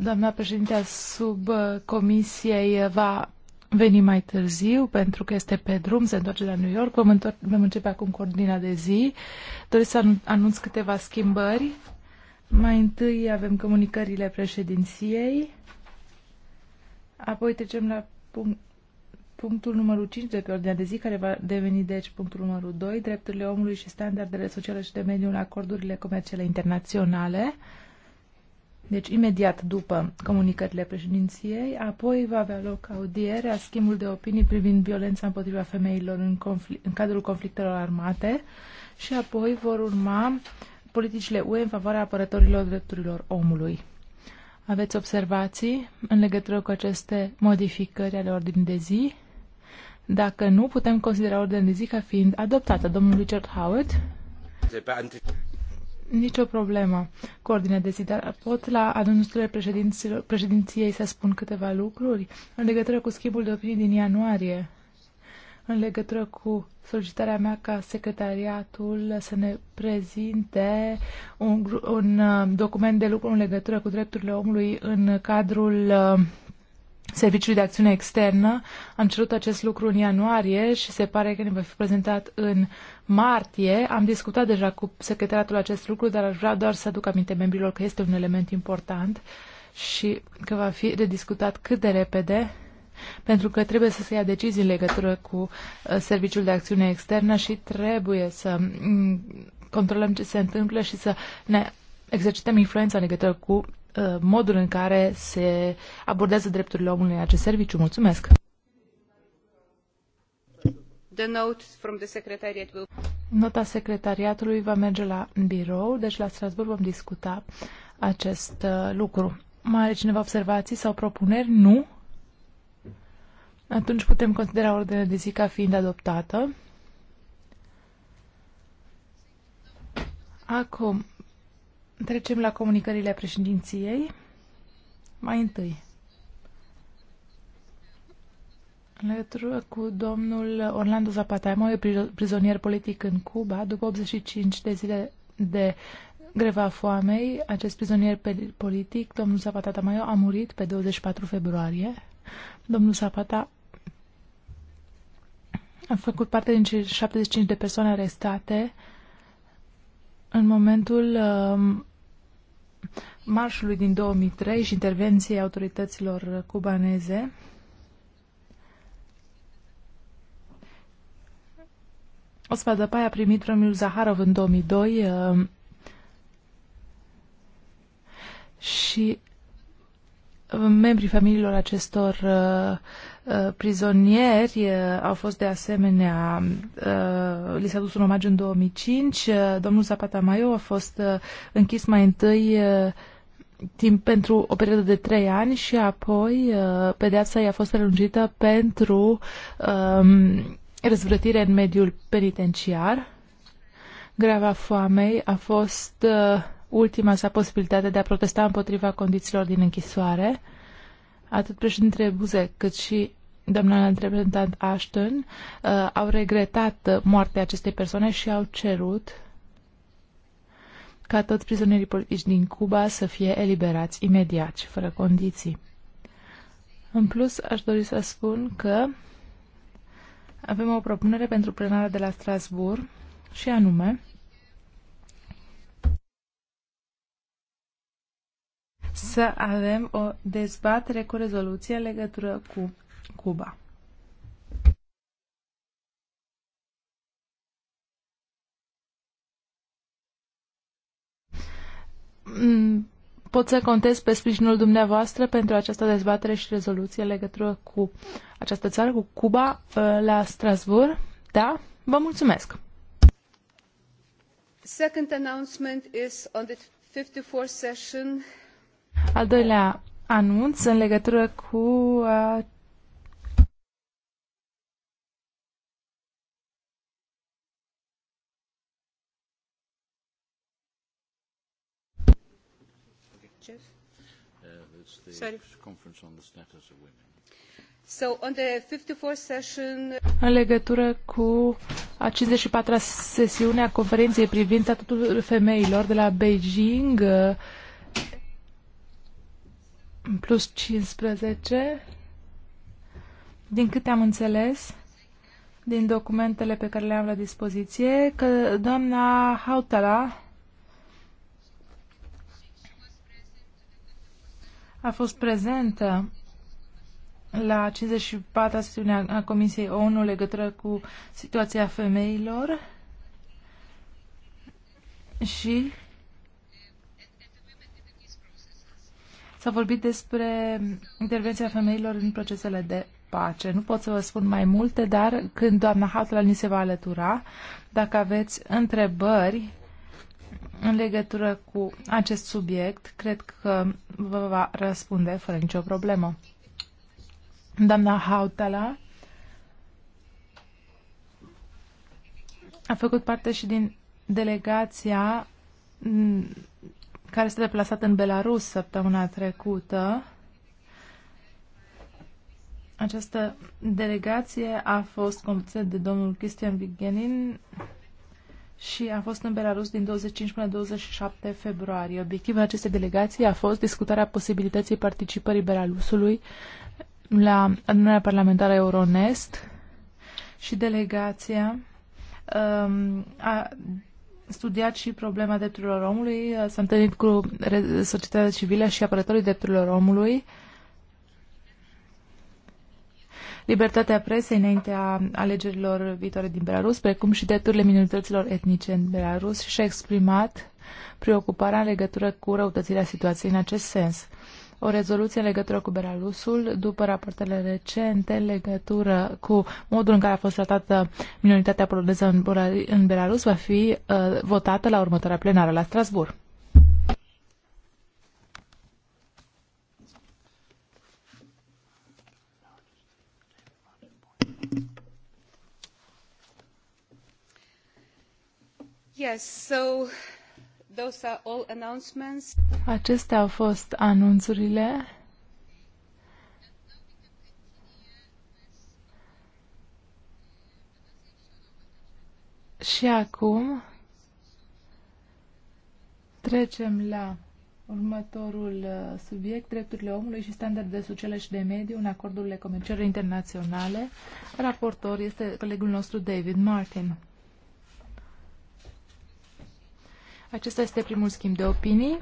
Doamna președinte al subcomisiei uh, uh, va veni mai târziu pentru că este pe drum, se întoarce la New York. Vom, întor- vom începe acum ordinea de zi. Doresc să anunț câteva schimbări. Mai întâi avem comunicările președinției. Apoi trecem la punct, punctul numărul 5 de pe ordinea de zi, care va deveni deci punctul numărul 2, drepturile omului și standardele sociale și de mediu în acordurile comerciale internaționale deci imediat după comunicările președinției, apoi va avea loc audierea, schimbul de opinii privind violența împotriva femeilor în, confl- în cadrul conflictelor armate și apoi vor urma politicile UE în favoarea apărătorilor drepturilor omului. Aveți observații în legătură cu aceste modificări ale ordinii de zi? Dacă nu, putem considera ordinea de zi ca fiind adoptată. Domnul Richard Howard? Nicio problemă. Cu ordine de zi, dar pot la anunțurile președinției să spun câteva lucruri în legătură cu schimbul de opinii din ianuarie, în legătură cu solicitarea mea ca secretariatul să ne prezinte un, un uh, document de lucru în legătură cu drepturile omului în cadrul uh, Serviciului de Acțiune Externă. Am cerut acest lucru în ianuarie și se pare că ne va fi prezentat în martie. Am discutat deja cu secretaratul acest lucru, dar aș vrea doar să aduc aminte membrilor că este un element important și că va fi rediscutat cât de repede pentru că trebuie să se ia decizii în legătură cu uh, Serviciul de Acțiune Externă și trebuie să mm, controlăm ce se întâmplă și să ne exercităm influența în legătură cu Uh, modul în care se abordează drepturile omului în acest serviciu. Mulțumesc! Nota secretariatului va merge la birou, deci la Strasbourg vom discuta acest uh, lucru. Mai are cineva observații sau propuneri? Nu? Atunci putem considera ordinea de zi ca fiind adoptată. Acum, Trecem la comunicările președinției. Mai întâi. În legătură cu domnul Orlando Zapata, mai prizonier politic în Cuba, după 85 de zile de greva foamei, acest prizonier politic, domnul Zapata Tamayo, a murit pe 24 februarie. Domnul Zapata a făcut parte din 75 de persoane arestate în momentul uh, marșului din 2003 și intervenției autorităților cubaneze. Osvaldo Pai a primit premiul Zaharov în 2002 uh, și membrii familiilor acestor uh, Uh, prizonieri uh, au fost de asemenea, uh, li s-a dus un omagiu în 2005, domnul Zapata Maio a fost închis mai întâi timp pentru o perioadă de trei ani și apoi pedeapsa i-a fost prelungită pentru um, răzvrătire în mediul penitenciar. Grava foamei a fost uh, ultima sa posibilitate de a protesta împotriva condițiilor din închisoare. Atât președintele Buze cât și doamna reprezentant Ashton, uh, au regretat moartea acestei persoane și au cerut ca toți prizonierii politici din Cuba să fie eliberați imediat și fără condiții. În plus, aș dori să spun că avem o propunere pentru plenarea de la Strasbourg și anume să avem o dezbatere cu rezoluție în legătură cu Cuba. Mm, pot să contez pe sprijinul dumneavoastră pentru această dezbatere și rezoluție în legătură cu această țară, cu Cuba, uh, la Strasbourg. Da? Vă mulțumesc! Second announcement is on the 54 session. Al doilea anunț în legătură cu uh, Rajev. Uh, it's the Sorry. Conference on the Status of Women. So, on the 54 session... În legătură cu a 54-a sesiune a conferinței privind statutul femeilor de la Beijing, uh, plus 15, din câte am înțeles, din documentele pe care le am la dispoziție, că doamna Hautala a fost prezentă la 54-a sesiune a Comisiei ONU legătură cu situația femeilor și s-a vorbit despre intervenția femeilor în procesele de pace. Nu pot să vă spun mai multe, dar când doamna Hatla ni se va alătura, dacă aveți întrebări în legătură cu acest subiect, cred că vă va răspunde fără nicio problemă. Doamna Hautala a făcut parte și din delegația mm, care s-a deplasat în Belarus săptămâna trecută. Această delegație a fost condusă de domnul Christian Vigenin, și a fost în Belarus din 25 până 27 februarie. Obiectivul acestei delegații a fost discutarea posibilității participării Belarusului la adunarea parlamentară Euronest și delegația um, a studiat și problema drepturilor omului, s-a întâlnit cu societatea civilă și apărătorii drepturilor omului, uh, libertatea presei înaintea alegerilor viitoare din Belarus, precum și drepturile minorităților etnice în Belarus și a exprimat preocuparea în legătură cu răutățirea situației în acest sens. O rezoluție în legătură cu Belarusul, după rapoartele recente în legătură cu modul în care a fost tratată minoritatea poloneză în Belarus, va fi uh, votată la următoarea plenară la Strasbourg. Acestea au fost anunțurile. Și acum trecem la următorul uh, subiect, drepturile omului și standardele sociale și de mediu în acordurile comerciale internaționale. Raportor este colegul nostru David Martin. Acesta este primul schimb de opinii.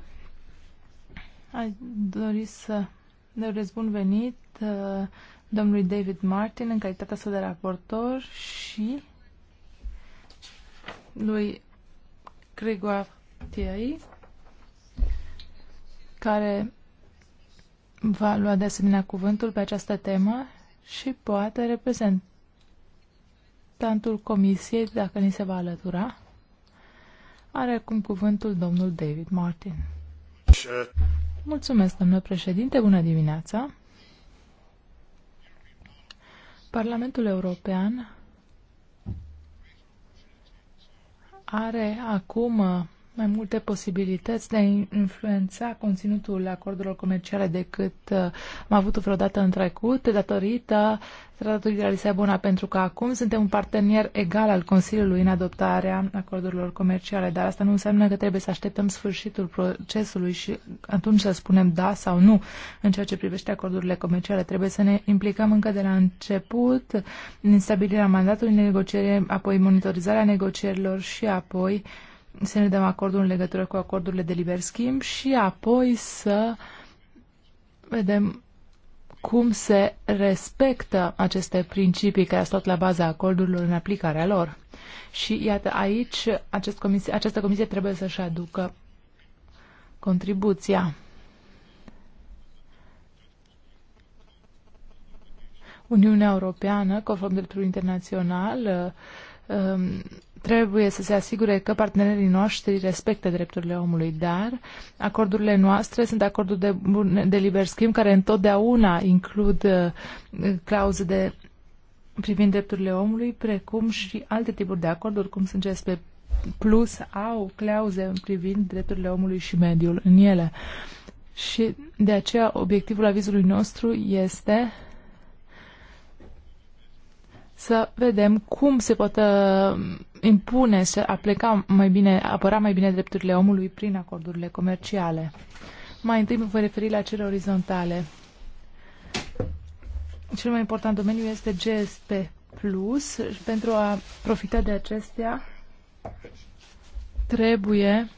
Ai dori să ne urez bun venit uh, domnului David Martin în calitatea sa de raportor și lui Grégoire Thierry, care va lua de asemenea cuvântul pe această temă și poate reprezentantul comisiei, dacă ni se va alătura. Are acum cuvântul domnul David Martin. Mulțumesc, domnule președinte. Bună dimineața. Parlamentul European are acum mai multe posibilități de a influența conținutul acordurilor comerciale decât uh, am avut-o vreodată în trecut, datorită Tratatului de la Lisabona, pentru că acum suntem un partener egal al Consiliului în adoptarea acordurilor comerciale, dar asta nu înseamnă că trebuie să așteptăm sfârșitul procesului și atunci să spunem da sau nu în ceea ce privește acordurile comerciale. Trebuie să ne implicăm încă de la început în stabilirea mandatului negociere, apoi monitorizarea negocierilor și apoi uh, să ne dăm acordul în legătură cu acordurile de liber schimb și apoi să vedem cum se respectă aceste principii care au stat la baza acordurilor în aplicarea lor. Și iată, aici acest comisie, această comisie trebuie să-și aducă contribuția. Uniunea Europeană, conform dreptului internațional, um, Trebuie să se asigure că partenerii noștri respectă drepturile omului, dar acordurile noastre sunt acorduri de, de liber schimb care întotdeauna includ uh, clauze de privind drepturile omului, precum și alte tipuri de acorduri, cum sunt GSP Plus, au clauze privind drepturile omului și mediul în ele. Și de aceea obiectivul avizului nostru este să vedem cum se poate impune, să aplica mai bine, apăra mai bine drepturile omului prin acordurile comerciale. Mai întâi mă voi referi la cele orizontale. Cel mai important domeniu este GSP Plus. Pentru a profita de acestea, trebuie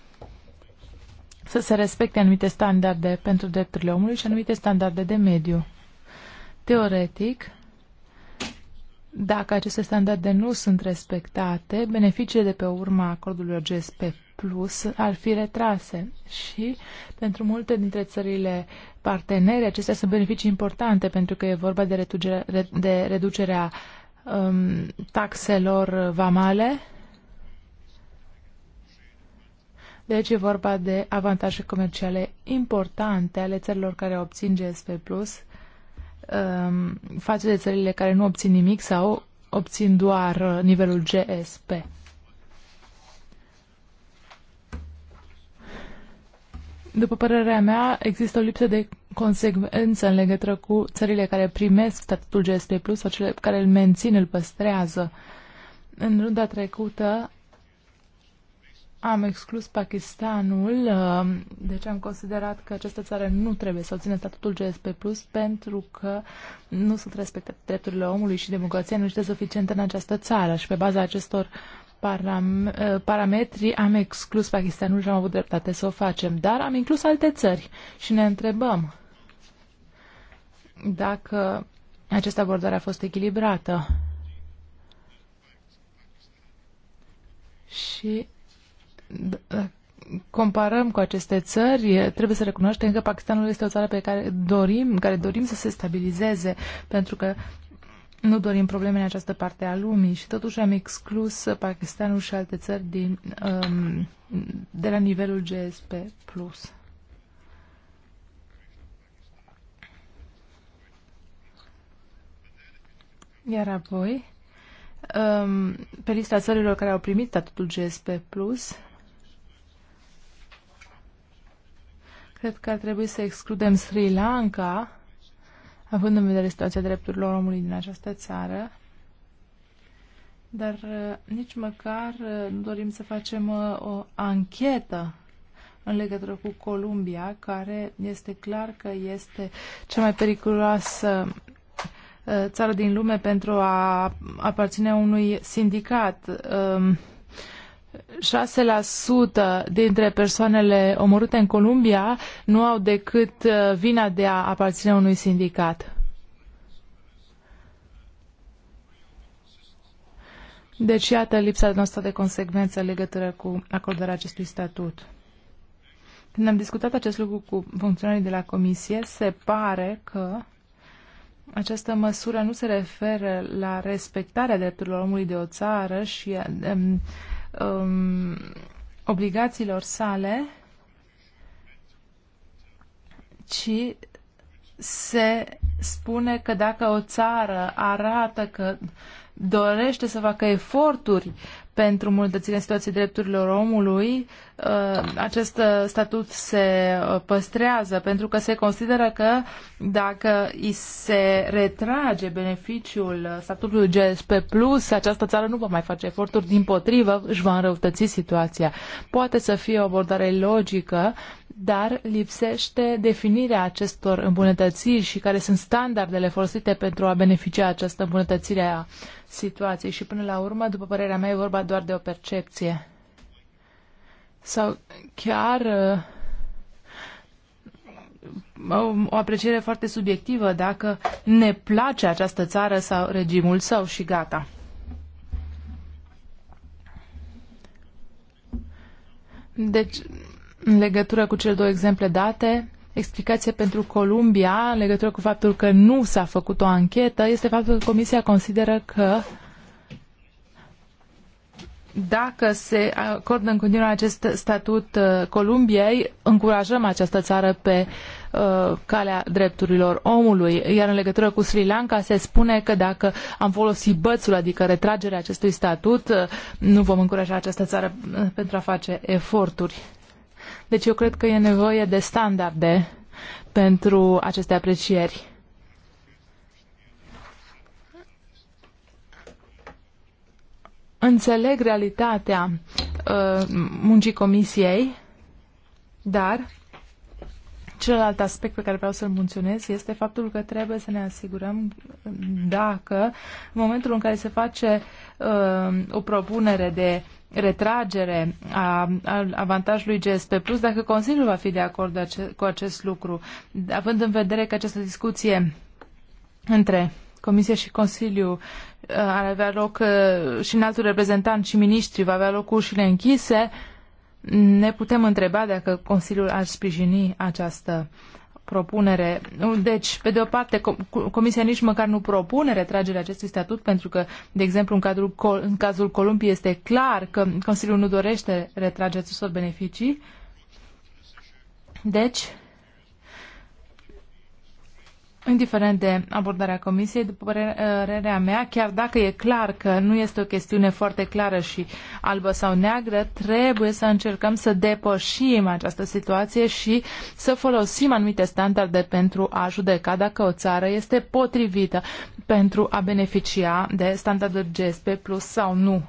să se respecte anumite standarde pentru drepturile omului și anumite standarde de mediu. Teoretic, dacă aceste standarde nu sunt respectate, beneficiile de pe urma acordurilor GSP Plus ar fi retrase și pentru multe dintre țările partenere acestea sunt beneficii importante pentru că e vorba de, de reducerea um, taxelor vamale. Deci e vorba de avantaje comerciale importante ale țărilor care obțin GSP Plus Um, față de țările care nu obțin nimic sau obțin doar uh, nivelul GSP. După părerea mea, există o lipsă de consecvență în legătură cu țările care primesc statutul GSP Plus sau cele care îl mențin, îl păstrează. În runda trecută am exclus Pakistanul, uh, deci am considerat că această țară nu trebuie să obțină statutul GSP+, Plus pentru că nu sunt respectate drepturile omului și democrația nu este suficientă în această țară și pe baza acestor param uh, parametri am exclus Pakistanul și am avut dreptate să o facem, dar am inclus alte țări și ne întrebăm dacă această abordare a fost echilibrată. Și comparăm cu aceste țări, trebuie să recunoaștem că Pakistanul este o țară pe care dorim, care dorim să se stabilizeze, pentru că nu dorim probleme în această parte a lumii și totuși am exclus Pakistanul și alte țări din, um, de la nivelul GSP+. plus. Iar apoi, um, pe lista țărilor care au primit statutul GSP+, Plus, Cred că ar trebui să excludem Sri Lanka, având în vedere situația drepturilor omului din această țară, dar eh, nici măcar eh, nu dorim să facem eh, o anchetă în legătură cu Columbia, care este clar că este cea mai periculoasă țară din lume pentru a aparține unui sindicat. Ehm, 6% dintre persoanele omorâte în Columbia nu au decât uh, vina de a aparține unui sindicat. Deci iată lipsa noastră de consecvență în legătură cu acordarea acestui statut. Când am discutat acest lucru cu funcționarii de la comisie, se pare că această măsură nu se referă la respectarea drepturilor omului de o țară și um, um, obligațiilor sale, ci se spune că dacă o țară arată că dorește să facă eforturi pentru îmbunătățirea situației drepturilor omului, uh, acest uh, statut se uh, păstrează pentru că se consideră că dacă îi se retrage beneficiul statutului GSP+, plus, această țară nu va mai face eforturi, din potrivă își va înrăutăți situația. Poate să fie o abordare logică dar lipsește definirea acestor îmbunătățiri și care sunt standardele folosite pentru a beneficia această îmbunătățire a situației și până la urmă, după părerea mea, e vorba doar de o percepție. Sau chiar uh, o apreciere foarte subiectivă dacă ne place această țară sau regimul său și gata. Deci, în legătură cu cele două exemple date, explicație pentru Columbia, în legătură cu faptul că nu s-a făcut o anchetă, este faptul că Comisia consideră că dacă se acordă în continuare acest statut uh, Columbiei, încurajăm această țară pe uh, calea drepturilor omului. Iar în legătură cu Sri Lanka se spune că dacă am folosit bățul, adică retragerea acestui statut, uh, nu vom încuraja această țară uh, pentru a face eforturi. Deci eu cred că e nevoie de standarde pentru aceste aprecieri. Înțeleg realitatea uh, muncii comisiei, dar Celălalt aspect pe care vreau să-l menționez este faptul că trebuie să ne asigurăm dacă în momentul în care se face uh, o propunere de retragere a, a avantajului GSP+, plus, dacă Consiliul va fi de acord de ace- cu acest lucru, având în vedere că această discuție între Comisia și Consiliu uh, ar avea loc uh, și în altul reprezentant și ministrii va avea loc ușile închise, uh, ne putem întreba dacă Consiliul ar sprijini această propunere. Deci, pe de o parte, Comisia nici măcar nu propune retragerea acestui statut, pentru că, de exemplu, în, cadrul, în cazul Columbiei este clar că Consiliul nu dorește retragerea acestor beneficii. Deci, Indiferent de abordarea Comisiei, după uh, părerea mea, chiar dacă e clar că nu este o chestiune foarte clară și albă sau neagră, trebuie să încercăm să depășim această situație și să folosim anumite standarde pentru a judeca dacă o țară este potrivită pentru a beneficia de standardul GSP plus sau nu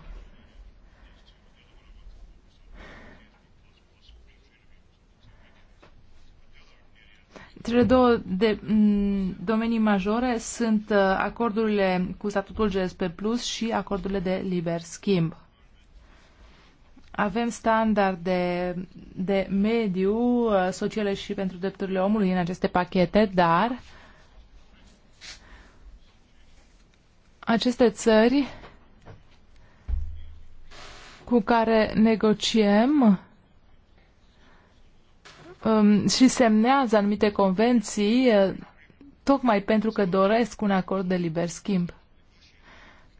Cele două de, domenii majore sunt uh, acordurile cu statutul GSP Plus și acordurile de liber schimb. Avem standarde de mediu uh, sociale și pentru drepturile omului în aceste pachete, dar aceste țări cu care negociem um, și semnează anumite convenții uh, tocmai pentru că doresc un acord de liber schimb.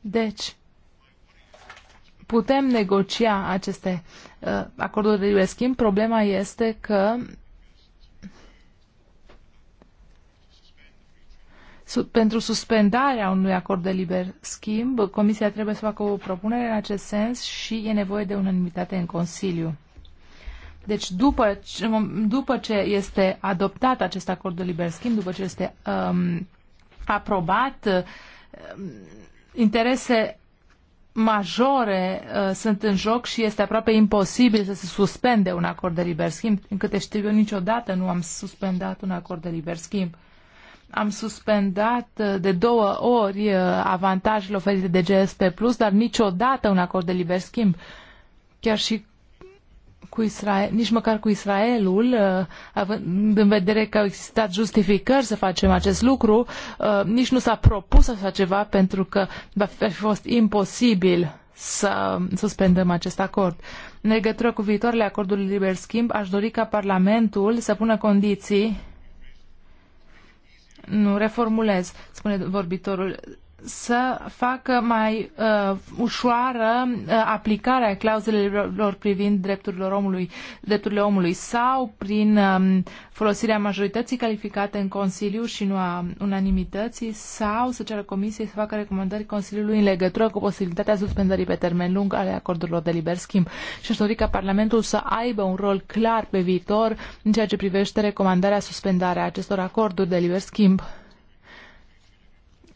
Deci, putem negocia aceste uh, acorduri de liber schimb. Problema este că pentru suspendarea unui acord de liber schimb, Comisia trebuie să facă o propunere în acest sens și e nevoie de unanimitate în Consiliu. Deci după, după ce este adoptat acest acord de liber schimb, după ce este um, aprobat, um, interese majore uh, sunt în joc și este aproape imposibil să se suspende un acord de liber schimb. În câte știu eu, niciodată nu am suspendat un acord de liber schimb. Am suspendat uh, de două ori uh, avantajele oferite de GSP+, dar niciodată un acord de liber schimb. Chiar și cu Israel, nici măcar cu Israelul, uh, având în vedere că au existat justificări să facem acest lucru, uh, nici nu s-a propus așa ceva pentru că va fi fost imposibil să suspendăm acest acord. În legătură cu viitoarele acorduri liber schimb, aș dori ca Parlamentul să pună condiții. Nu, reformulez, spune vorbitorul să facă mai uh, ușoară uh, aplicarea clauzelor privind drepturilor omului, drepturile omului sau prin uh, folosirea majorității calificate în Consiliu și nu a unanimității sau să ceară comisiei să facă recomandări Consiliului în legătură cu posibilitatea suspendării pe termen lung ale acordurilor de liber schimb. Și aș dori ca Parlamentul să aibă un rol clar pe viitor în ceea ce privește recomandarea suspendarea acestor acorduri de liber schimb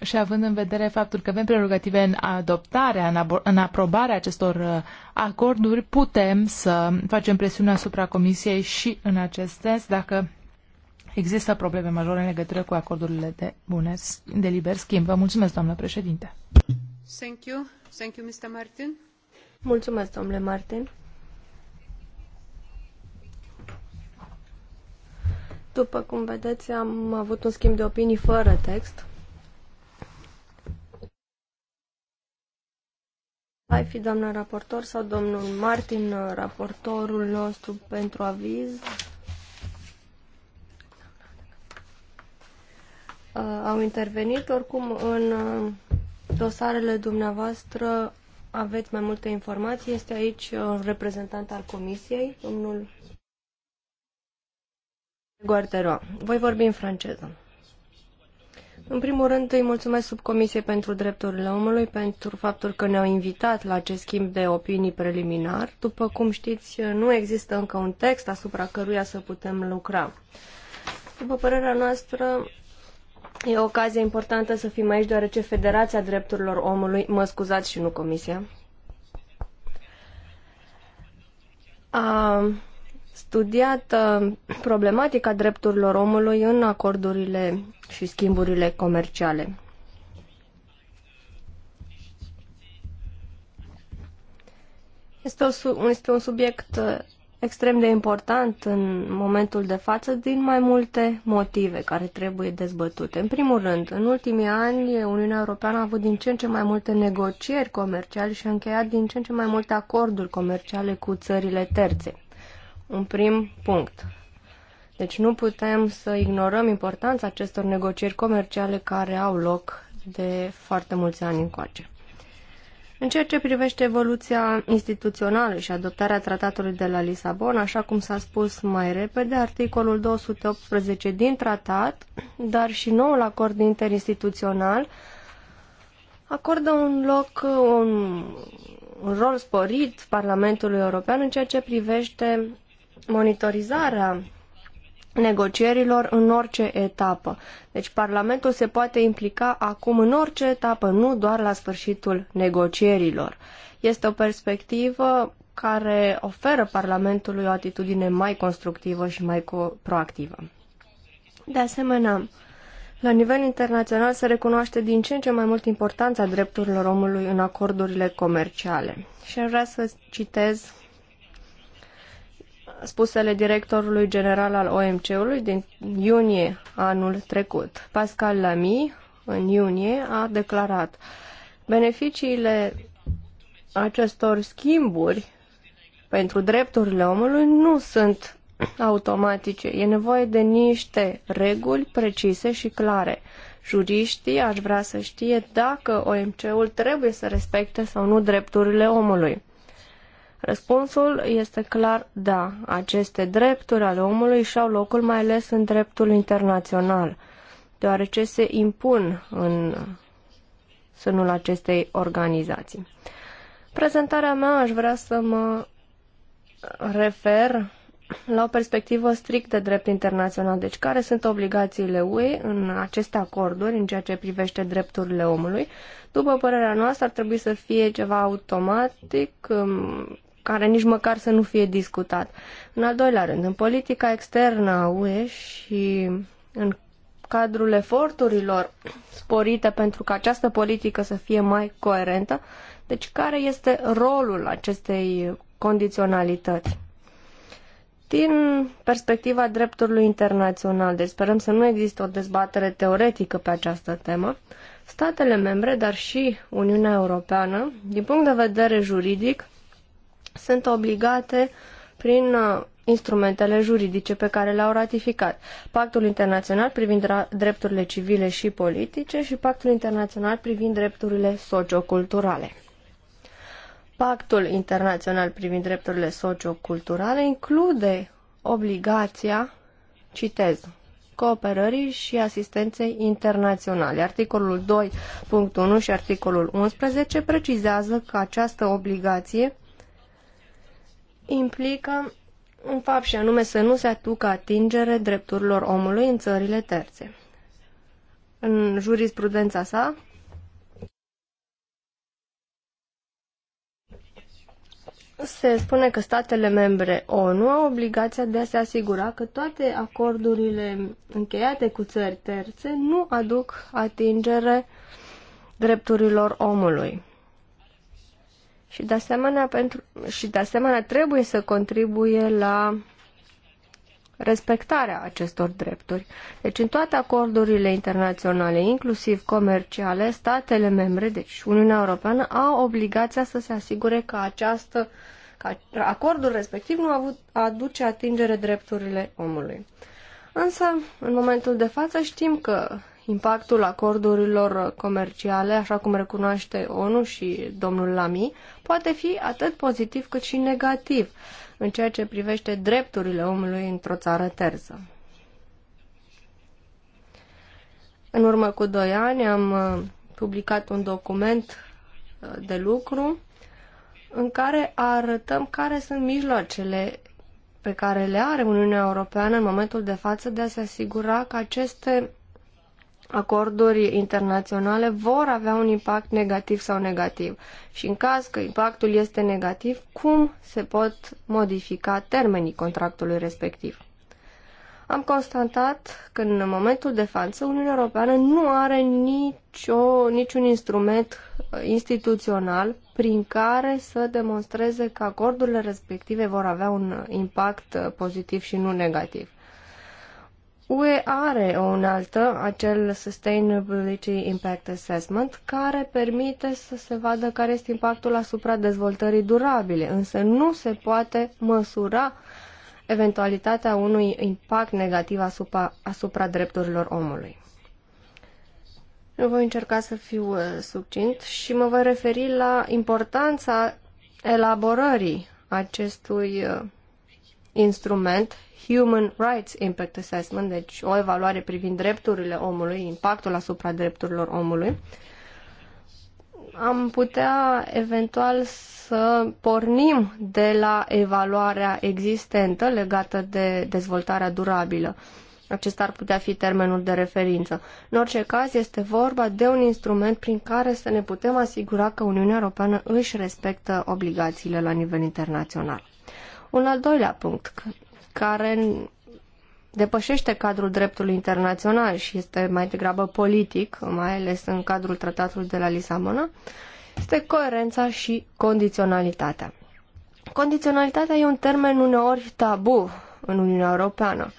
și având în vedere faptul că avem prerogative în adoptarea, în, în aprobarea acestor uh, acorduri, putem să facem presiune asupra Comisiei și în acest sens dacă există probleme majore în legătură cu acordurile de, bune, de liber schimb. Vă mulțumesc, doamnă președinte. Thank you. Thank you, Mr. Martin. Mulțumesc, domnule Martin. După cum vedeți, am avut un schimb de opinii fără text. Ai fi doamna raportor sau domnul Martin, raportorul nostru pentru aviz? Uh, au intervenit oricum în uh, dosarele dumneavoastră aveți mai multe informații. Este aici uh, un reprezentant al comisiei, domnul Guartero. Voi vorbi în franceză. În primul rând îi mulțumesc subcomisiei pentru drepturile omului pentru faptul că ne-au invitat la acest schimb de opinii preliminar. După cum știți, nu există încă un text asupra căruia să putem lucra. După părerea noastră, e o ocazie importantă să fim aici, deoarece Federația Drepturilor Omului, mă scuzați și nu Comisia, a studiat uh, problematica drepturilor omului în acordurile și schimburile comerciale. Este, o, este un subiect uh, extrem de important în momentul de față din mai multe motive care trebuie dezbătute. În primul rând, în ultimii ani, Uniunea Europeană a avut din ce în ce mai multe negocieri comerciale și a încheiat din ce în ce mai multe acorduri comerciale cu țările terțe. Un prim punct. Deci nu putem să ignorăm importanța acestor negocieri comerciale care au loc de foarte mulți ani încoace. În ceea ce privește evoluția instituțională și adoptarea tratatului de la Lisabona, așa cum s-a spus mai repede, articolul 218 din tratat, dar și noul acord interinstituțional, acordă un loc, un, un rol sporit Parlamentului European în ceea ce privește monitorizarea negocierilor în orice etapă. Deci Parlamentul se poate implica acum în orice etapă, nu doar la sfârșitul negocierilor. Este o perspectivă care oferă Parlamentului o atitudine mai constructivă și mai proactivă. De asemenea, la nivel internațional se recunoaște din ce în ce mai mult importanța drepturilor omului în acordurile comerciale. Și aș vrea să citez spusele directorului general al OMC-ului din iunie anul trecut. Pascal Lamy, în iunie, a declarat beneficiile acestor schimburi pentru drepturile omului nu sunt automatice. E nevoie de niște reguli precise și clare. Juriștii aș vrea să știe dacă OMC-ul trebuie să respecte sau nu drepturile omului. Răspunsul este clar da. Aceste drepturi ale omului și-au locul mai ales în dreptul internațional, deoarece se impun în sânul acestei organizații. Prezentarea mea aș vrea să mă refer la o perspectivă strict de drept internațional, deci care sunt obligațiile UE în aceste acorduri în ceea ce privește drepturile omului. După părerea noastră ar trebui să fie ceva automatic um, care nici măcar să nu fie discutat. În al doilea rând, în politica externă a UE și în cadrul eforturilor sporite pentru ca această politică să fie mai coerentă, deci care este rolul acestei condiționalități? Din perspectiva dreptului internațional, deci sperăm să nu există o dezbatere teoretică pe această temă, statele membre, dar și Uniunea Europeană, din punct de vedere juridic, sunt obligate prin uh, instrumentele juridice pe care le-au ratificat. Pactul internațional privind drepturile civile și politice și pactul internațional privind drepturile socioculturale. Pactul internațional privind drepturile socioculturale include obligația, citez, cooperării și asistenței internaționale. Articolul 2.1 și articolul 11 precizează că această obligație implică un fapt și anume să nu se aducă atingere drepturilor omului în țările terțe. În jurisprudența sa, se spune că statele membre ONU au obligația de a se asigura că toate acordurile încheiate cu țări terțe nu aduc atingere drepturilor omului și de asemenea, pentru, și de asemenea trebuie să contribuie la respectarea acestor drepturi. Deci în toate acordurile internaționale, inclusiv comerciale, statele membre, deci Uniunea Europeană, au obligația să se asigure că această că acordul respectiv nu avut, aduce atingere drepturile omului. Însă, în momentul de față știm că impactul acordurilor comerciale, așa cum recunoaște ONU și domnul Lamy, poate fi atât pozitiv cât și negativ în ceea ce privește drepturile omului într-o țară terță. În urmă cu doi ani am uh, publicat un document uh, de lucru în care arătăm care sunt mijloacele pe care le are Uniunea Europeană în momentul de față de a se asigura că aceste acorduri internaționale vor avea un impact negativ sau negativ. Și în caz că impactul este negativ, cum se pot modifica termenii contractului respectiv? Am constatat că în momentul de față Uniunea Europeană nu are nicio, niciun instrument uh, instituțional prin care să demonstreze că acordurile respective vor avea un impact uh, pozitiv și nu negativ. UE are o unaltă, acel Sustainability Impact Assessment, care permite să se vadă care este impactul asupra dezvoltării durabile, însă nu se poate măsura eventualitatea unui impact negativ asupra, asupra drepturilor omului. Eu voi încerca să fiu uh, succint și mă voi referi la importanța elaborării acestui uh, instrument Human Rights Impact Assessment, deci o evaluare privind drepturile omului, impactul asupra drepturilor omului, am putea eventual să pornim de la evaluarea existentă legată de dezvoltarea durabilă. Acesta ar putea fi termenul de referință. În orice caz, este vorba de un instrument prin care să ne putem asigura că Uniunea Europeană își respectă obligațiile la nivel internațional. Un al doilea punct care depășește cadrul dreptului internațional și este mai degrabă politic, mai ales în cadrul tratatului de la Lisabona, este coerența și condiționalitatea. Condiționalitatea e un termen uneori tabu în Uniunea Europeană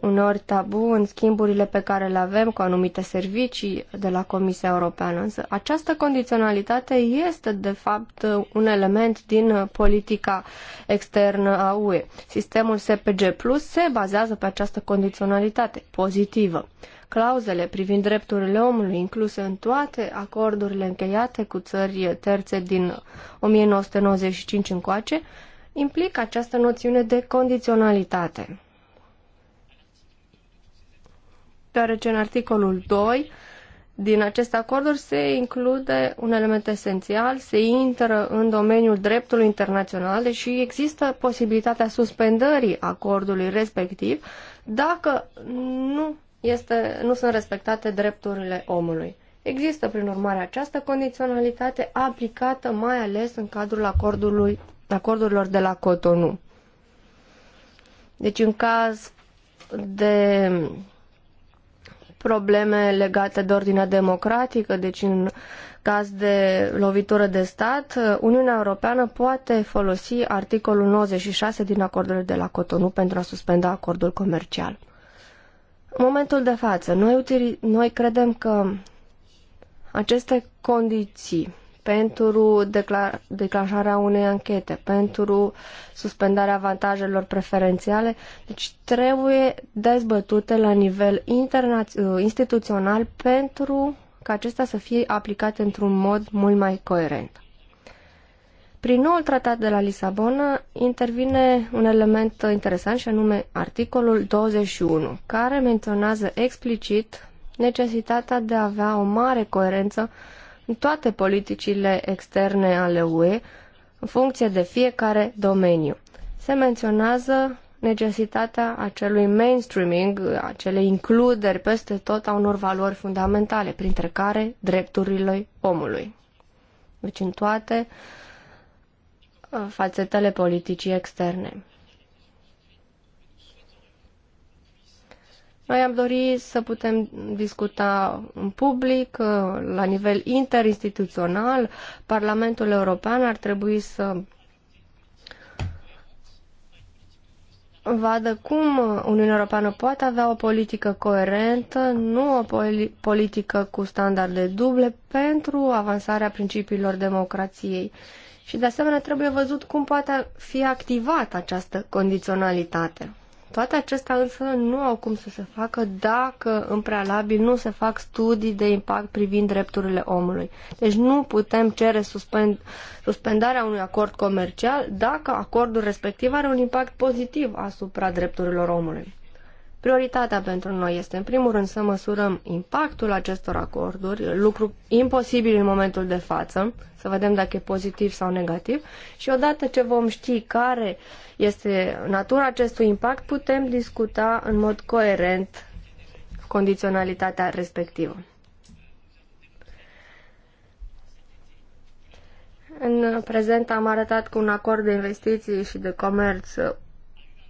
unor tabu în schimburile pe care le avem cu anumite servicii de la Comisia Europeană. Însă această condiționalitate este, de fapt, un element din politica externă a UE. Sistemul SPG Plus se bazează pe această condiționalitate pozitivă. Clauzele privind drepturile omului incluse în toate acordurile încheiate cu țări terțe din 1995 încoace implică această noțiune de condiționalitate deoarece în articolul 2 din acest acorduri se include un element esențial, se intră în domeniul dreptului internațional, deși există posibilitatea suspendării acordului respectiv dacă nu, este, nu sunt respectate drepturile omului. Există, prin urmare, această condiționalitate aplicată mai ales în cadrul acordului, acordurilor de la Cotonou. Deci, în caz de probleme legate de ordinea democratică, deci în caz de lovitură de stat, Uniunea Europeană poate folosi articolul 96 din acordurile de la Cotonou pentru a suspenda acordul comercial. În momentul de față, noi, noi credem că aceste condiții pentru declar- declanșarea unei anchete, pentru suspendarea avantajelor preferențiale. Deci trebuie dezbătute la nivel uh, instituțional pentru ca acestea să fie aplicate într-un mod mult mai coerent. Prin noul tratat de la Lisabona intervine un element interesant și anume articolul 21, care menționează explicit necesitatea de a avea o mare coerență în toate politicile externe ale UE, în funcție de fiecare domeniu. Se menționează necesitatea acelui mainstreaming, acelei includeri peste tot a unor valori fundamentale, printre care drepturile omului. Deci în toate uh, fațetele politicii externe. Noi am dorit să putem discuta în public, uh, la nivel interinstituțional. Parlamentul European ar trebui să vadă cum Uniunea Europeană poate avea o politică coerentă, nu o politică cu standarde duble pentru avansarea principiilor democrației. Și de asemenea trebuie văzut cum poate fi activată această condiționalitate. Toate acestea însă nu au cum să se facă dacă în prealabil nu se fac studii de impact privind drepturile omului. Deci nu putem cere suspend, suspendarea unui acord comercial dacă acordul respectiv are un impact pozitiv asupra drepturilor omului. Prioritatea pentru noi este, în primul rând, să măsurăm impactul acestor acorduri, lucru imposibil în momentul de față, să vedem dacă e pozitiv sau negativ și odată ce vom ști care este natura acestui impact, putem discuta în mod coerent condiționalitatea respectivă. În prezent am arătat cu un acord de investiții și de comerț uh,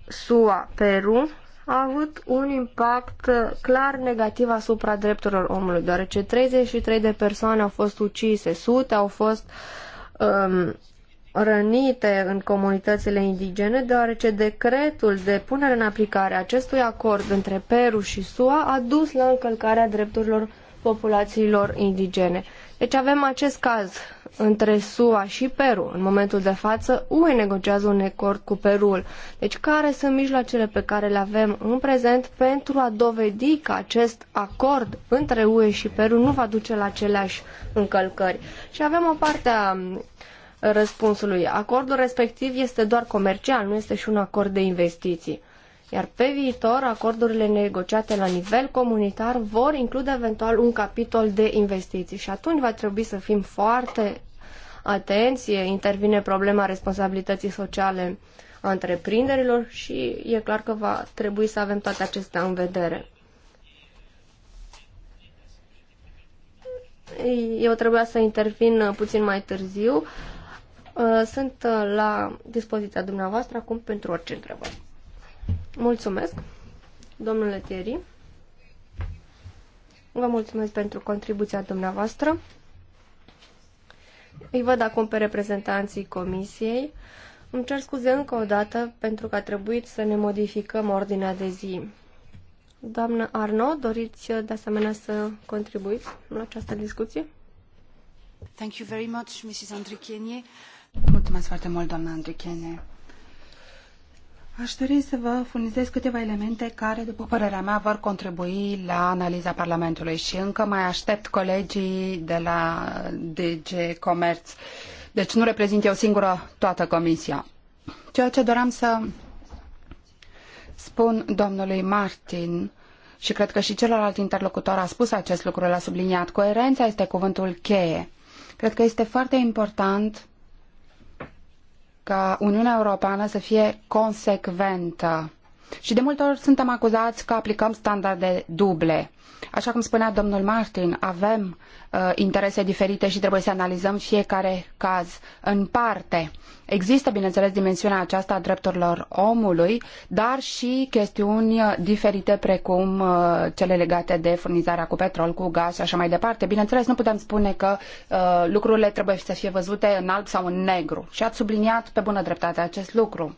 SUA-Peru, a avut un impact clar negativ asupra drepturilor omului, deoarece 33 de persoane au fost ucise, sute au fost um, rănite în comunitățile indigene, deoarece decretul de punere în aplicare a acestui acord între Peru și SUA a dus la încălcarea drepturilor populațiilor indigene. Deci avem acest caz între SUA și Peru. În momentul de față, UE negociază un acord cu Perul. Deci care sunt mijloacele pe care le avem în prezent pentru a dovedi că acest acord între UE și Peru nu va duce la aceleași încălcări? Și avem o parte a răspunsului. Acordul respectiv este doar comercial, nu este și un acord de investiții. Iar pe viitor, acordurile negociate la nivel comunitar vor include eventual un capitol de investiții și atunci va trebui să fim foarte atenți, intervine problema responsabilității sociale a întreprinderilor și e clar că va trebui să avem toate acestea în vedere. Eu trebuia să intervin uh, puțin mai târziu. Uh, sunt uh, la dispoziția dumneavoastră acum pentru orice întrebări. Mulțumesc, domnule Thierry. Vă mulțumesc pentru contribuția dumneavoastră. Îi văd acum pe reprezentanții comisiei. Îmi cer scuze încă o dată pentru că a trebuit să ne modificăm ordinea de zi. Doamnă Arno, doriți de asemenea să contribuiți la această discuție? Thank you very much, Mrs. Andrichenie. Mulțumesc foarte mult, doamna Andrichenie. Aș dori să vă furnizez câteva elemente care, după părerea mea, vor contribui la analiza Parlamentului și încă mai aștept colegii de la DG Comerț. Deci nu reprezint eu singură toată comisia. Ceea ce doream să spun domnului Martin și cred că și celălalt interlocutor a spus acest lucru, l-a subliniat. Coerența este cuvântul cheie. Cred că este foarte important ca Uniunea Europeană să fie consecventă și de multe ori suntem acuzați că aplicăm standarde duble. Așa cum spunea domnul Martin, avem uh, interese diferite și trebuie să analizăm fiecare caz în parte. Există, bineînțeles, dimensiunea aceasta a drepturilor omului, dar și chestiuni uh, diferite precum uh, cele legate de furnizarea cu petrol, cu gaz și așa mai departe. Bineînțeles, nu putem spune că uh, lucrurile trebuie să fie văzute în alb sau în negru. Și ați subliniat pe bună dreptate acest lucru.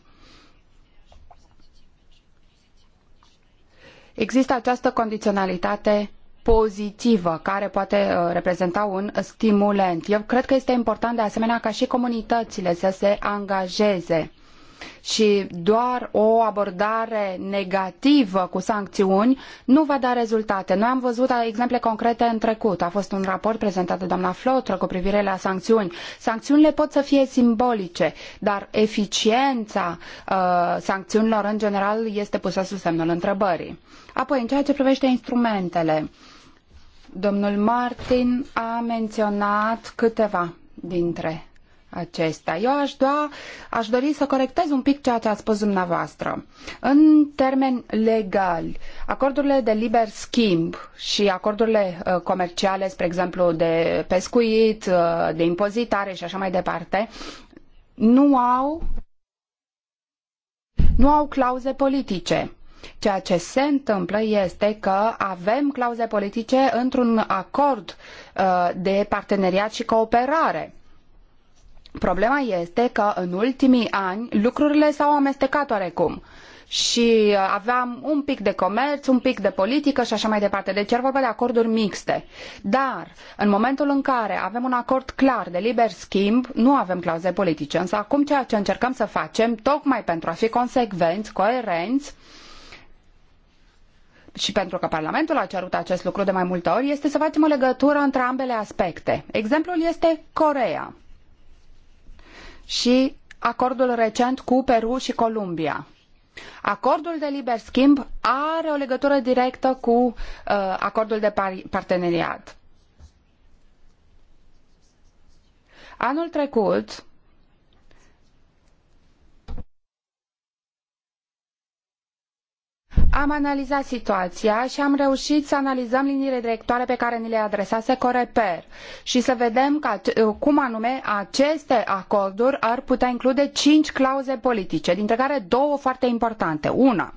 Există această condiționalitate pozitivă care poate uh, reprezenta un stimulent. Eu cred că este important de asemenea ca și comunitățile să se angajeze și doar o abordare negativă cu sancțiuni nu va da rezultate. Noi am văzut exemple concrete în trecut. A fost un raport prezentat de doamna Flotră cu privire la sancțiuni. Sancțiunile pot să fie simbolice, dar eficiența uh, sancțiunilor în general este pusă sub semnul întrebării. Apoi, în ceea ce privește instrumentele, domnul Martin a menționat câteva dintre acestea. Eu aș, doa, aș dori să corectez un pic ceea ce a spus dumneavoastră. În termeni legali, acordurile de liber schimb și acordurile uh, comerciale, spre exemplu, de pescuit, uh, de impozitare și așa mai departe, nu au, nu au clauze politice. Ceea ce se întâmplă este că avem clauze politice într-un acord uh, de parteneriat și cooperare Problema este că în ultimii ani lucrurile s-au amestecat oarecum și uh, aveam un pic de comerț, un pic de politică și așa mai departe. Deci era vorba de acorduri mixte. Dar, în momentul în care avem un acord clar de liber schimb, nu avem clauze politice. Însă acum ceea ce încercăm să facem, tocmai pentru a fi consecvenți, coerenți, și pentru că Parlamentul a cerut acest lucru de mai multe ori, este să facem o legătură între ambele aspecte. Exemplul este Coreea și acordul recent cu Peru și Columbia. Acordul de liber schimb are o legătură directă cu uh, acordul de parteneriat. Anul trecut, am analizat situația și am reușit să analizăm liniile directoare pe care ni le adresase Coreper și să vedem că, cum anume aceste acorduri ar putea include cinci clauze politice, dintre care două foarte importante. Una,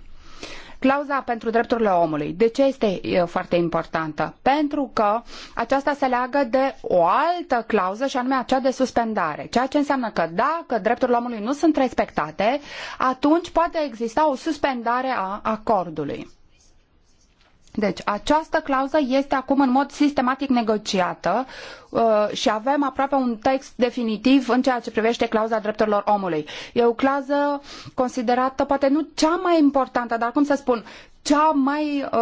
Clauza pentru drepturile omului. De ce este foarte importantă? Pentru că aceasta se leagă de o altă clauză și anume acea de suspendare. Ceea ce înseamnă că dacă drepturile omului nu sunt respectate, atunci poate exista o suspendare a acordului. Deci, această clauză este acum în mod sistematic negociată uh, și avem aproape un text definitiv în ceea ce privește clauza drepturilor omului. E o clauză considerată poate nu cea mai importantă, dar cum să spun, cea mai uh,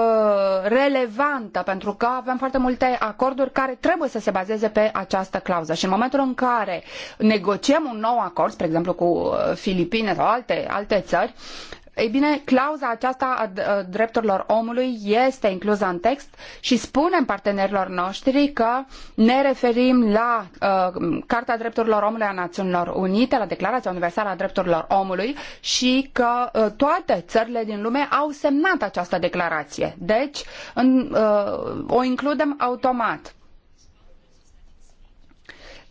relevantă, pentru că avem foarte multe acorduri care trebuie să se bazeze pe această clauză. Și în momentul în care negociem un nou acord, spre exemplu cu uh, Filipine sau alte, alte țări, ei bine, clauza aceasta a drepturilor omului este inclusă în text și spunem partenerilor noștri că ne referim la uh, Carta Drepturilor Omului a Națiunilor Unite, la Declarația Universală a Drepturilor Omului și că uh, toate țările din lume au semnat această declarație. Deci, în, uh, o includem automat.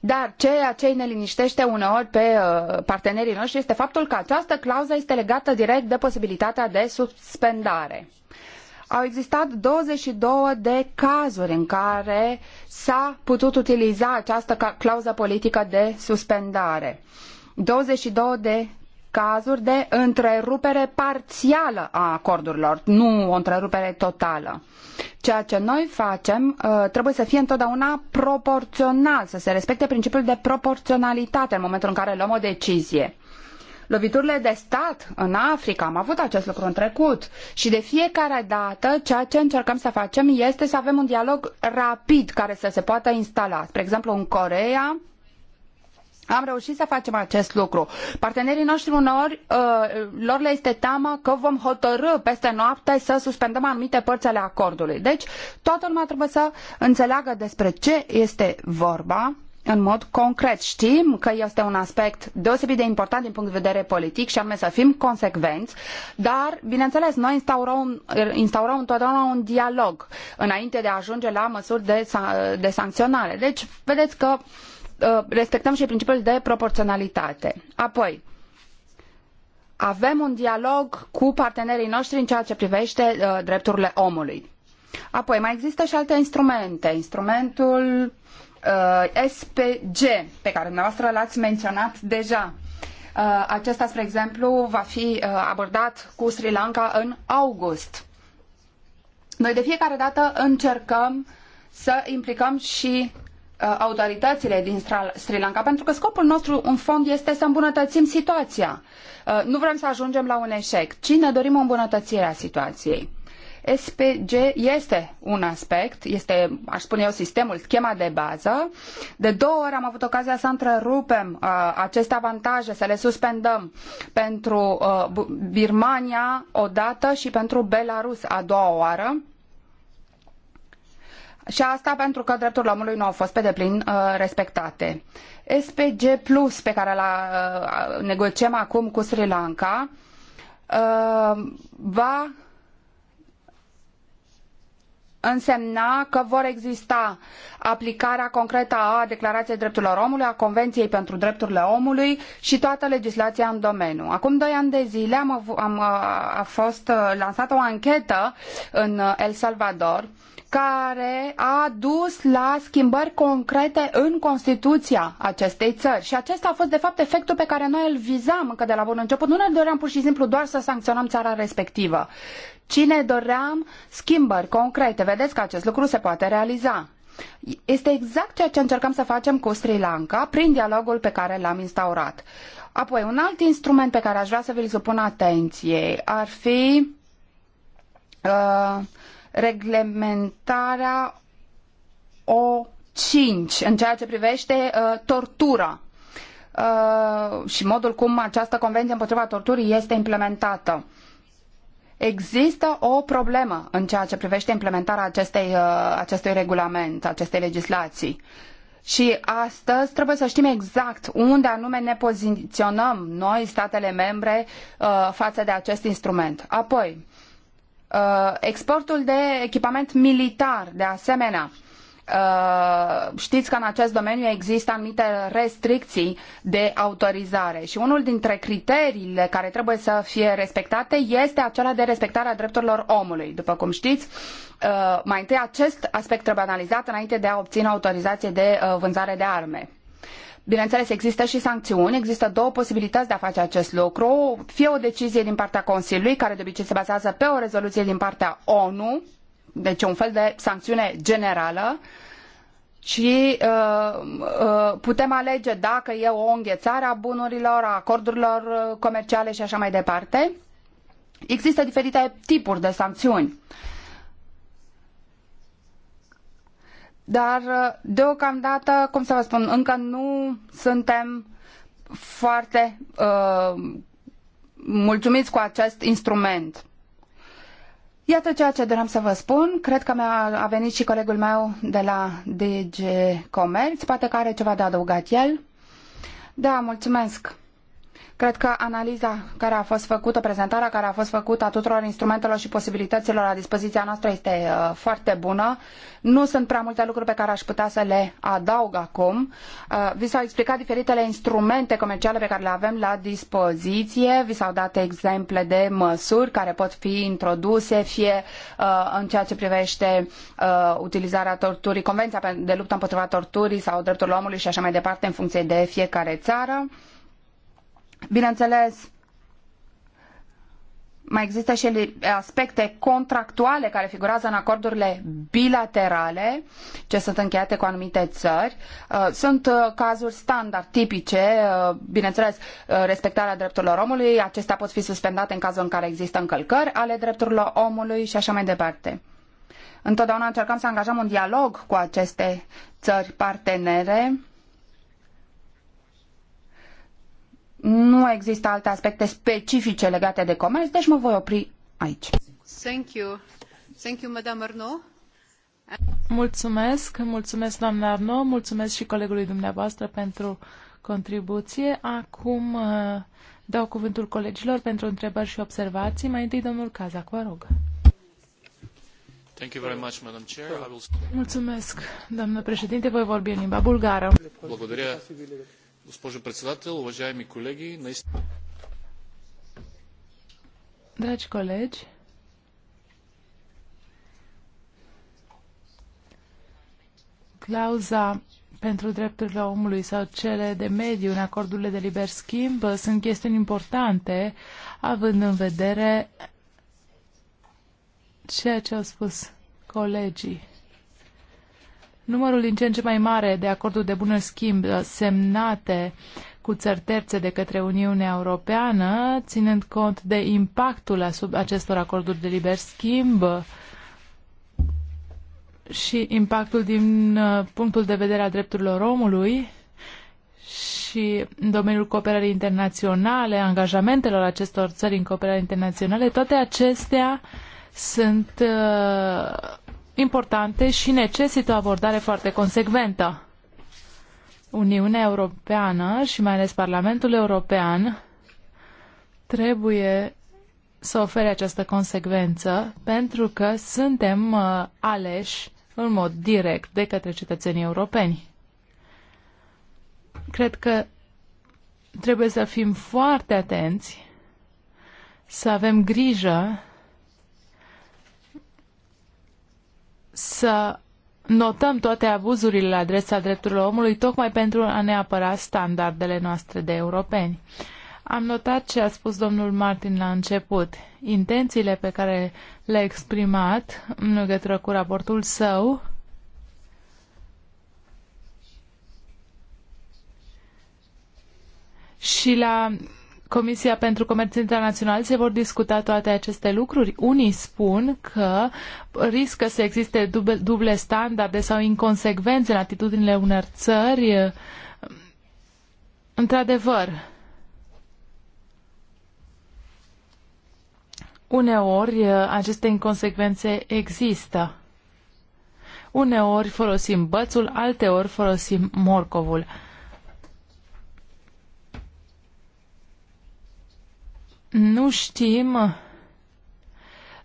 Dar ceea ce ne liniștește uneori pe uh, partenerii noștri este faptul că această clauză este legată direct de posibilitatea de suspendare. Au existat 22 de cazuri în care s-a putut utiliza această clauză politică de suspendare. 22 de cazuri de întrerupere parțială a acordurilor, nu o întrerupere totală. Ceea ce noi facem uh, trebuie să fie întotdeauna proporțional, să se respecte principiul de proporționalitate în momentul în care luăm o decizie. Loviturile de stat în Africa, am avut acest lucru în trecut și de fiecare dată ceea ce încercăm să facem este să avem un dialog rapid care să se poată instala. Spre exemplu, în Coreea, am reușit să facem acest lucru. Partenerii noștri uneori, uh, lor le este teamă că vom hotărâ peste noapte să suspendăm anumite părți ale acordului. Deci, toată lumea trebuie să înțeleagă despre ce este vorba în mod concret. Știm că este un aspect deosebit de important din punct de vedere politic și anume să fim consecvenți, dar, bineînțeles, noi instaurăm, instaurăm întotdeauna un dialog înainte de a ajunge la măsuri de, de sancționare. Deci, vedeți că uh, Uh, respectăm și principiul de proporționalitate. Apoi, avem un dialog cu partenerii noștri în ceea ce privește uh, drepturile omului. Apoi, mai există și alte instrumente. Instrumentul uh, SPG, pe care dumneavoastră l-ați menționat deja. Uh, acesta, spre exemplu, va fi uh, abordat cu Sri Lanka în august. Noi de fiecare dată încercăm să implicăm și Uh, autoritățile din Sri Lanka, pentru că scopul nostru, în fond, este să îmbunătățim situația. Uh, nu vrem să ajungem la un eșec, ci ne dorim o îmbunătățire a situației. SPG este un aspect, este, aș spune eu, sistemul, schema de bază. De două ori am avut ocazia să întrerupem uh, aceste avantaje, să le suspendăm pentru uh, Birmania odată și pentru Belarus a doua oară și asta pentru că drepturile omului nu au fost pe deplin uh, respectate. SPG Plus pe care la uh, negociem acum cu Sri Lanka uh, va însemna că vor exista aplicarea concretă a Declarației Drepturilor Omului, a Convenției pentru Drepturile Omului și toată legislația în domeniu. Acum doi ani de zile am, am, uh, a fost uh, lansată o anchetă în uh, El Salvador uh, care a dus la schimbări concrete în Constituția acestei țări. Și acesta a fost, de fapt, efectul pe care noi îl vizam încă de la bun început. Nu ne doream pur și simplu doar să sancționăm țara respectivă, ci ne doream schimbări concrete. Vedeți că acest lucru se poate realiza. Este exact ceea ce încercăm să facem cu Sri Lanka prin dialogul pe care l-am instaurat. Apoi, un alt instrument pe care aș vrea să vi-l supun atenției ar fi uh, reglementarea O5 în ceea ce privește uh, tortura uh, și modul cum această convenție împotriva torturii este implementată. Există o problemă în ceea ce privește implementarea acestei, uh, acestui regulament, acestei legislații. Și astăzi trebuie să știm exact unde anume ne poziționăm noi, statele membre, uh, față de acest instrument. Apoi, Uh, exportul de echipament militar, de asemenea. Uh, știți că în acest domeniu există anumite restricții de autorizare și unul dintre criteriile care trebuie să fie respectate este acela de respectare a drepturilor omului. După cum știți, uh, mai întâi acest aspect trebuie analizat înainte de a obține autorizație de vânzare de arme. Bineînțeles, există și sancțiuni, există două posibilități de a face acest lucru. Fie o decizie din partea Consiliului, care de obicei se bazează pe o rezoluție din partea ONU, deci un fel de sancțiune generală, și uh, uh, putem alege dacă e o înghețare a bunurilor, a acordurilor uh, comerciale și așa mai departe. Există diferite tipuri de sancțiuni. Uh, dar uh, deocamdată, cum să vă spun, încă nu suntem foarte uh, mulțumiți cu acest instrument. Iată ceea ce doream să vă spun. Cred că mi-a a venit și colegul meu de la DG Comerț. Poate că are ceva de adăugat el. Da, mulțumesc. Cred că analiza care a fost făcută, prezentarea care a fost făcută a tuturor instrumentelor și posibilităților la dispoziția noastră este uh, foarte bună. Nu sunt prea multe lucruri pe care aș putea să le adaug acum. Uh, vi s-au explicat diferitele instrumente comerciale pe care le avem la dispoziție, vi s-au dat exemple de măsuri care pot fi introduse, fie uh, în ceea ce privește uh, utilizarea torturii, Convenția de luptă împotriva torturii sau drepturilor omului și așa mai departe în funcție de fiecare țară. Uh, Bineînțeles, mai există și aspecte contractuale care figurează în acordurile bilaterale ce sunt încheiate cu anumite țări. Uh, sunt uh, cazuri standard, tipice, uh, bineînțeles, respectarea drepturilor omului, acestea pot fi suspendate în cazul în care există încălcări ale drepturilor omului și așa mai departe. Întotdeauna încercăm să angajăm un dialog cu aceste țări partenere Nu există alte aspecte specifice legate de comerț, deci mă voi opri aici. Thank you. Thank you, Madame Mulțumesc, mulțumesc doamna Arno, mulțumesc și colegului dumneavoastră pentru contribuție. Acum uh, dau cuvântul colegilor pentru întrebări și observații. Mai întâi domnul Cazac, vă rog. Thank you very much, Madam Chair. Mulțumesc, doamnă președinte, voi vorbi în limba bulgară. Благодаря госпожо председател, уважаеми колеги, наистина... Dragi colegi, clauza pentru drepturile omului sau cele de mediu în acordurile de liber schimb sunt chestiuni importante, având în vedere ceea ce au spus colegii. Numărul din ce în ce mai mare de acorduri de bună schimb uh, semnate cu țări terțe de către Uniunea Europeană, ținând cont de impactul asupra acestor acorduri de liber schimb și impactul din uh, punctul de vedere al drepturilor omului și în domeniul cooperării internaționale, angajamentelor acestor țări în cooperare internaționale, toate acestea sunt uh, importante și necesită o abordare foarte consecventă. Uniunea Europeană și mai ales Parlamentul European trebuie să ofere această consecvență pentru că suntem uh, aleși în mod direct de către cetățenii europeni. Cred că trebuie să fim foarte atenți, să avem grijă să notăm toate abuzurile la adresa drepturilor omului tocmai pentru a ne apăra standardele noastre de europeni. Am notat ce a spus domnul Martin la început. Intențiile pe care le-a exprimat în legătură cu raportul său și la Comisia pentru Comerț Internațional se vor discuta toate aceste lucruri. Unii spun că riscă să existe duble, duble standarde sau inconsecvențe în atitudinile unor țări. Într-adevăr, uneori aceste inconsecvențe există. Uneori folosim bățul, alteori folosim morcovul. nu știm uh,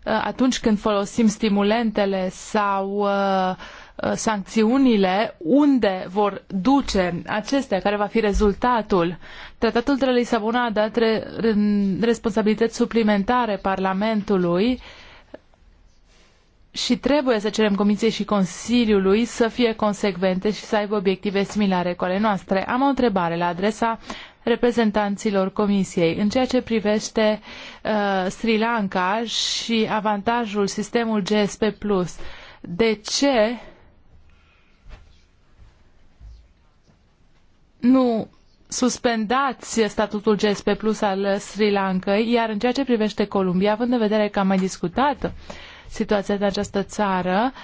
atunci când folosim stimulentele sau uh, uh, sancțiunile, unde vor duce acestea, care va fi rezultatul. Tratatul de la Lisabona a dat responsabilități suplimentare Parlamentului și trebuie să cerem Comisiei și Consiliului să fie consecvente și să aibă obiective similare cu ale noastre. Am o întrebare la adresa reprezentanților Comisiei. În ceea ce privește uh, Sri Lanka și avantajul sistemul GSP+, de ce nu suspendați statutul GSP Plus al Sri Lankai, iar în ceea ce privește Columbia, având în vedere că am mai discutat situația din această țară, uh,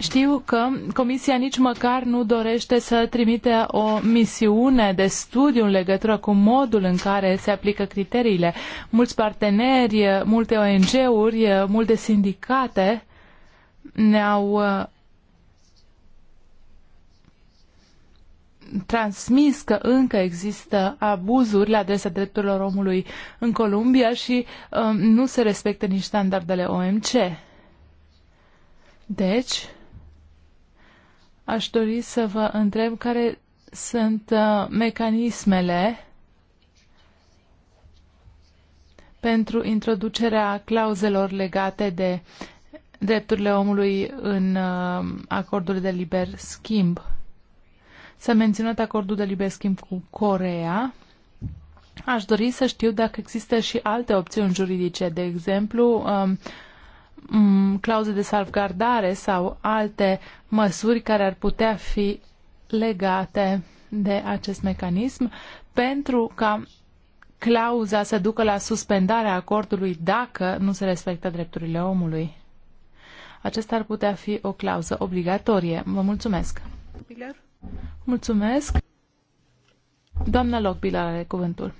știu că Comisia nici măcar nu dorește să trimite o misiune de studiu în legătură cu modul în care se aplică criteriile. Mulți parteneri, multe ONG-uri, multe sindicate ne-au uh, transmis că încă există abuzuri la adresa drepturilor omului în Columbia și uh, nu se respectă nici standardele OMC. Deci, aș dori să vă întreb care sunt uh, mecanismele pentru introducerea clauzelor legate de drepturile omului în uh, acordul de liber schimb. S-a menționat acordul de liber schimb cu Corea. Aș dori să știu dacă există și alte opțiuni juridice, de exemplu, um, Mm, clauze de salvgardare sau alte măsuri care ar putea fi legate de acest mecanism pentru ca clauza să ducă la suspendarea acordului dacă nu se respectă drepturile omului. Acesta ar putea fi o clauză obligatorie. Vă mulțumesc. Bilar? Mulțumesc. Doamna Lockbiller are cuvântul.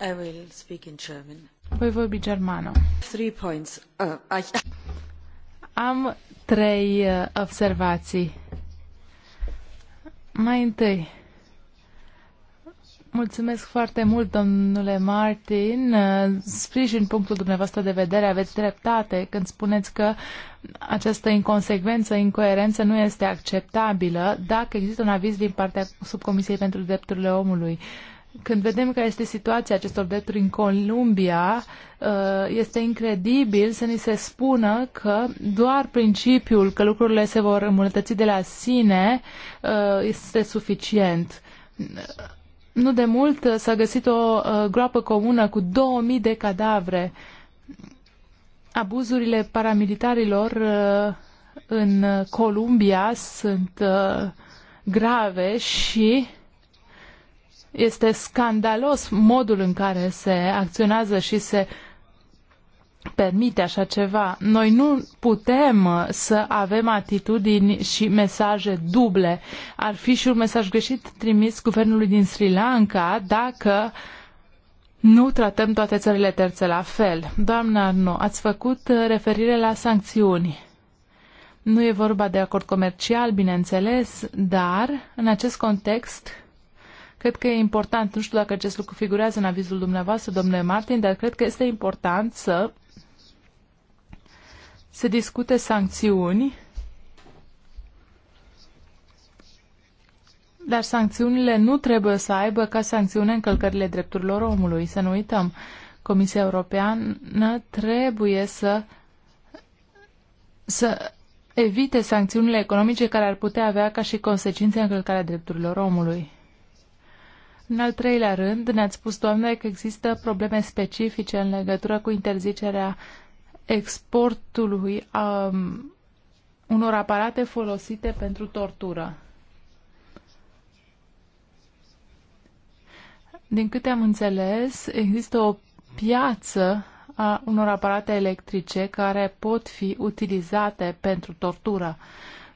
I will speak in German. Voi vorbi germană. Three points. Uh, I... Am trei uh, observații. Mai întâi, Mulțumesc foarte mult, domnule Martin. Uh, sprijin punctul dumneavoastră de vedere. Aveți dreptate când spuneți că această inconsecvență, incoerență nu este acceptabilă dacă există un aviz din partea Subcomisiei pentru Drepturile Omului. Uh, când vedem că este situația acestor drepturi în Columbia, uh, este incredibil să ni se spună că doar principiul că lucrurile se vor îmbunătăți de la sine uh, este suficient. Nu de mult s-a găsit o uh, groapă comună cu 2000 de cadavre. Abuzurile paramilitarilor în Columbia sunt grave și este scandalos modul în care se acționează și se permite așa ceva. Noi nu putem să avem atitudini și mesaje duble. Ar fi și un mesaj greșit trimis guvernului din Sri Lanka dacă nu tratăm toate țările terțe la fel. Doamna Arno, ați făcut referire la sancțiuni. Nu e vorba de acord comercial, bineînțeles, dar în acest context Cred că e important, nu știu dacă acest lucru figurează în avizul dumneavoastră, domnule Martin, dar cred că este important să se discute sancțiuni, dar sancțiunile nu trebuie să aibă ca sancțiune încălcările drepturilor omului, să nu uităm. Comisia Europeană trebuie să, să evite sancțiunile economice care ar putea avea ca și consecințe încălcarea drepturilor omului. În al treilea rând, ne-ați spus, doamne, că există probleme specifice în legătură cu interzicerea exportului a um, unor aparate folosite pentru tortură. Din câte am înțeles, există o piață a unor aparate electrice care pot fi utilizate pentru tortură.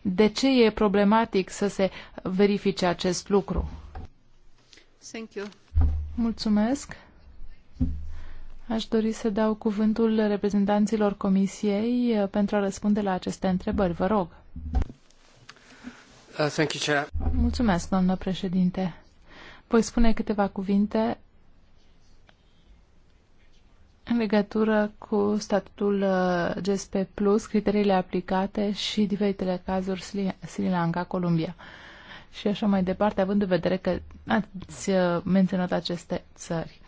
De ce e problematic să se verifice acest lucru? a Mulțumesc. Aș dori să dau cuvântul reprezentanților Comisiei uh, pentru a răspunde la aceste întrebări. Vă rog. Uh, thank you, Chair. Mulțumesc, doamnă președinte. Voi spune câteva cuvinte în legătură cu statutul uh, GSP+, criteriile aplicate și diferitele cazuri Sri Lanka, Columbia. Uh, și așa mai departe, având în vedere că ați uh, menționat aceste țări.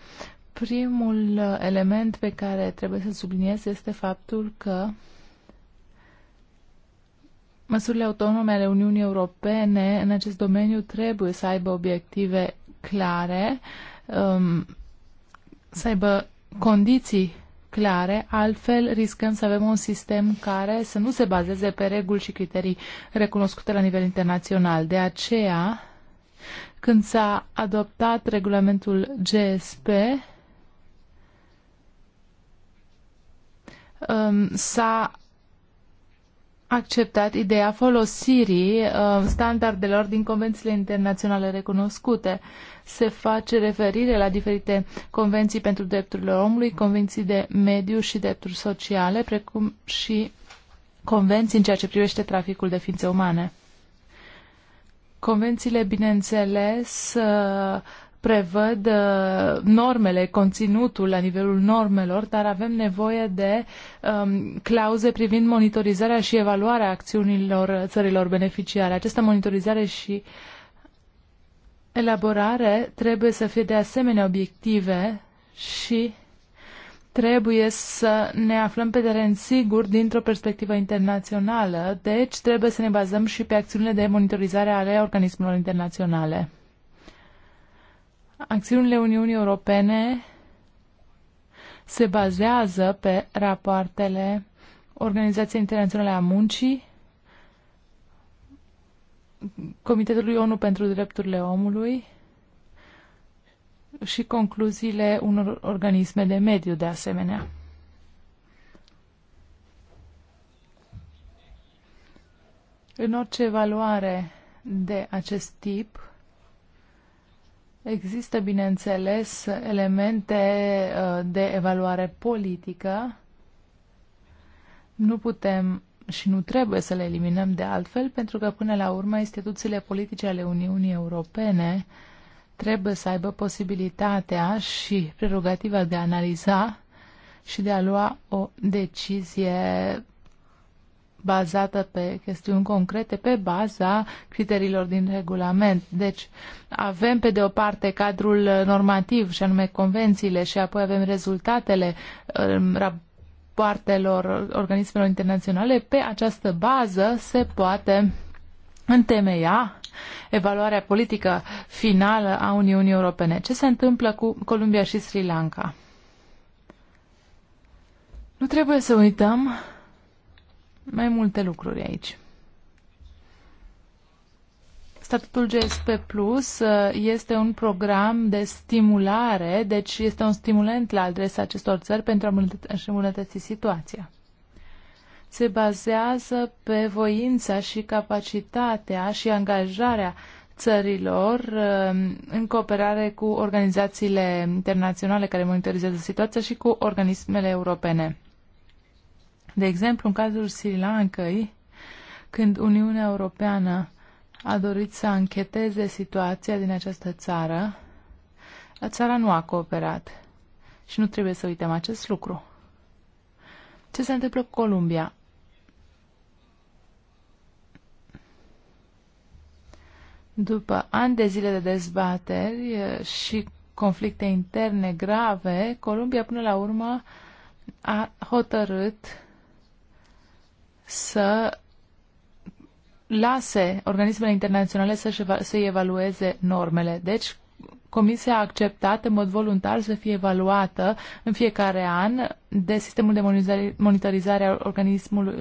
Primul uh, element pe care trebuie să subliniez este faptul că măsurile autonome ale Uniunii Europene în acest domeniu trebuie să aibă obiective clare, um, să aibă condiții clare, altfel riscăm să avem un sistem care să nu se bazeze pe reguli și criterii recunoscute la nivel internațional. De aceea, când s-a adoptat regulamentul GSP, um, s-a acceptat ideea folosirii uh, standardelor din convențiile internaționale recunoscute. Se face referire la diferite convenții pentru drepturile omului, convenții de mediu și drepturi sociale, precum și convenții în ceea ce privește traficul de ființe umane. Convențiile, bineînțeles, uh, prevăd uh, normele, conținutul la nivelul normelor, dar avem nevoie de um, clauze privind monitorizarea și evaluarea acțiunilor țărilor beneficiare. Această monitorizare și elaborare trebuie să fie de asemenea obiective și trebuie să ne aflăm pe teren sigur dintr-o perspectivă internațională, deci trebuie să ne bazăm și pe acțiunile de monitorizare ale organismelor internaționale. Acțiunile Uniunii Europene se bazează pe rapoartele Organizației Internaționale a Muncii, Comitetului ONU pentru Drepturile Omului și concluziile unor organisme de mediu de asemenea. În orice evaluare de acest tip, Există, bineînțeles, elemente uh, de evaluare politică. Nu putem și nu trebuie să le eliminăm de altfel, pentru că până la urmă instituțiile politice ale Uniunii Europene trebuie să aibă posibilitatea și prerogativa de a analiza și de a lua o decizie bazată pe chestiuni concrete, pe baza criteriilor din regulament. Deci avem pe de o parte cadrul normativ și anume convențiile și apoi avem rezultatele um, rapoartelor organismelor internaționale. Pe această bază se poate întemeia evaluarea politică finală a Uniunii Europene. Ce se întâmplă cu Columbia și Sri Lanka? Nu trebuie să uităm mai multe lucruri aici. Statutul GSP Plus uh, este un program de stimulare, deci este un stimulant la adresa acestor țări pentru a îmbunătăți situația. Se bazează pe voința și capacitatea și angajarea țărilor uh, în cooperare cu organizațiile internaționale care monitorizează situația și cu organismele europene. De exemplu, în cazul Sri Lankai, când Uniunea Europeană a dorit să încheteze situația din această țară, țara nu a cooperat. Și nu trebuie să uităm acest lucru. Ce se întâmplă cu Columbia? După ani de zile de dezbateri și conflicte interne grave, Columbia până la urmă a hotărât să lase organismele internaționale să-și să evalueze normele. Deci, Comisia a acceptat în mod voluntar să fie evaluată în fiecare an de sistemul de monitorizare a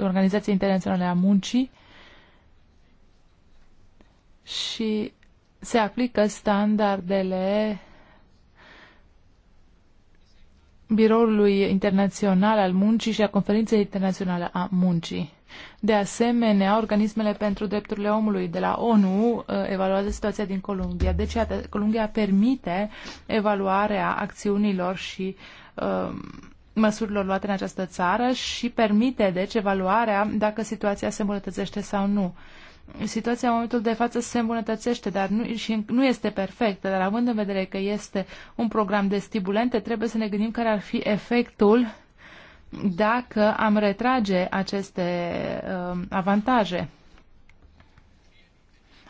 Organizației Internaționale a Muncii și se aplică standardele Biroului Internațional al Muncii și a Conferinței Internaționale a Muncii. De asemenea, organismele pentru drepturile omului de la ONU uh, evaluează situația din Columbia. Deci, Columbia permite evaluarea acțiunilor și uh, măsurilor luate în această țară și permite, deci, evaluarea dacă situația se îmbunătățește sau nu. Uh, situația în momentul de față se îmbunătățește dar nu, și nu este perfectă, dar având în vedere că este un program de stimulente, trebuie să ne gândim care ar fi efectul dacă am retrage aceste uh, avantaje.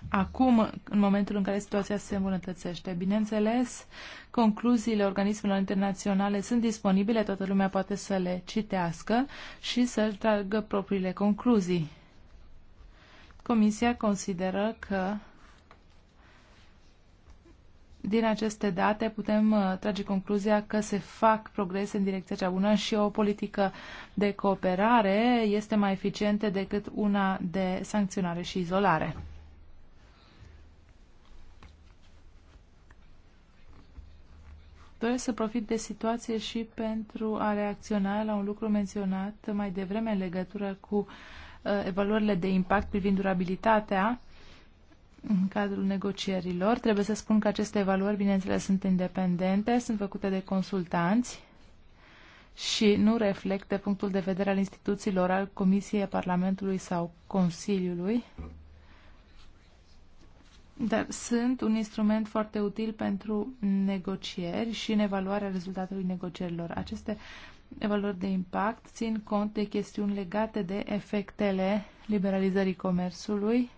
Acum, în momentul în care situația se îmbunătățește, bineînțeles, concluziile organismelor internaționale sunt disponibile, toată lumea poate să le citească și să-și tragă propriile concluzii. Comisia consideră că din aceste date putem uh, trage concluzia că se fac progrese în direcția cea bună și o politică de cooperare este mai eficientă decât una de sancționare și izolare. Doresc să profit de situație și pentru a reacționa la un lucru menționat mai devreme în legătură cu uh, Uh, evaluările de impact privind durabilitatea în cadrul negocierilor. Trebuie să spun că aceste evaluări, bineînțeles, sunt independente, sunt făcute de consultanți și nu reflectă punctul de vedere al instituțiilor, al Comisiei, Parlamentului sau Consiliului, dar sunt un instrument foarte util pentru negocieri și în evaluarea rezultatului negocierilor. Aceste evaluări de impact țin cont de chestiuni legate de efectele liberalizării comerțului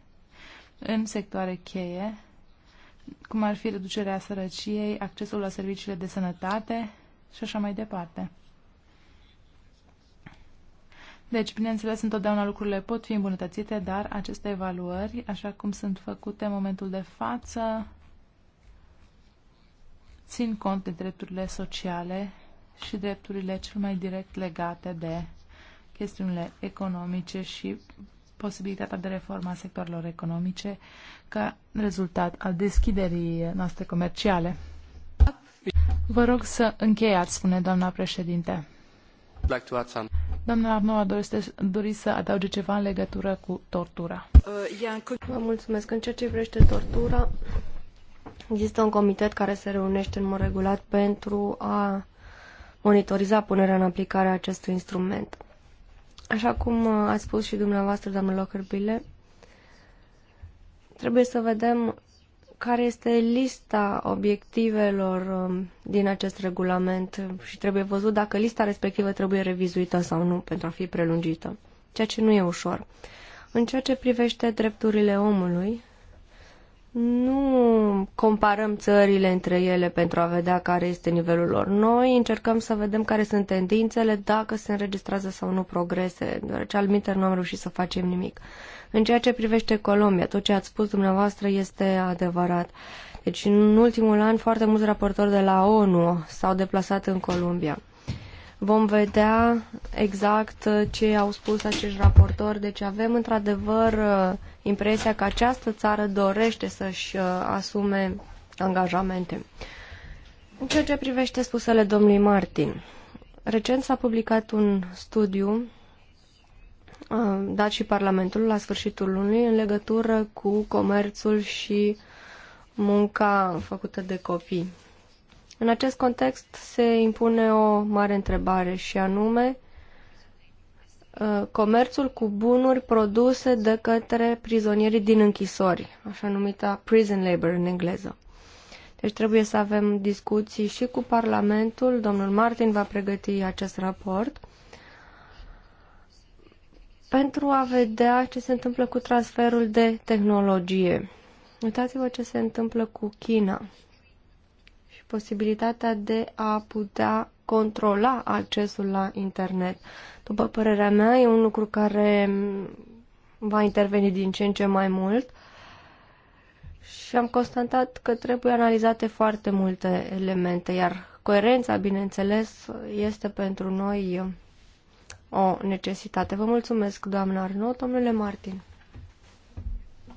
în sectoare cheie, cum ar fi reducerea sărăciei, accesul la serviciile de sănătate și așa mai departe. Deci, bineînțeles, întotdeauna lucrurile pot fi îmbunătățite, dar aceste evaluări, așa cum sunt făcute în momentul de față, țin cont de drepturile sociale și drepturile cel mai direct legate de chestiunile economice și posibilitatea de reformă a sectorilor economice ca rezultat al deschiderii noastre comerciale. Vă rog să încheiați, spune doamna președinte. Doamna Arnoa dorește, dori să adauge ceva în legătură cu tortura. Uh, Vă mulțumesc. În ceea ce vrește tortura, există un comitet care se reunește în mod regulat pentru a monitoriza punerea în aplicare a acestui instrument. Așa cum uh, a spus și dumneavoastră, doamnă Lockerbile, trebuie să vedem care este lista obiectivelor um, din acest regulament și trebuie văzut dacă lista respectivă trebuie revizuită sau nu pentru a fi prelungită, ceea ce nu e ușor. În ceea ce privește drepturile omului, nu comparăm țările între ele pentru a vedea care este nivelul lor. Noi încercăm să vedem care sunt tendințele, dacă se înregistrează sau nu progrese, deoarece al minter nu am reușit să facem nimic. În ceea ce privește Colombia, tot ce ați spus dumneavoastră este adevărat. Deci în ultimul an foarte mulți raportori de la ONU s-au deplasat în Columbia. Vom vedea exact uh, ce au spus acești raportori. Deci avem într-adevăr uh, impresia că această țară dorește să-și uh, asume angajamente. În ceea ce privește spusele domnului Martin, recent s-a publicat un studiu dat și Parlamentul la sfârșitul lunii în legătură cu comerțul și munca făcută de copii. În acest context se impune o mare întrebare și anume uh, comerțul cu bunuri produse de către prizonierii din închisori, așa numita prison labor în engleză. Deci trebuie să avem discuții și cu Parlamentul. Domnul Martin va pregăti acest raport pentru a vedea ce se întâmplă cu transferul de tehnologie. Uitați-vă ce se întâmplă cu China posibilitatea de a putea controla accesul la internet. După părerea mea, e un lucru care va interveni din ce în ce mai mult și am constatat că trebuie analizate foarte multe elemente, iar coerența, bineînțeles, este pentru noi o necesitate. Vă mulțumesc, doamna Arnaud. Domnule Martin,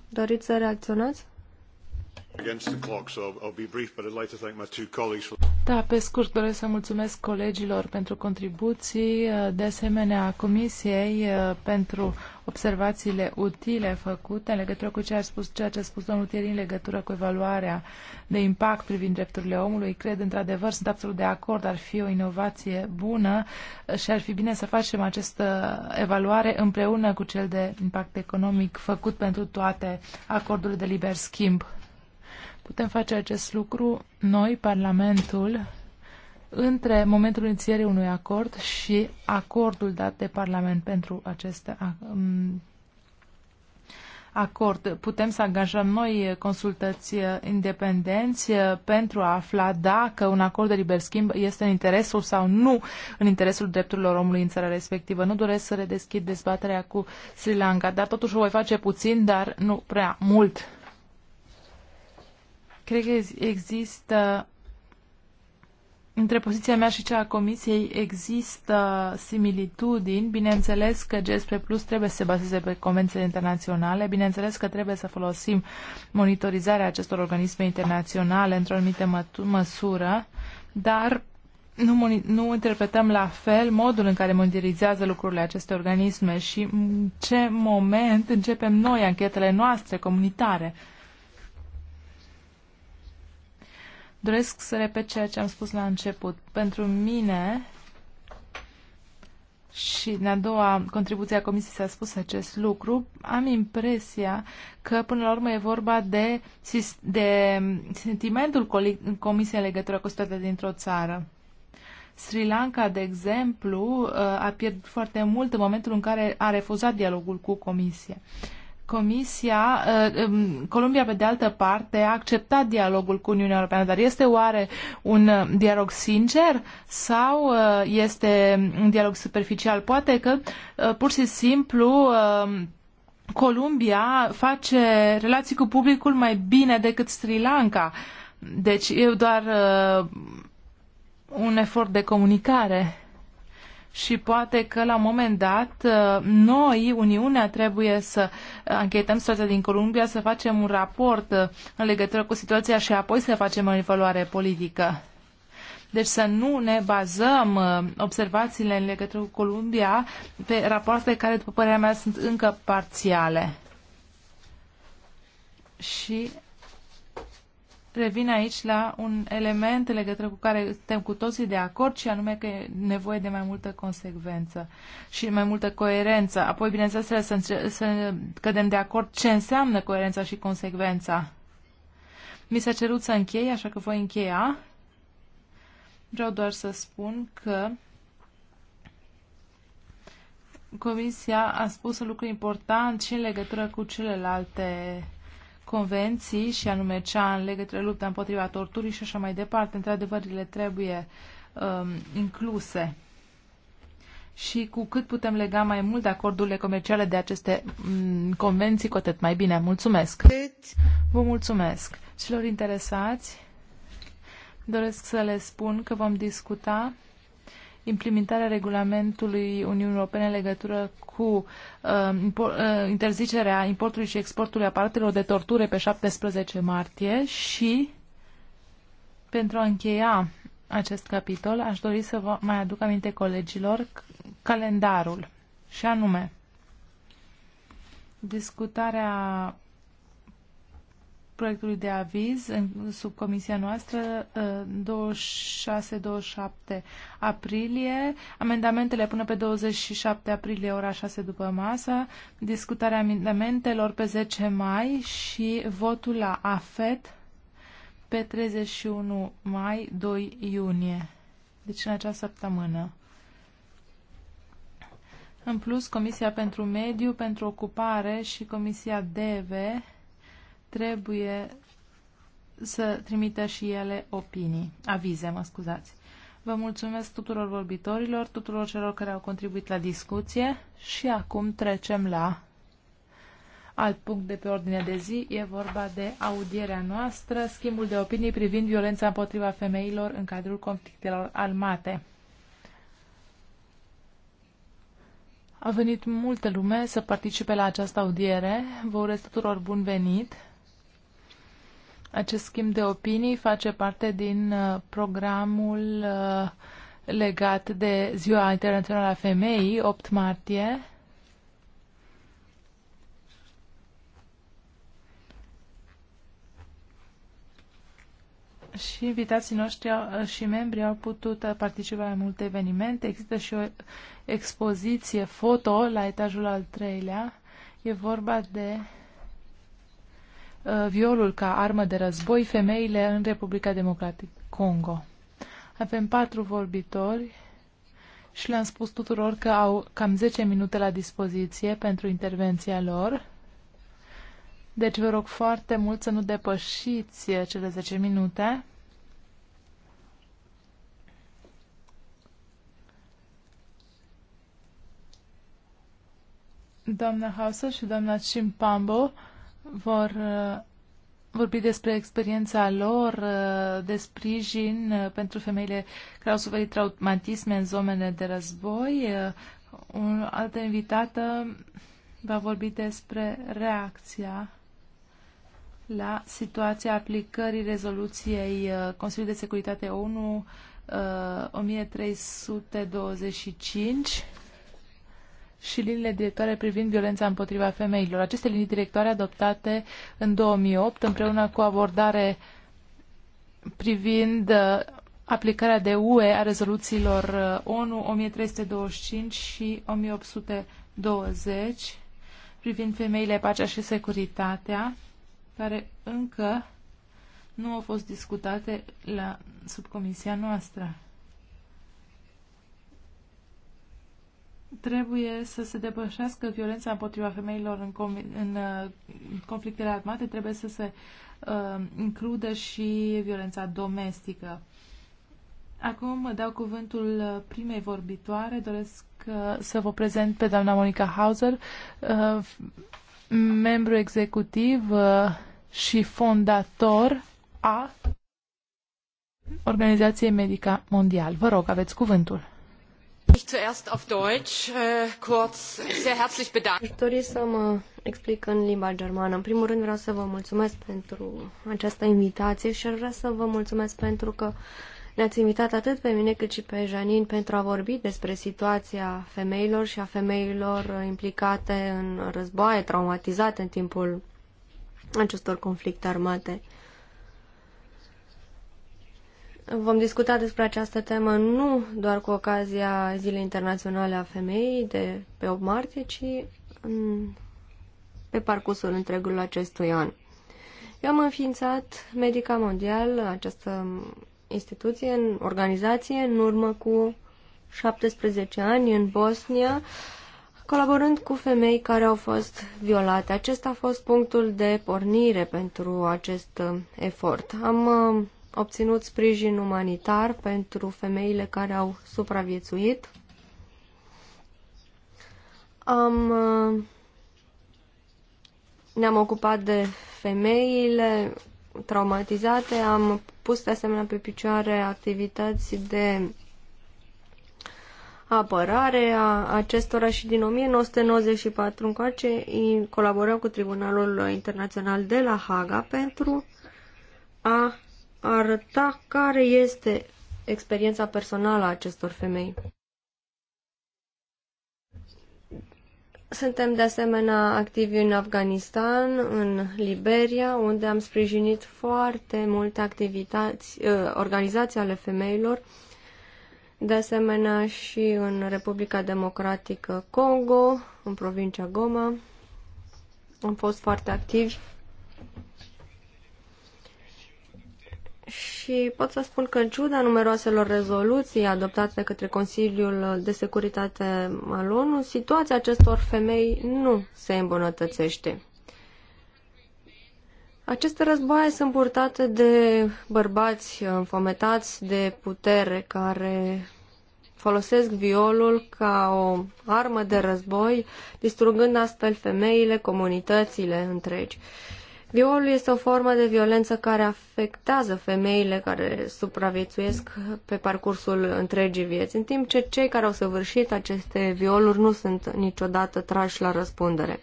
doriți să reacționați? Da, pe scurt doresc să mulțumesc colegilor pentru contribuții, uh, de asemenea Comisiei uh, pentru observațiile utile făcute în legătură cu ceea ce a spus, ceea ce a spus domnul Thierry în legătură cu evaluarea de impact privind drepturile omului. Cred, într-adevăr, sunt absolut de acord, ar fi o inovație bună uh, și ar fi bine să facem această evaluare împreună cu cel de impact economic făcut pentru toate acordurile de liber schimb Putem face acest lucru noi, Parlamentul, între momentul inițierii unui acord și acordul dat de Parlament pentru acest um, acord. Putem să angajăm noi consultați independenți pentru a afla dacă un acord de liber schimb este în interesul sau nu în interesul drepturilor omului în țara respectivă. Nu doresc să redeschid dezbaterea cu Sri Lanka, dar totuși o voi face puțin, dar nu prea mult. Cred că există între poziția mea și cea a Comisiei există similitudini. Bineînțeles că GSP Plus trebuie să se bazeze pe convențiile internaționale, bineînțeles că trebuie să folosim monitorizarea acestor organisme internaționale într-o anumită mă măsură, dar nu, nu interpretăm la fel modul în care monitorizează lucrurile aceste organisme și în ce moment începem noi anchetele noastre comunitare. Doresc să repet ceea ce am spus la început. Pentru mine și în a doua contribuție a Comisiei s-a spus acest lucru, am impresia că până la urmă e vorba de, de sentimentul Comisiei în legătură cu situația dintr-o țară. Sri Lanka, de exemplu, uh, a pierdut foarte mult în momentul în care a refuzat dialogul cu Comisia. Comisia, uh, um, Columbia pe de altă parte a acceptat dialogul cu Uniunea Europeană, dar este oare un uh, dialog sincer sau uh, este un dialog superficial? Poate că pur și simplu um, Columbia face relații cu publicul mai bine decât Sri Lanka. Deci e doar un efort de comunicare și poate că la un moment dat uh, noi, Uniunea, trebuie să uh, anchetăm situația din Columbia, să facem un raport uh, în legătură cu situația și apoi să facem o evaluare politică. Deci să nu ne bazăm observațiile în legătură cu Columbia pe rapoarte care, după părerea mea, sunt încă parțiale. Și revin aici la un element legătură cu care suntem cu toții de acord și anume că e nevoie de mai multă consecvență și mai multă coerență. Apoi, bineînțeles, trebuie să, să cădem de acord ce înseamnă coerența și consecvența. Mi s-a cerut să închei, așa că voi încheia. Vreau doar să spun că Comisia a spus un lucru important și în legătură cu celelalte convenții, și anume cea în legătură lupta împotriva torturii și așa mai departe. Într-adevăr, trebuie um, incluse. Și cu cât putem lega mai mult acordurile comerciale de aceste um, convenții, cu atât mai bine. Mulțumesc! Vă mulțumesc! Celor interesați, doresc să le spun că vom discuta implementarea regulamentului Uniunii Europene în legătură cu uh, uh interzicerea importului și exportului aparatelor de torture pe 17 martie și pentru a încheia acest capitol, aș dori să vă mai aduc aminte colegilor calendarul și anume discutarea proiectului de aviz în comisia noastră 26-27 uh, aprilie, amendamentele până pe 27 aprilie ora 6 după masă, discutarea amendamentelor pe 10 mai și votul la AFET pe 31 mai 2 iunie. Deci în această săptămână. În plus, Comisia pentru Mediu, pentru Ocupare și Comisia DEVE trebuie să trimită și ele opinii, avize, mă scuzați. Vă mulțumesc tuturor vorbitorilor, tuturor celor care au contribuit la discuție și acum trecem la alt punct de pe ordinea de zi. E vorba de audierea noastră, schimbul de opinii privind violența împotriva femeilor în cadrul conflictelor armate. A venit multă lume să participe la această audiere. Vă urez tuturor bun venit acest schimb de opinii face parte din uh, programul uh, legat de Ziua Internațională a Femeii, 8 martie. Și invitații noștri uh, și membrii au putut participa la multe evenimente. Există și o expoziție foto la etajul al treilea. E vorba de Uh, violul ca armă de război, femeile în Republica Democratic Congo. Avem patru vorbitori și le-am spus tuturor că au cam 10 minute la dispoziție pentru intervenția lor. Deci vă rog foarte mult să nu depășiți cele 10 minute. Doamna Hausa și doamna Chimpambo vor uh, vorbi despre experiența lor uh, de sprijin uh, pentru femeile care au suferit traumatisme în zonele de război. O altă invitată va vorbi despre reacția la situația aplicării rezoluției Consiliului de Securitate ONU 1325 și liniile directoare privind violența împotriva femeilor. Aceste linii directoare adoptate în 2008 împreună cu abordare privind uh, aplicarea de UE a rezoluțiilor uh, ONU 1325 și 1820 privind femeile, pacea și securitatea, care încă nu au fost discutate la subcomisia noastră. Trebuie să se depășească violența împotriva femeilor în, în uh, conflictele armate, trebuie să se uh, includă și violența domestică. Acum dau cuvântul uh, primei vorbitoare. Doresc uh, să vă prezent pe doamna Monica Hauser, uh, membru executiv uh, și fondator a Organizației Medica Mondial. Vă rog, aveți cuvântul. Zuerst auf Deutsch, äh, kurz, sehr herzlich bedanken. Aș dori să mă explic în limba germană. În primul rând vreau să vă mulțumesc pentru această invitație și vreau să vă mulțumesc pentru că ne-ați invitat atât pe mine cât și pe Janin pentru a vorbi despre situația femeilor și a femeilor implicate în războaie, traumatizate în timpul acestor conflicte armate. Vom discuta despre această temă nu doar cu ocazia Zilei Internaționale a Femeii de pe 8 martie, ci în, pe parcursul întregului acestui an. Eu am înființat Medica Mondial, această instituție, în organizație, în urmă cu 17 ani, în Bosnia, colaborând cu femei care au fost violate. Acesta a fost punctul de pornire pentru acest uh, efort. Am uh, obținut sprijin umanitar pentru femeile care au supraviețuit. Am, uh, ne-am ocupat de femeile traumatizate, am pus de asemenea pe picioare activități de apărare a acestora și din 1994 încoace colaborăm cu Tribunalul Internațional de la Haga pentru a arăta care este experiența personală a acestor femei. Suntem de asemenea activi în Afganistan, în Liberia, unde am sprijinit foarte multe activități, ă, organizații ale femeilor, de asemenea și în Republica Democratică Congo, în provincia Goma. Am fost foarte activi și pot să spun că în ciuda numeroaselor rezoluții adoptate de către Consiliul de Securitate al ONU, situația acestor femei nu se îmbunătățește. Aceste războaie sunt purtate de bărbați înfometați de putere care folosesc violul ca o armă de război, distrugând astfel femeile, comunitățile întregi. Violul este o formă de violență care afectează femeile care supraviețuiesc pe parcursul întregii vieți, în timp ce cei care au săvârșit aceste violuri nu sunt niciodată trași la răspundere.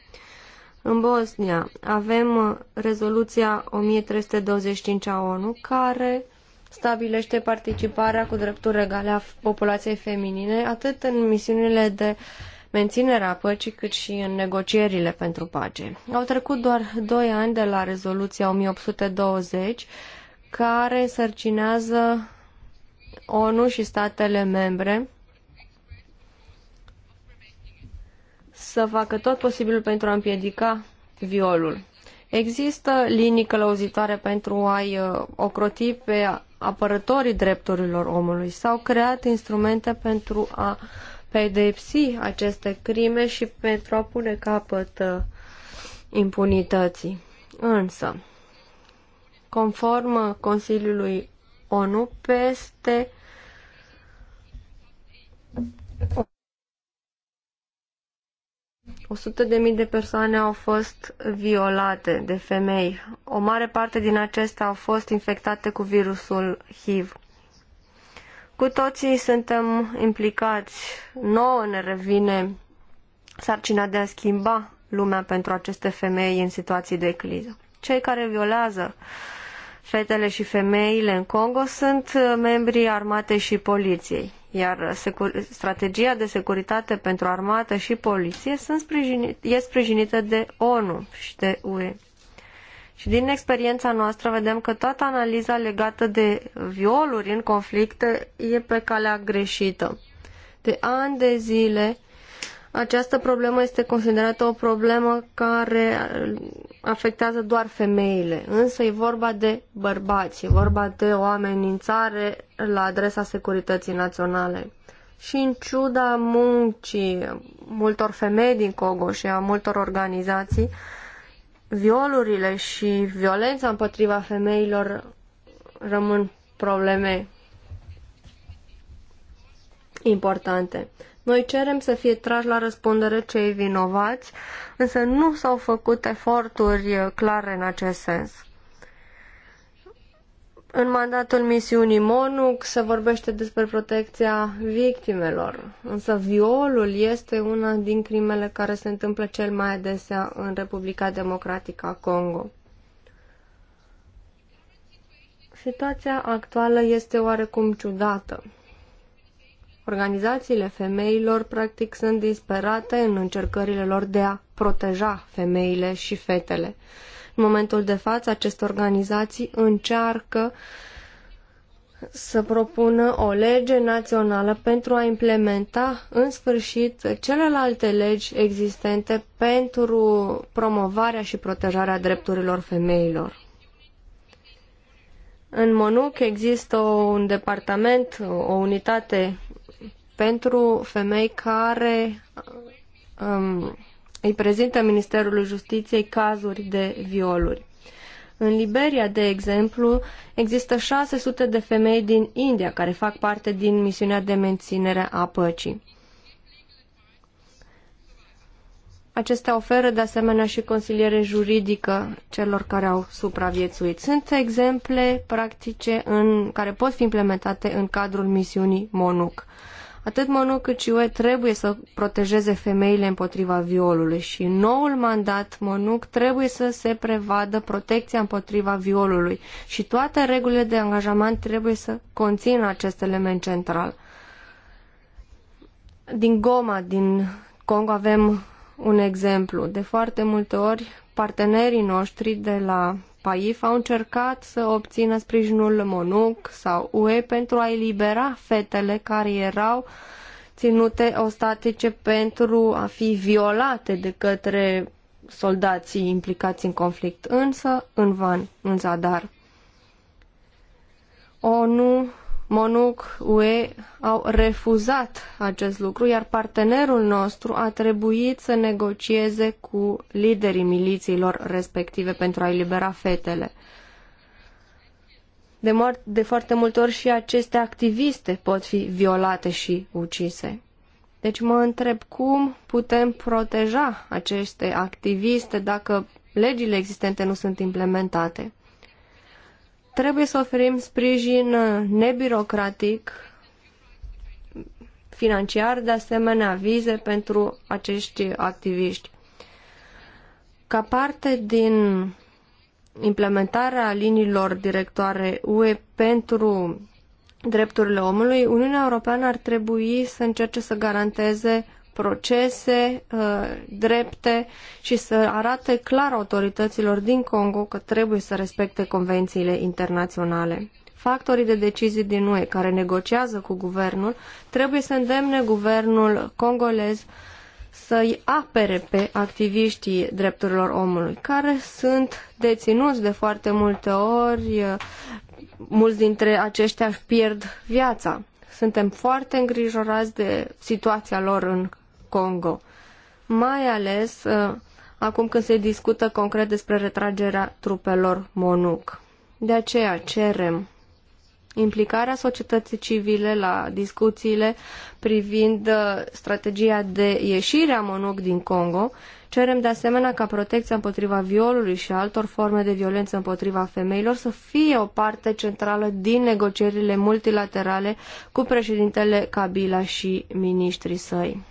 În Bosnia avem rezoluția 1325 a ONU care stabilește participarea cu drepturi egale a populației feminine atât în misiunile de uh, menținerea păcii, cât și în negocierile pentru pace. Au trecut doar doi ani de la rezoluția 1820, care însărcinează ONU și statele membre să facă tot posibilul pentru a împiedica violul. Există linii călăuzitoare pentru a-i uh, ocroti pe apărătorii drepturilor omului. S-au creat instrumente pentru a uh, pedepsi aceste crime și pentru a pune capăt uh, impunității. Însă, conform uh, Consiliului ONU, peste o sută de mii de persoane au fost violate de femei. O mare parte din acestea au fost infectate cu virusul HIV. Cu toții suntem implicați. Nouă ne revine sarcina de a schimba lumea pentru aceste femei în situații de criză. Cei care violează fetele și femeile în Congo sunt membrii armatei și poliției, iar strategia de securitate pentru armată și poliție sunt sprijinit, e sprijinită de ONU și de UE. Și din experiența noastră vedem că toată analiza legată de violuri în conflicte e pe calea greșită. De ani de zile, această problemă este considerată o problemă care afectează doar femeile, însă e vorba de bărbați, e vorba de o amenințare la adresa securității naționale. Și în ciuda muncii multor femei din Congo și a multor organizații, violurile și violența împotriva femeilor rămân probleme importante. Noi cerem să fie trași la răspundere cei vinovați, însă nu s-au făcut eforturi clare în acest sens. În mandatul misiunii MONUC se vorbește despre protecția victimelor, însă violul este una din crimele care se întâmplă cel mai adesea în Republica Democratică a Congo. Situația actuală este oarecum ciudată. Organizațiile femeilor practic sunt disperate în încercările lor de a proteja femeile și fetele. În momentul de față, aceste organizații încearcă să propună o lege națională pentru a implementa în sfârșit celelalte legi existente pentru promovarea și protejarea drepturilor femeilor. În MONUC există un departament, o unitate pentru femei care um, îi prezintă Ministerului Justiției cazuri de violuri. În Liberia, de exemplu, există 600 de femei din India care fac parte din misiunea de menținere a păcii. Acestea oferă de asemenea și consiliere juridică celor care au supraviețuit. Sunt exemple practice în, care pot fi implementate în cadrul misiunii MONUC. Atât Manu cât și UE trebuie să protejeze femeile împotriva violului și în noul mandat MONUC trebuie să se prevadă protecția împotriva violului și toate regulile de angajament trebuie să conțină acest element central. Din Goma, din Congo avem un exemplu. De foarte multe ori partenerii noștri de la PAIF au încercat să obțină sprijinul MONUC sau UE pentru a elibera fetele care erau ținute ostatice pentru a fi violate de către soldații implicați în conflict, însă în van, în zadar. ONU MONUC, UE au refuzat acest lucru, iar partenerul nostru a trebuit să negocieze cu liderii milițiilor respective pentru a elibera fetele. De, de foarte multe ori și aceste activiste pot fi violate și ucise. Deci mă întreb cum putem proteja aceste activiste dacă legile existente nu sunt implementate. Trebuie să oferim sprijin uh, nebirocratic, financiar, de asemenea vize pentru acești activiști. Ca parte din implementarea liniilor directoare UE pentru drepturile omului, Uniunea Europeană ar trebui să încerce să garanteze procese uh, drepte și să arate clar autorităților din Congo că trebuie să respecte convențiile internaționale. Factorii de decizii din UE care negociază cu guvernul trebuie să îndemne guvernul congolez să-i apere pe activiștii drepturilor omului, care sunt deținuți de foarte multe ori, uh, mulți dintre aceștia își pierd viața. Suntem foarte îngrijorați de situația lor în Congo, mai ales uh, acum când se discută concret despre retragerea trupelor MONUC. De aceea cerem implicarea societății civile la discuțiile privind uh, strategia de ieșire a MONUC din Congo. Cerem de asemenea ca protecția împotriva violului și altor forme de violență împotriva femeilor să fie o parte centrală din negocierile multilaterale cu președintele Kabila și miniștrii săi.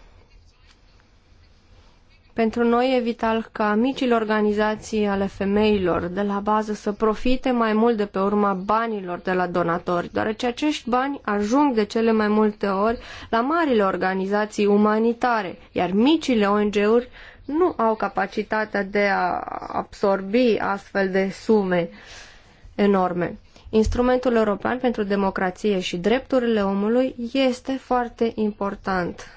Pentru noi e vital ca micile organizații ale femeilor de la bază să profite mai mult de pe urma banilor de la donatori, deoarece acești bani ajung de cele mai multe ori la marile organizații umanitare, iar micile ONG-uri nu au capacitatea de a absorbi astfel de sume enorme. Instrumentul european pentru democrație și drepturile omului este foarte important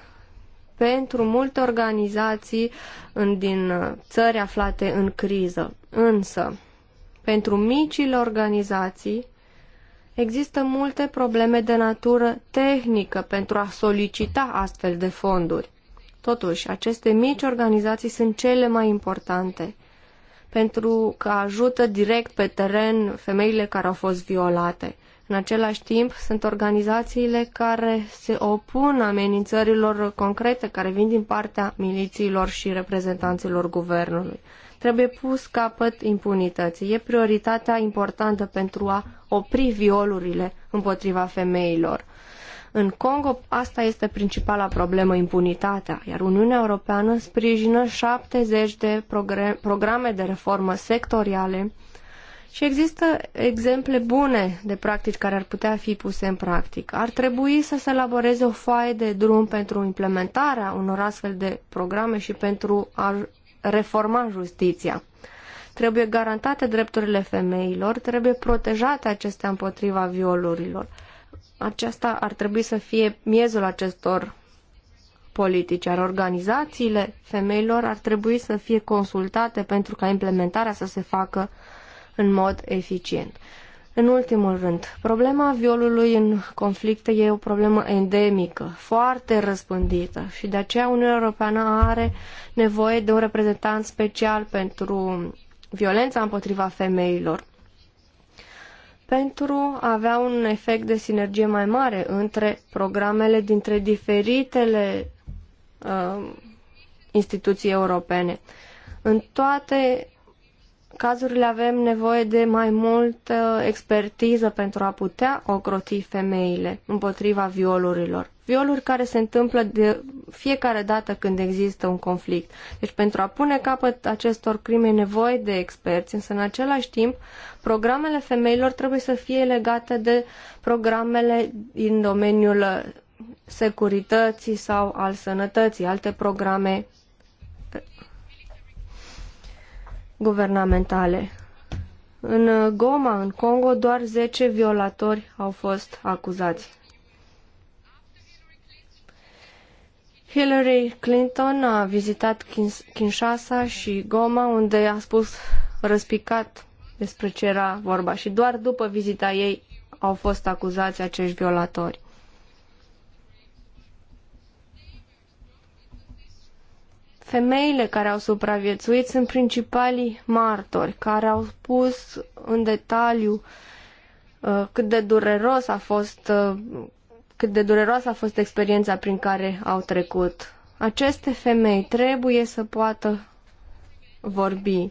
pentru multe organizații în, din țări aflate în criză. Însă, pentru micile organizații, există multe probleme de natură tehnică pentru a solicita astfel de fonduri. Totuși, aceste mici organizații sunt cele mai importante pentru că ajută direct pe teren femeile care au fost violate. În același timp, sunt organizațiile care se opun amenințărilor concrete care vin din partea milițiilor și reprezentanților guvernului. Trebuie pus capăt impunității. E prioritatea importantă pentru a opri violurile împotriva femeilor. În Congo asta este principala problemă, impunitatea, iar Uniunea Europeană sprijină 70 de programe de reformă sectoriale și există exemple bune de practici care ar putea fi puse în practică. Ar trebui să se elaboreze o foaie de drum pentru implementarea unor astfel de programe și pentru a reforma justiția. Trebuie garantate drepturile femeilor, trebuie protejate acestea împotriva violurilor. Aceasta ar trebui să fie miezul acestor politici, iar organizațiile femeilor ar trebui să fie consultate pentru ca implementarea să se facă în mod eficient. În ultimul rând, problema violului în conflicte e o problemă endemică, foarte răspândită și de aceea Uniunea Europeană are nevoie de un reprezentant special pentru violența împotriva femeilor pentru a avea un efect de sinergie mai mare între programele dintre diferitele uh, instituții europene. În toate cazurile avem nevoie de mai multă expertiză pentru a putea ocroti femeile împotriva violurilor. Violuri care se întâmplă de fiecare dată când există un conflict. Deci pentru a pune capăt acestor crime e nevoie de experți, însă în același timp programele femeilor trebuie să fie legate de programele din domeniul securității sau al sănătății, alte programe guvernamentale. În uh, Goma, în Congo, doar 10 violatori au fost acuzați. Hillary Clinton a vizitat Kinshasa și Goma, unde a spus răspicat despre ce era vorba și doar după vizita ei au fost acuzați acești violatori. Femeile care au supraviețuit sunt principalii martori care au spus în detaliu uh, cât de dureros a fost uh, cât de dureroasă a fost experiența prin care au trecut. Aceste femei trebuie să poată vorbi.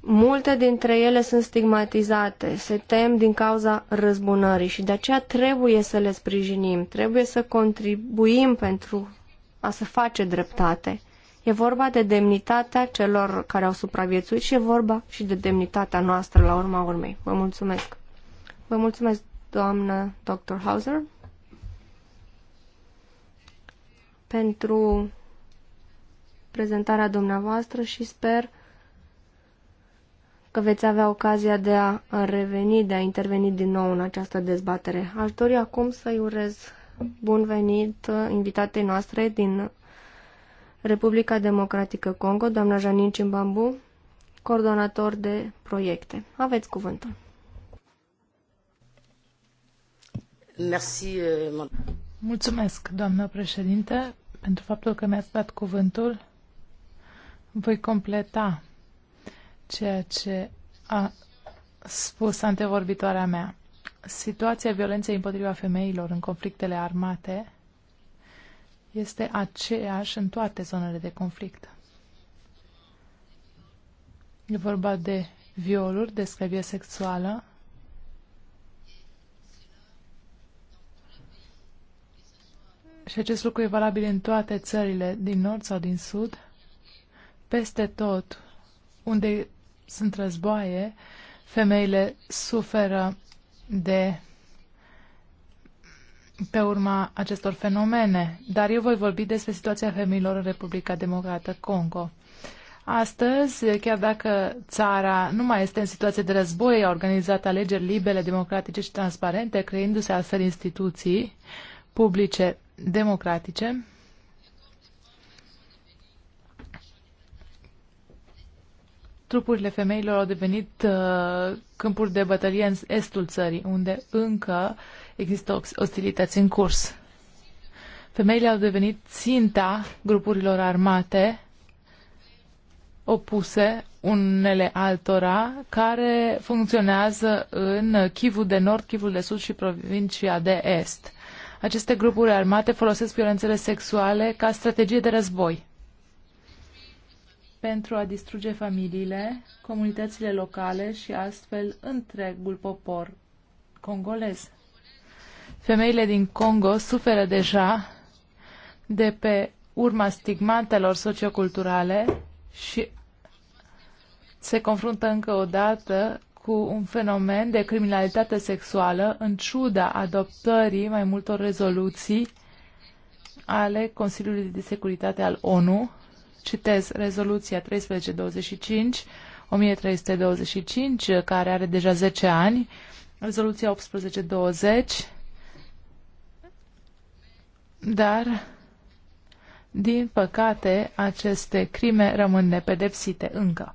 Multe dintre ele sunt stigmatizate, se tem din cauza răzbunării și de aceea trebuie să le sprijinim, trebuie să contribuim pentru a se face dreptate. E vorba de demnitatea celor care au supraviețuit și e vorba și de demnitatea noastră la urma urmei. Vă mulțumesc. Vă mulțumesc, doamnă Dr. Hauser, pentru prezentarea dumneavoastră și sper că veți avea ocazia de a reveni, de a interveni din nou în această dezbatere. Aș dori acum să-i urez bun venit uh, invitatei noastre din Republica Democratică Congo, doamna Janin Cimbambu, coordonator de proiecte. Aveți cuvântul. Uh, Mulțumesc, doamnă președinte, pentru faptul că mi-ați dat cuvântul. Voi completa ceea ce a spus antevorbitoarea mea situația violenței împotriva femeilor în conflictele armate este aceeași în toate zonele de conflict. E vorba de violuri, de sclavie sexuală, Și acest lucru e valabil în toate țările, din nord sau din sud, peste tot unde sunt războaie, femeile suferă de pe urma acestor fenomene, dar eu voi vorbi despre situația femeilor în Republica Democrată Congo. Astăzi, chiar dacă țara nu mai este în situație de război, a organizat alegeri libere, democratice și transparente, creându-se astfel instituții publice democratice, trupurile femeilor au devenit uh, câmpuri de bătălie în estul țării, unde încă există ostilități în curs. Femeile au devenit ținta grupurilor armate opuse unele altora, care funcționează în Chivul de Nord, Chivul de Sud și provincia de Est. Aceste grupuri armate folosesc violențele sexuale ca strategie de război pentru a distruge familiile, comunitățile locale și astfel întregul popor congolez. Femeile din Congo suferă deja de pe urma stigmatelor socioculturale și se confruntă încă o dată cu un fenomen de criminalitate sexuală în ciuda adoptării mai multor rezoluții ale Consiliului de Securitate al ONU Citez rezoluția 1325, 1325, care are deja 10 ani, rezoluția 1820, dar, din păcate, aceste crime rămân nepedepsite încă.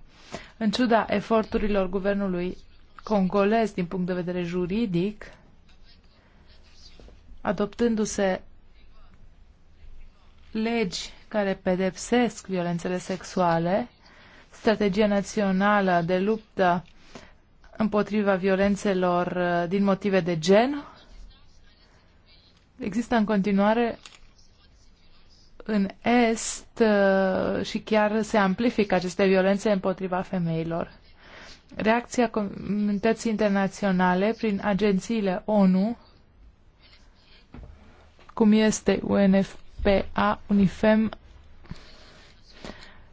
În ciuda eforturilor guvernului congolez din punct de vedere juridic, adoptându-se legi care pedepsesc violențele sexuale, strategia națională de luptă împotriva violențelor uh, din motive de gen. Există în continuare în Est uh, și chiar se amplifică aceste violențe împotriva femeilor. Reacția comunității internaționale prin agențiile ONU, cum este UNFPA, UNIFEM,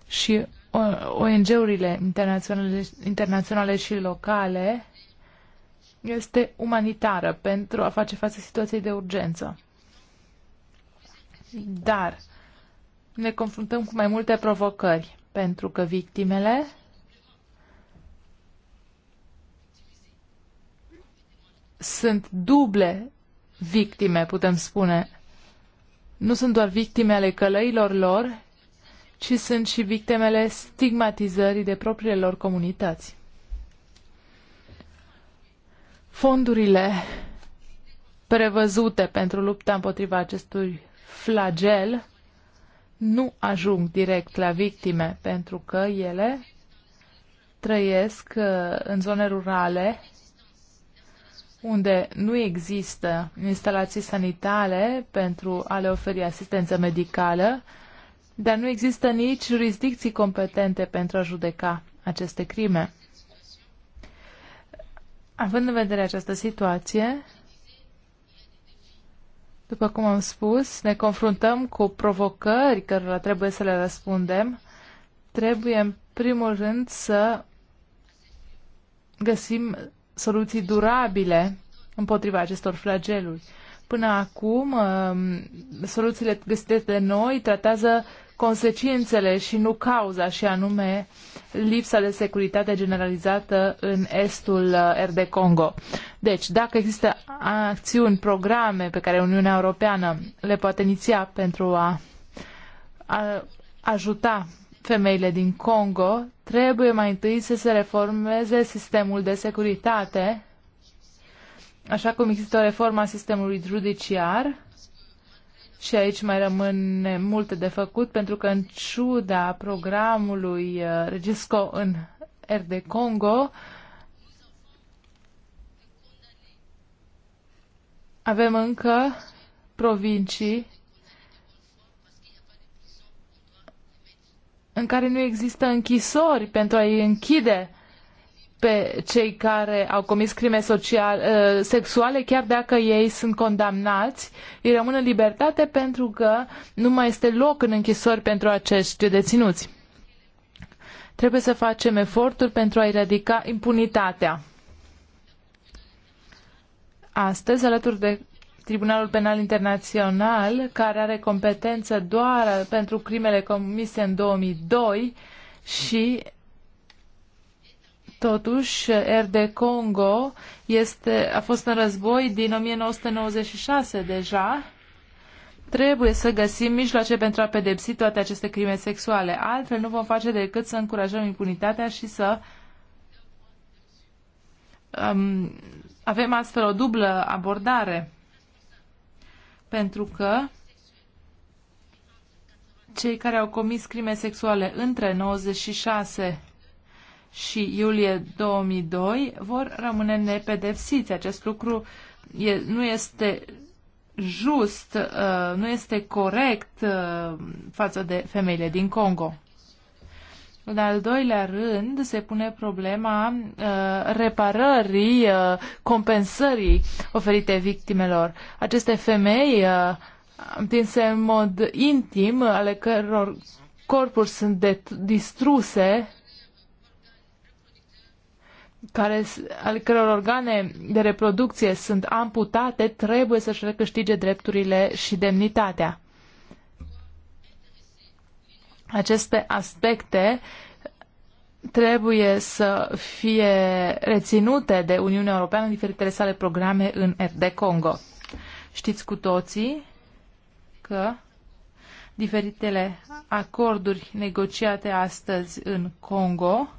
și uh, ONG-urile internaționale, internaționale și locale este umanitară pentru a face față situației de urgență. Dar ne confruntăm cu mai multe provocări, pentru că victimele sunt duble victime, putem spune. Nu sunt doar victime ale călăilor lor, ci sunt și victimele stigmatizării de propriile lor comunități. Fondurile prevăzute pentru lupta împotriva acestui flagel nu ajung direct la victime, pentru că ele trăiesc uh, în zone rurale unde nu există instalații sanitare pentru a le oferi asistență medicală dar nu există nici jurisdicții competente pentru a judeca aceste crime. Având în vedere această situație, după cum am spus, ne confruntăm cu provocări cărora trebuie să le răspundem. Trebuie, în primul rând, să găsim soluții durabile împotriva acestor flageluri. Până acum, um, soluțiile găsite de noi tratează consecințele și nu cauza, și anume lipsa de securitate generalizată în estul uh, RD Congo. Deci, dacă există acțiuni, programe pe care Uniunea Europeană le poate iniția pentru a, a ajuta femeile din Congo, trebuie mai întâi să se reformeze sistemul de securitate, așa cum există o reformă a sistemului judiciar, și aici mai rămâne multe de făcut, pentru că în ciuda programului uh, Regisco în RD Congo, avem încă provincii în care nu există închisori pentru a-i închide pe cei care au comis crime social, uh, sexuale, chiar dacă ei sunt condamnați, îi rămân în libertate pentru că nu mai este loc în închisori pentru acești deținuți. Trebuie să facem eforturi pentru a eradica impunitatea. Astăzi, alături de Tribunalul Penal Internațional, care are competență doar pentru crimele comise în 2002 și Totuși, RD Congo este, a fost în război din 1996 deja. Trebuie să găsim mijloace pentru a pedepsi toate aceste crime sexuale. Altfel nu vom face decât să încurajăm impunitatea și să um, avem astfel o dublă abordare. Pentru că cei care au comis crime sexuale între 96 și iulie 2002 vor rămâne nepedepsiți. Acest lucru e, nu este just, uh, nu este corect uh, față de femeile din Congo. În al doilea rând se pune problema uh, reparării, uh, compensării oferite victimelor. Aceste femei uh, în mod intim, ale căror corpuri sunt distruse care, al căror organe de reproducție sunt amputate trebuie să-și recâștige drepturile și demnitatea. Aceste aspecte trebuie să fie reținute de Uniunea Europeană în diferitele sale programe în RD Congo. Știți cu toții că diferitele acorduri negociate astăzi în Congo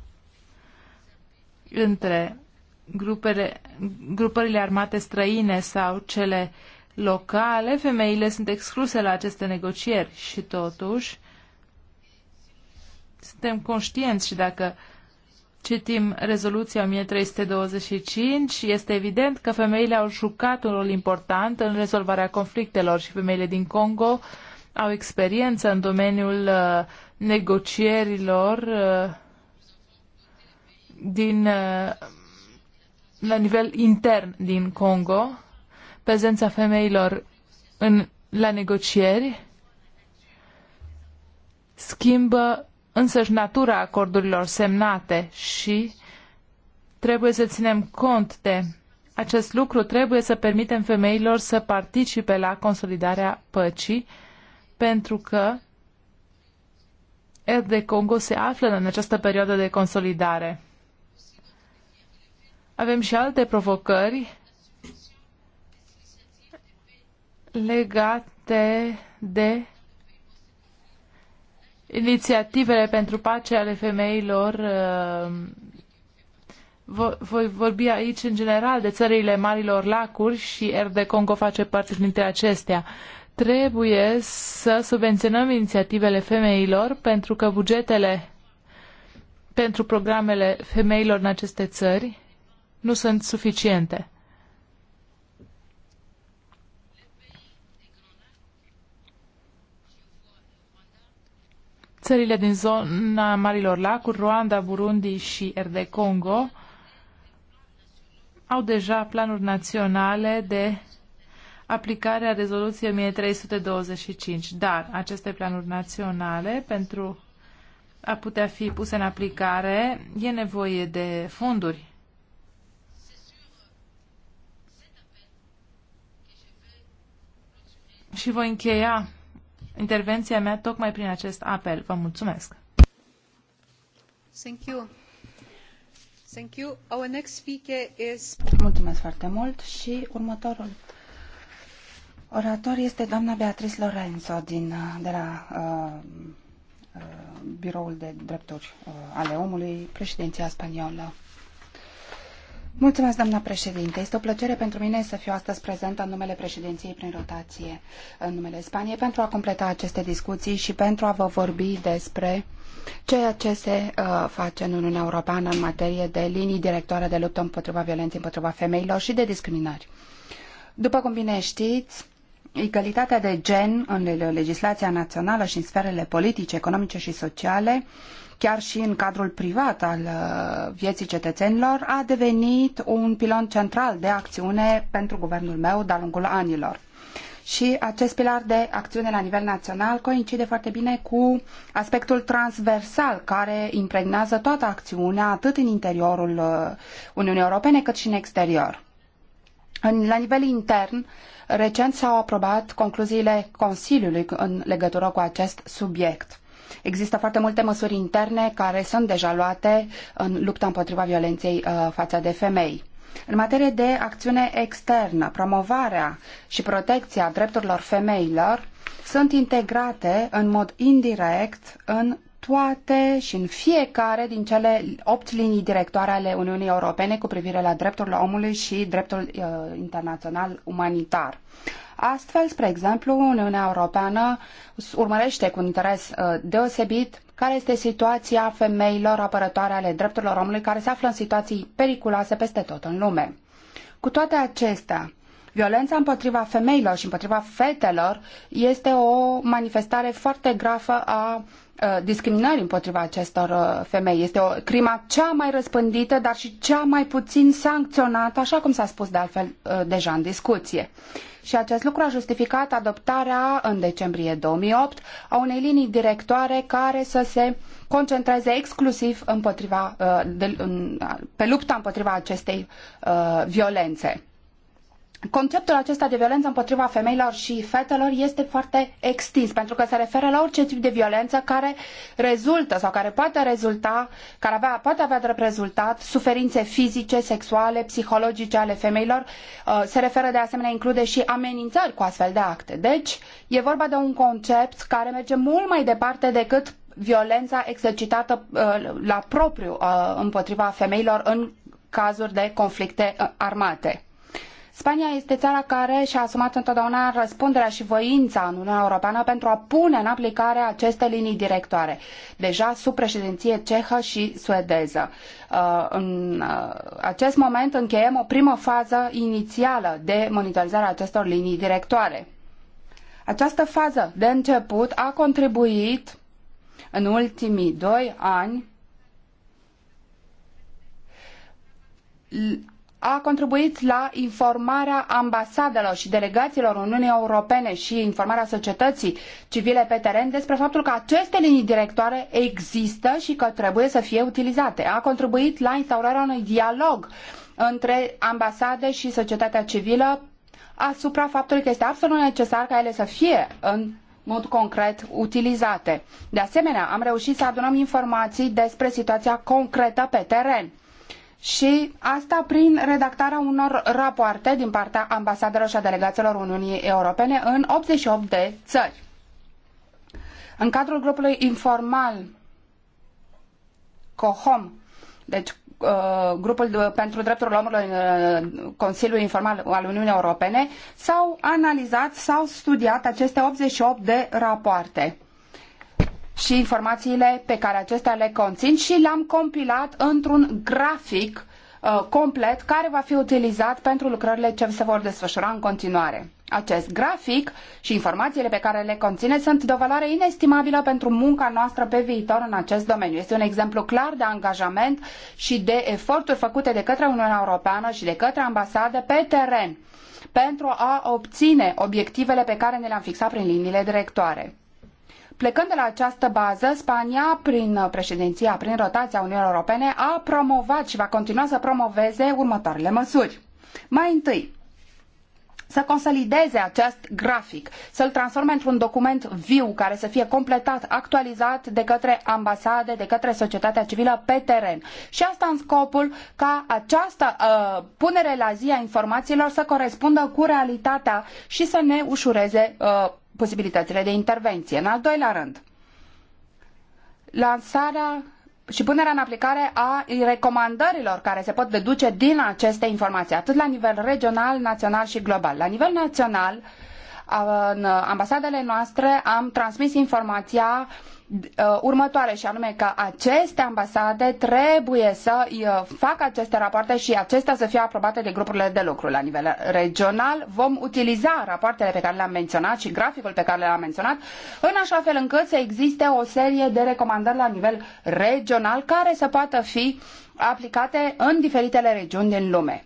între grupele, grupările armate străine sau cele locale, femeile sunt excluse la aceste negocieri și totuși suntem conștienți și dacă citim rezoluția 1325, este evident că femeile au jucat un rol important în rezolvarea conflictelor și femeile din Congo au experiență în domeniul uh, negocierilor uh, din, uh, la nivel intern din Congo, prezența femeilor în, la negocieri schimbă însăși natura acordurilor semnate și trebuie să ținem cont de acest lucru, trebuie să permitem femeilor să participe la consolidarea păcii, pentru că de Congo se află în această perioadă de consolidare. Avem și alte provocări legate de inițiativele pentru pace ale femeilor. Uh, voi vorbi aici în general de țările Marilor Lacuri și RD Congo face parte dintre acestea. Trebuie să subvenționăm inițiativele femeilor pentru că bugetele pentru programele femeilor în aceste țări nu sunt suficiente. Țările din zona Marilor Lacuri, Rwanda, Burundi și RD Congo au deja planuri naționale de aplicare a rezoluției 1325, dar aceste planuri naționale pentru a putea fi puse în aplicare e nevoie de fonduri și voi încheia intervenția mea tocmai prin acest apel. Vă mulțumesc! Thank you. Thank you. Our next speaker is... Mulțumesc foarte mult și următorul orator este doamna Beatrice Lorenzo din, uh, de la uh, uh, Biroul de Drepturi uh, ale Omului, președinția spaniolă. Mulțumesc, doamna președinte. Este o plăcere pentru mine să fiu astăzi prezentă în numele președinției prin rotație, în numele Spaniei, pentru a completa aceste discuții și pentru a vă vorbi despre ceea ce se uh, face în Uniunea Europeană în materie de linii directoare de luptă împotriva violenței împotriva femeilor și de discriminări. După cum bine știți, egalitatea de gen în legislația națională și în sferele politice, economice și sociale uh, chiar și în cadrul privat al uh, vieții cetățenilor, a devenit un pilon central de acțiune pentru guvernul meu de-a lungul anilor. Și acest pilar de acțiune la nivel național coincide foarte bine cu aspectul transversal care impregnează toată acțiunea, atât în interiorul uh, Uniunii Europene, cât și în exterior. la nivel intern, recent s-au aprobat concluziile Consiliului în legătură cu acest subiect. Există foarte multe măsuri interne care sunt deja luate în lupta împotriva violenței uh, față de femei. În materie de acțiune externă, promovarea și protecția drepturilor femeilor sunt integrate în mod indirect în toate și în fiecare din cele opt linii directoare ale Uniunii Europene cu privire la drepturile omului și dreptul uh, internațional umanitar. Astfel, spre exemplu, Uniunea Europeană urmărește cu un interes uh, deosebit care este situația femeilor apărătoare ale drepturilor omului care se află în situații periculoase peste tot în lume. Cu toate acestea, violența împotriva femeilor și împotriva fetelor este o manifestare foarte gravă a Uh, discriminării împotriva acestor uh, femei. Este o crima cea mai răspândită, dar și cea mai puțin sancționată, așa cum s-a spus de altfel uh, deja în discuție. Și acest lucru a justificat adoptarea în decembrie 2008 a unei linii directoare care să se concentreze exclusiv împotriva, pe lupta împotriva acestei violențe. Conceptul acesta de violență împotriva femeilor și fetelor este foarte extins, pentru că se referă la orice tip de violență care rezultă sau care poate rezulta, care avea, poate avea drept rezultat suferințe fizice, sexuale, psihologice ale femeilor. Uh, se referă de asemenea, include și amenințări cu astfel de acte. Deci, e vorba de un concept care merge mult mai departe decât violența exercitată uh, la propriu uh, împotriva femeilor în cazuri de conflicte armate. Spania este țara care și-a asumat întotdeauna răspunderea și voința în Uniunea Europeană pentru a pune în aplicare aceste linii directoare, deja sub președinție cehă și suedeză. Uh, în uh, acest moment încheiem o primă fază inițială de monitorizare a acestor linii directoare. Această fază de început a contribuit în ultimii doi ani a contribuit la informarea ambasadelor și delegațiilor Uniunii Europene și informarea societății civile pe teren despre faptul că aceste linii directoare există și că trebuie să fie utilizate. A contribuit la instaurarea unui dialog între ambasade și societatea civilă asupra faptului că este absolut necesar ca ele să fie în mod concret utilizate. De asemenea, am reușit să adunăm informații despre situația concretă pe teren și asta prin redactarea unor rapoarte din partea ambasadelor și a delegațiilor Uniunii Europene în 88 de țări. În cadrul grupului informal COHOM, deci uh, grupul pentru drepturile omului în uh, Consiliul Informal al Uniunii Europene, s-au analizat, s-au studiat aceste 88 de rapoarte și informațiile pe care acestea le conțin și le-am compilat într-un grafic uh, complet care va fi utilizat pentru lucrările ce se vor desfășura în continuare. Acest grafic și informațiile pe care le conține sunt de o valoare inestimabilă pentru munca noastră pe viitor în acest domeniu. Este un exemplu clar de angajament și de eforturi făcute de către Uniunea Europeană și de către ambasade pe teren pentru a obține obiectivele pe care ne le-am fixat prin liniile directoare. Plecând de la această bază, Spania, prin președinția, prin rotația Uniunii Europene, a promovat și va continua să promoveze următoarele măsuri. Mai întâi, să consolideze acest grafic, să-l transforme într-un document viu care să fie completat, actualizat de către ambasade, de către societatea civilă pe teren. Și asta în scopul ca această uh, punere la zi a informațiilor să corespundă cu realitatea și să ne ușureze uh, posibilitățile de intervenție. În al doilea rând, lansarea și punerea în aplicare a recomandărilor care se pot deduce din aceste informații, atât la nivel regional, național și global. La nivel național, în ambasadele noastre am transmis informația uh, următoare și anume că aceste ambasade trebuie să uh, facă aceste rapoarte și acestea să fie aprobate de grupurile de lucru la nivel regional. Vom utiliza rapoartele pe care le-am menționat și graficul pe care le-am menționat în așa fel încât să existe o serie de recomandări la nivel regional care să poată fi aplicate în diferitele regiuni din lume.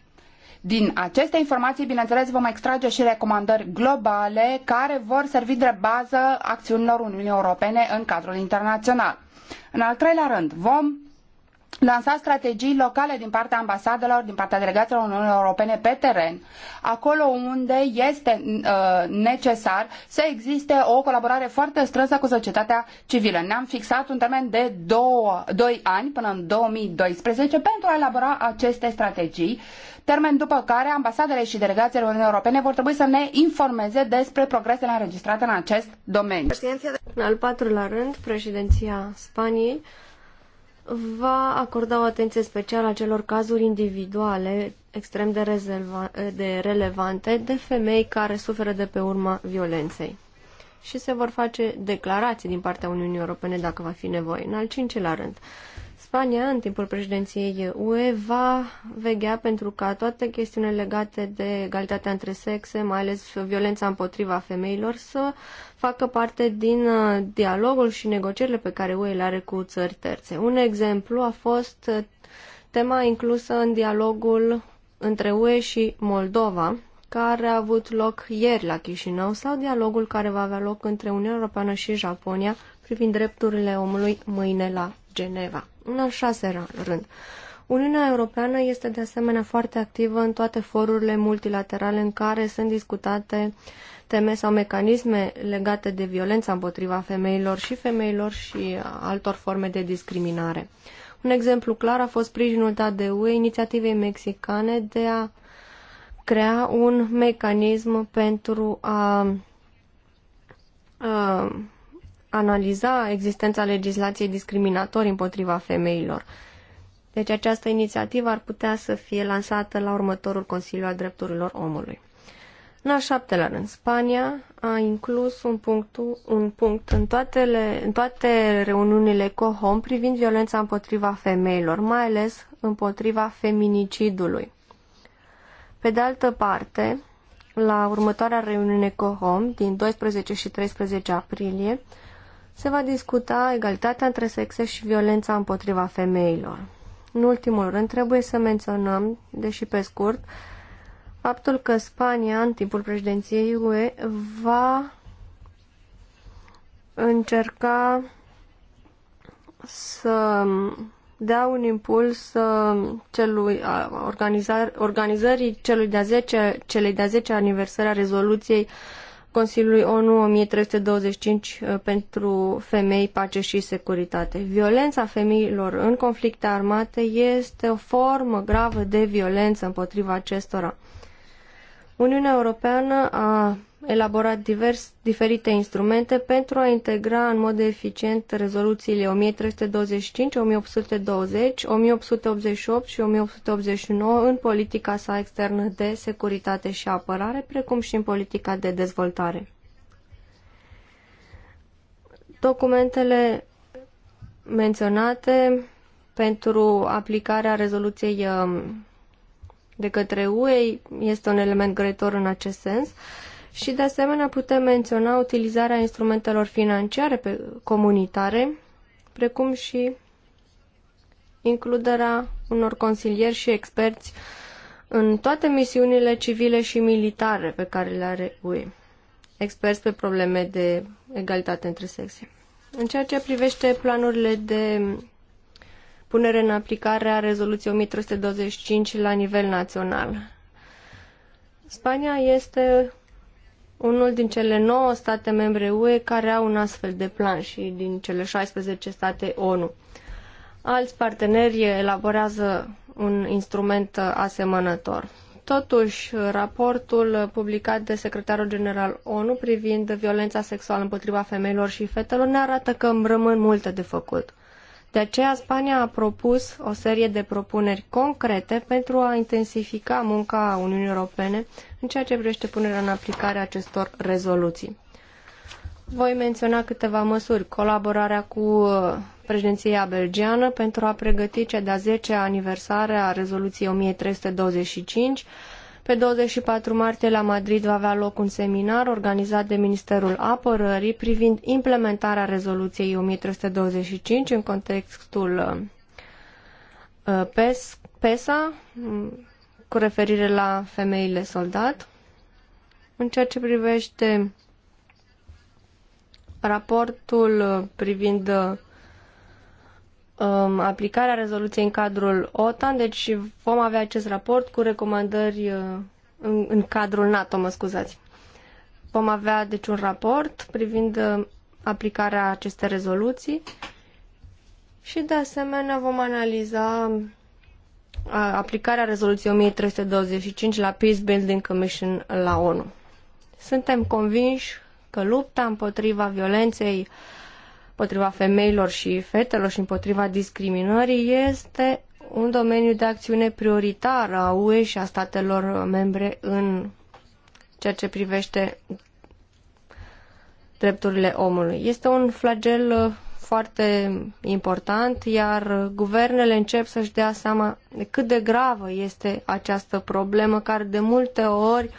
Din aceste informații, bineînțeles, vom extrage și recomandări globale care vor servi de bază acțiunilor Uniunii Europene în cadrul internațional. În al treilea rând, vom lansat strategii locale din partea ambasadelor, din partea delegațiilor Uniunii Europene pe teren, acolo unde este uh, necesar să existe o colaborare foarte strânsă cu societatea civilă. Ne-am fixat un termen de doi ani până în 2012 pentru a elabora aceste strategii, termen după care ambasadele și delegațiile Uniunii Europene vor trebui să ne informeze despre progresele înregistrate în acest domeniu. În al patrulea rând, președinția Spaniei va acorda o atenție specială acelor cazuri individuale extrem de, rezerva, de relevante de femei care suferă de pe urma violenței. Și se vor face declarații din partea Uniunii Europene dacă va fi nevoie. În al cincilea rând, Spania, în timpul președinției UE, va veghea pentru ca toate chestiunile legate de egalitatea între sexe, mai ales violența împotriva femeilor, să facă parte din uh, dialogul și negocierile pe care UE le are cu țări terțe. Un exemplu a fost uh, tema inclusă în dialogul între UE și Moldova, care a avut loc ieri la Chișinău, sau dialogul care va avea loc între Uniunea Europeană și Japonia privind drepturile omului mâine la Geneva. În al șaselea rând, Uniunea Europeană este de asemenea foarte activă în toate forurile multilaterale în care sunt discutate teme sau mecanisme legate de violența împotriva femeilor și femeilor și altor forme de discriminare. Un exemplu clar a fost sprijinul dat de UE inițiativei mexicane de a crea un mecanism pentru a, a analiza existența legislației discriminatorii împotriva femeilor. Deci această inițiativă ar putea să fie lansată la următorul Consiliu al Drepturilor Omului. În a șaptelea rând, Spania a inclus un punct, un punct în, toatele, în toate reuniunile COHOM privind violența împotriva femeilor, mai ales împotriva feminicidului. Pe de altă parte, la următoarea reuniune COHOM din 12 și 13 aprilie, se va discuta egalitatea între sexe și violența împotriva femeilor. În ultimul rând, trebuie să menționăm, deși pe scurt, faptul că Spania, în timpul președinției UE, va încerca să dea un impuls uh, celui, organizar, organizării celui de-a 10, celei de-a 10 aniversări a rezoluției Consiliului ONU 1325 uh, pentru femei, pace și securitate. Violența femeilor în conflicte armate este o formă gravă de violență împotriva acestora. Uniunea Europeană a elaborat divers, diferite instrumente pentru a integra în mod eficient rezoluțiile 1325, 1820, 1888 și 1889 în politica sa externă de securitate și apărare, precum și în politica de dezvoltare. Documentele menționate pentru aplicarea rezoluției um, de către UE este un element grăitor în acest sens. Uh, și de asemenea putem menționa utilizarea instrumentelor financiare pe comunitare, precum și includerea unor consilieri și experți în toate misiunile civile și militare pe care le are UE, experți pe probleme de egalitate între sexe. În ceea ce privește planurile de punere în aplicare a rezoluției 1325 la nivel național, Spania este unul din cele 9 state membre UE care au un astfel de plan și din cele 16 state ONU. Alți parteneri elaborează un instrument asemănător. Totuși, raportul publicat de secretarul general ONU privind violența sexuală împotriva femeilor și fetelor ne arată că rămân multe de făcut. De aceea Spania a propus o serie de propuneri concrete pentru a intensifica munca Uniunii Europene în ceea ce privește punerea în aplicare a acestor rezoluții. Voi menționa câteva măsuri. Colaborarea cu uh, președinția belgiană pentru a pregăti cea de-a 10-a aniversare a rezoluției 1325, pe 24 martie la Madrid va avea loc un seminar organizat de Ministerul Apărării privind implementarea rezoluției 1325 în contextul uh, uh, PES, PESA mm, cu referire la femeile soldat. În ceea ce privește raportul uh, privind um, aplicarea rezoluției în cadrul OTAN, deci vom avea acest raport cu recomandări uh, în, în cadrul NATO, mă scuzați. Vom avea deci un raport privind uh, aplicarea acestei rezoluții și de asemenea vom analiza uh, aplicarea rezoluției 1325 la Peace Building Commission la ONU. Suntem convinși că lupta împotriva violenței uh, împotriva femeilor și fetelor și împotriva discriminării este un domeniu de acțiune prioritar a UE și a statelor membre în ceea ce privește drepturile omului. Este un flagel uh, foarte important, iar guvernele încep să-și dea seama de cât de gravă este această problemă, care de multe ori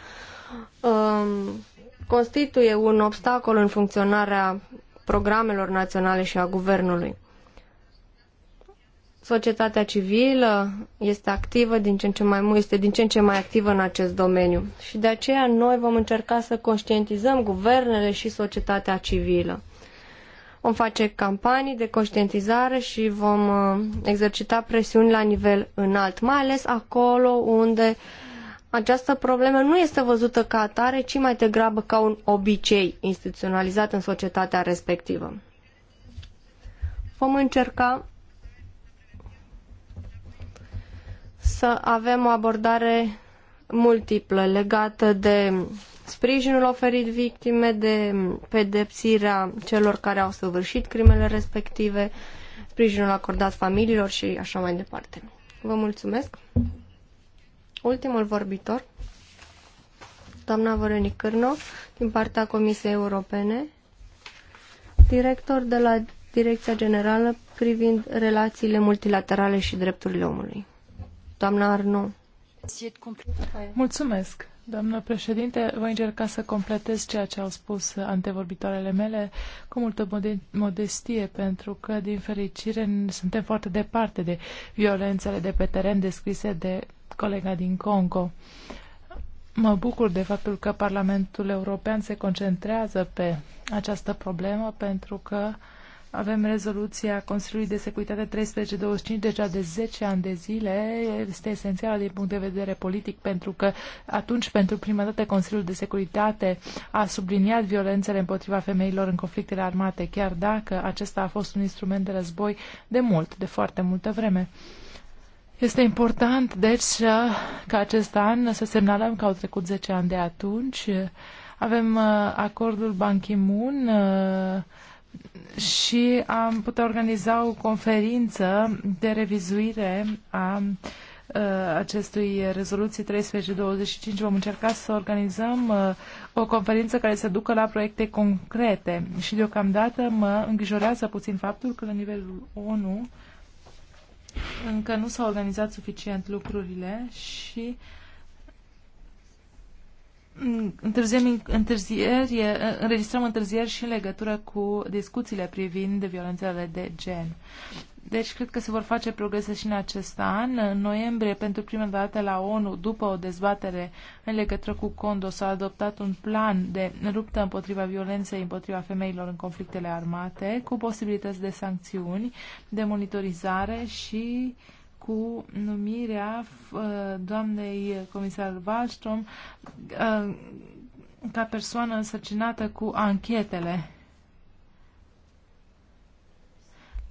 um, constituie un obstacol în funcționarea programelor naționale și a guvernului. Societatea civilă este activă din ce în ce mai mult, este din ce în ce mai activă în acest domeniu și de aceea noi vom încerca să conștientizăm guvernele și societatea civilă. Vom face campanii de conștientizare și vom uh, exercita presiuni la nivel înalt, mai ales acolo unde uh, această problemă nu este văzută ca atare, ci mai degrabă ca un obicei instituționalizat în societatea respectivă. Vom încerca să avem o abordare multiplă legată de sprijinul oferit victime, de pedepsirea celor care au săvârșit crimele respective, sprijinul acordat familiilor și așa mai departe. Vă mulțumesc! Ultimul vorbitor, doamna Voronic Cârno, din partea Comisiei Europene, director de la Direcția Generală privind relațiile multilaterale și drepturile omului. Doamna Arno. Mulțumesc, doamnă președinte. Voi încerca să completez ceea ce au spus antevorbitoarele mele cu multă modestie, pentru că, din fericire, suntem foarte departe de violențele de pe teren descrise de colega din Congo. Mă bucur de faptul că Parlamentul European se concentrează pe această problemă pentru că avem rezoluția Consiliului de Securitate 1325 deja de 10 ani de zile. Este esențială din punct de vedere politic pentru că atunci, pentru prima dată, Consiliul de Securitate a subliniat violențele împotriva femeilor în conflictele armate, chiar dacă acesta a fost un instrument de război de mult, de foarte multă vreme. Este important, deci, uh, ca acest an să semnalăm că au trecut 10 ani de atunci. Avem uh, acordul Ban Ki-moon uh, și am putea organiza o conferință de revizuire a acestui rezoluție 1325 vom încerca să organizăm o conferință care să ducă la proiecte concrete și deocamdată mă îngrijorează puțin faptul că la nivelul ONU încă nu s-au organizat suficient lucrurile și întârziem, întârzieri, înregistrăm întârzieri și în legătură cu discuțiile privind violențele de gen. Deci cred că se vor face progrese și în acest an. În noiembrie, pentru prima dată la ONU, după o dezbatere în legătură cu Condo, s-a adoptat un plan de luptă împotriva violenței împotriva femeilor în conflictele armate, cu posibilități de sancțiuni, de monitorizare și cu numirea uh, doamnei comisar Wallström uh, ca persoană însărcinată cu anchetele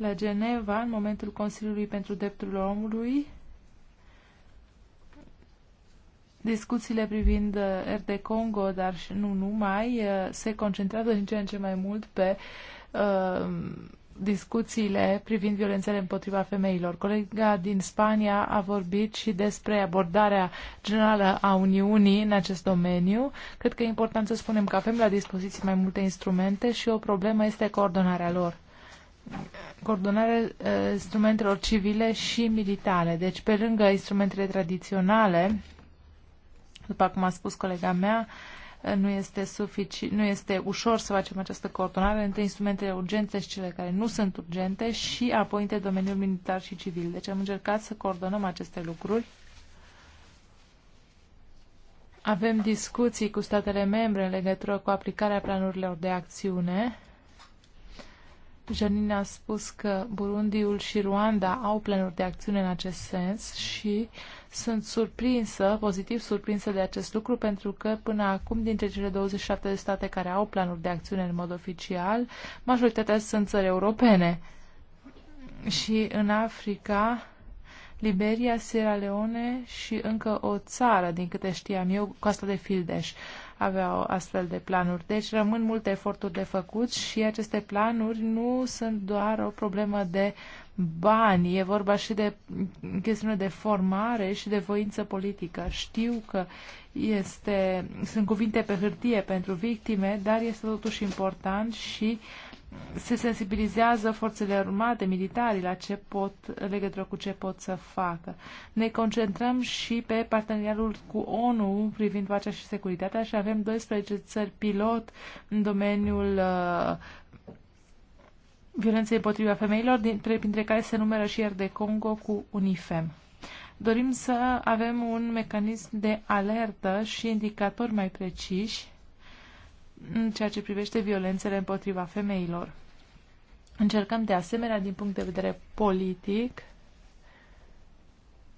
la Geneva, în momentul Consiliului pentru Drepturile Omului, discuțiile privind eh, RD Congo, dar și nu numai, eh, se concentrează din ce în ce mai mult pe uh, discuțiile privind violențele împotriva femeilor. Colega din Spania a vorbit și despre abordarea generală a Uniunii în acest domeniu. Cred că e important să spunem că avem la dispoziție mai multe instrumente și o problemă este coordonarea lor coordonarea eh, instrumentelor civile și militare. Deci, pe lângă instrumentele tradiționale, după cum a spus colega mea, eh, nu este, sufici- nu este ușor să facem această coordonare între instrumentele urgente și cele care nu sunt urgente și apoi între domeniul militar și civil. Deci am încercat să coordonăm aceste lucruri. Avem discuții cu statele membre în legătură cu aplicarea planurilor de acțiune Janine a spus că Burundiul și Ruanda au planuri de acțiune în acest sens și sunt surprinsă, pozitiv surprinsă de acest lucru, pentru că până acum, dintre cele 27 de state care au planuri de acțiune în mod oficial, majoritatea sunt țări europene. Și în Africa, Liberia, Sierra Leone și încă o țară, din câte știam eu, Costa de Fildeș aveau astfel de planuri. Deci rămân multe eforturi de făcut și aceste planuri nu sunt doar o problemă de bani, e vorba și de chestiune de formare și de voință politică. Știu că este, sunt cuvinte pe hârtie pentru victime, dar este totuși important și uh, se sensibilizează forțele armate, militarii, la ce pot, în legătură cu ce pot să facă. Ne concentrăm și pe parteneriatul cu ONU privind pacea și securitatea și avem 12 țări pilot în domeniul uh, violenței împotriva femeilor, dintre, printre care se numără și de Congo cu UNIFEM. Dorim să avem un mecanism de alertă și indicatori mai preciși în ceea ce privește violențele împotriva femeilor. Încercăm de asemenea, din punct de vedere politic,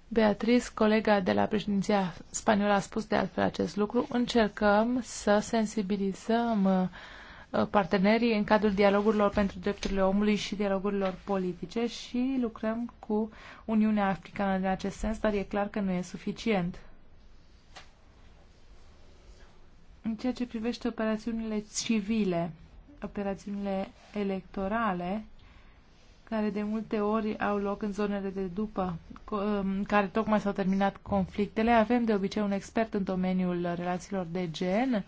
Beatriz, colega de la președinția spaniolă, a spus de altfel acest lucru, încercăm să sensibilizăm uh, partenerii în cadrul dialogurilor pentru drepturile omului și dialogurilor politice și lucrăm cu Uniunea Africană în acest sens, dar e clar că nu e suficient. În ceea ce privește operațiunile civile, operațiunile electorale, care de multe ori au loc în zonele de după, um, care tocmai s-au terminat conflictele. Avem de obicei un expert în domeniul relațiilor de gen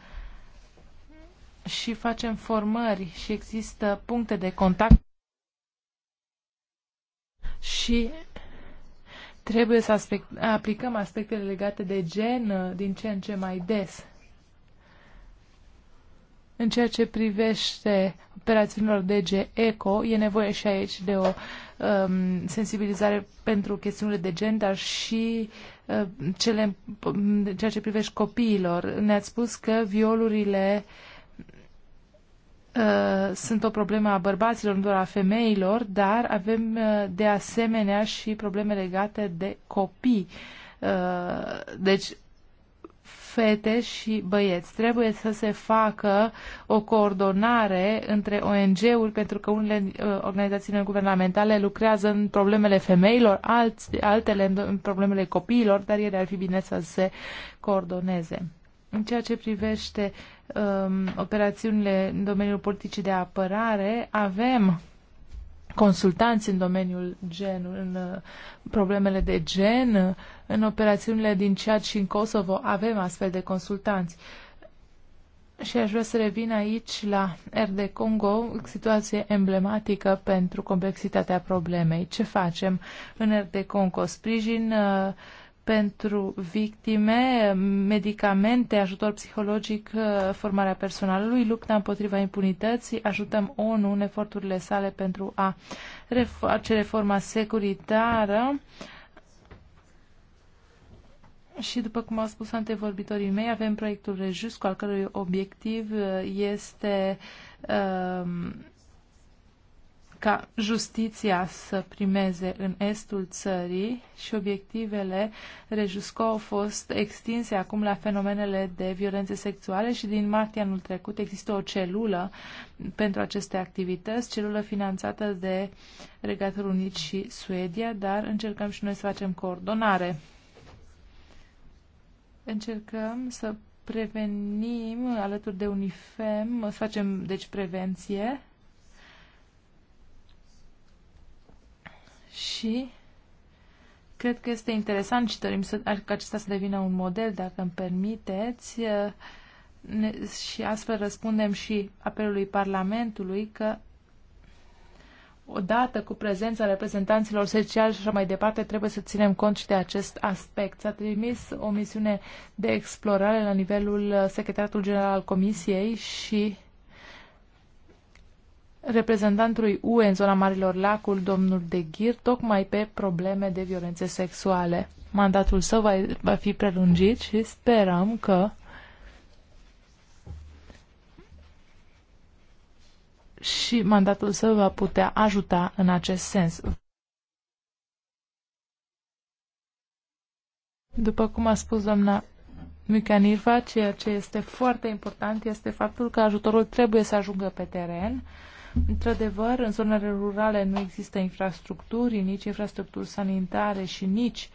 și facem formări și există puncte de contact și trebuie să aspect, aplicăm aspectele legate de gen uh, din ce în ce mai des. În ceea ce privește operațiunilor DG ECO, e nevoie și aici de o um, sensibilizare pentru chestiunile de gen, dar și uh, cele, ceea ce privește copiilor. Ne-ați spus că violurile uh, sunt o problemă a bărbaților, nu doar a femeilor, dar avem uh, de asemenea și probleme legate de copii. Uh, deci fete și băieți. Trebuie să se facă o coordonare între ONG-uri, pentru că unele uh, organizații guvernamentale lucrează în problemele femeilor, alți, altele în problemele copiilor, dar ele ar fi bine să se coordoneze. În ceea ce privește um, operațiunile în domeniul politicii de apărare, avem consultanți în domeniul gen, în uh, problemele de gen, uh, în operațiunile din Ciad și în Kosovo avem astfel de consultanți. Și aș vrea să revin aici la RD Congo, situație emblematică pentru complexitatea problemei. Ce facem în RD Congo? Sprijin uh, pentru victime, medicamente, ajutor psihologic, uh, formarea personalului, lupta împotriva impunității, ajutăm ONU în eforturile sale pentru a face reforma securitară. Și după cum au spus antevorbitorii mei, avem proiectul Rejus, cu al cărui obiectiv uh, este Uh, ca justiția să primeze în estul țării și obiectivele Rejusco au fost extinse acum la fenomenele de violențe sexuale și din martie anul trecut există o celulă pentru aceste activități, celulă finanțată de Regatul Unit și Suedia, dar încercăm și noi să facem coordonare. Încercăm să prevenim alături de UNIFEM, să facem deci prevenție și cred că este interesant și dorim să, ca acesta să devină un model, dacă îmi permiteți, uh, ne, și astfel răspundem și apelului Parlamentului că odată cu prezența reprezentanților sociali și așa mai departe, trebuie să ținem cont și de acest aspect. S-a trimis o misiune de explorare la nivelul uh, secretarului General al Comisiei și reprezentantului UE în zona Marilor Lacuri, domnul De Ghir, tocmai pe probleme de violențe sexuale. Mandatul său va, va fi prelungit și sperăm că și mandatul său va putea ajuta în acest sens. După cum a spus doamna Micanirva, ceea ce este foarte important este faptul că ajutorul trebuie să ajungă pe teren Într-adevăr, în zonele rurale nu există infrastructuri, nici infrastructuri sanitare și nici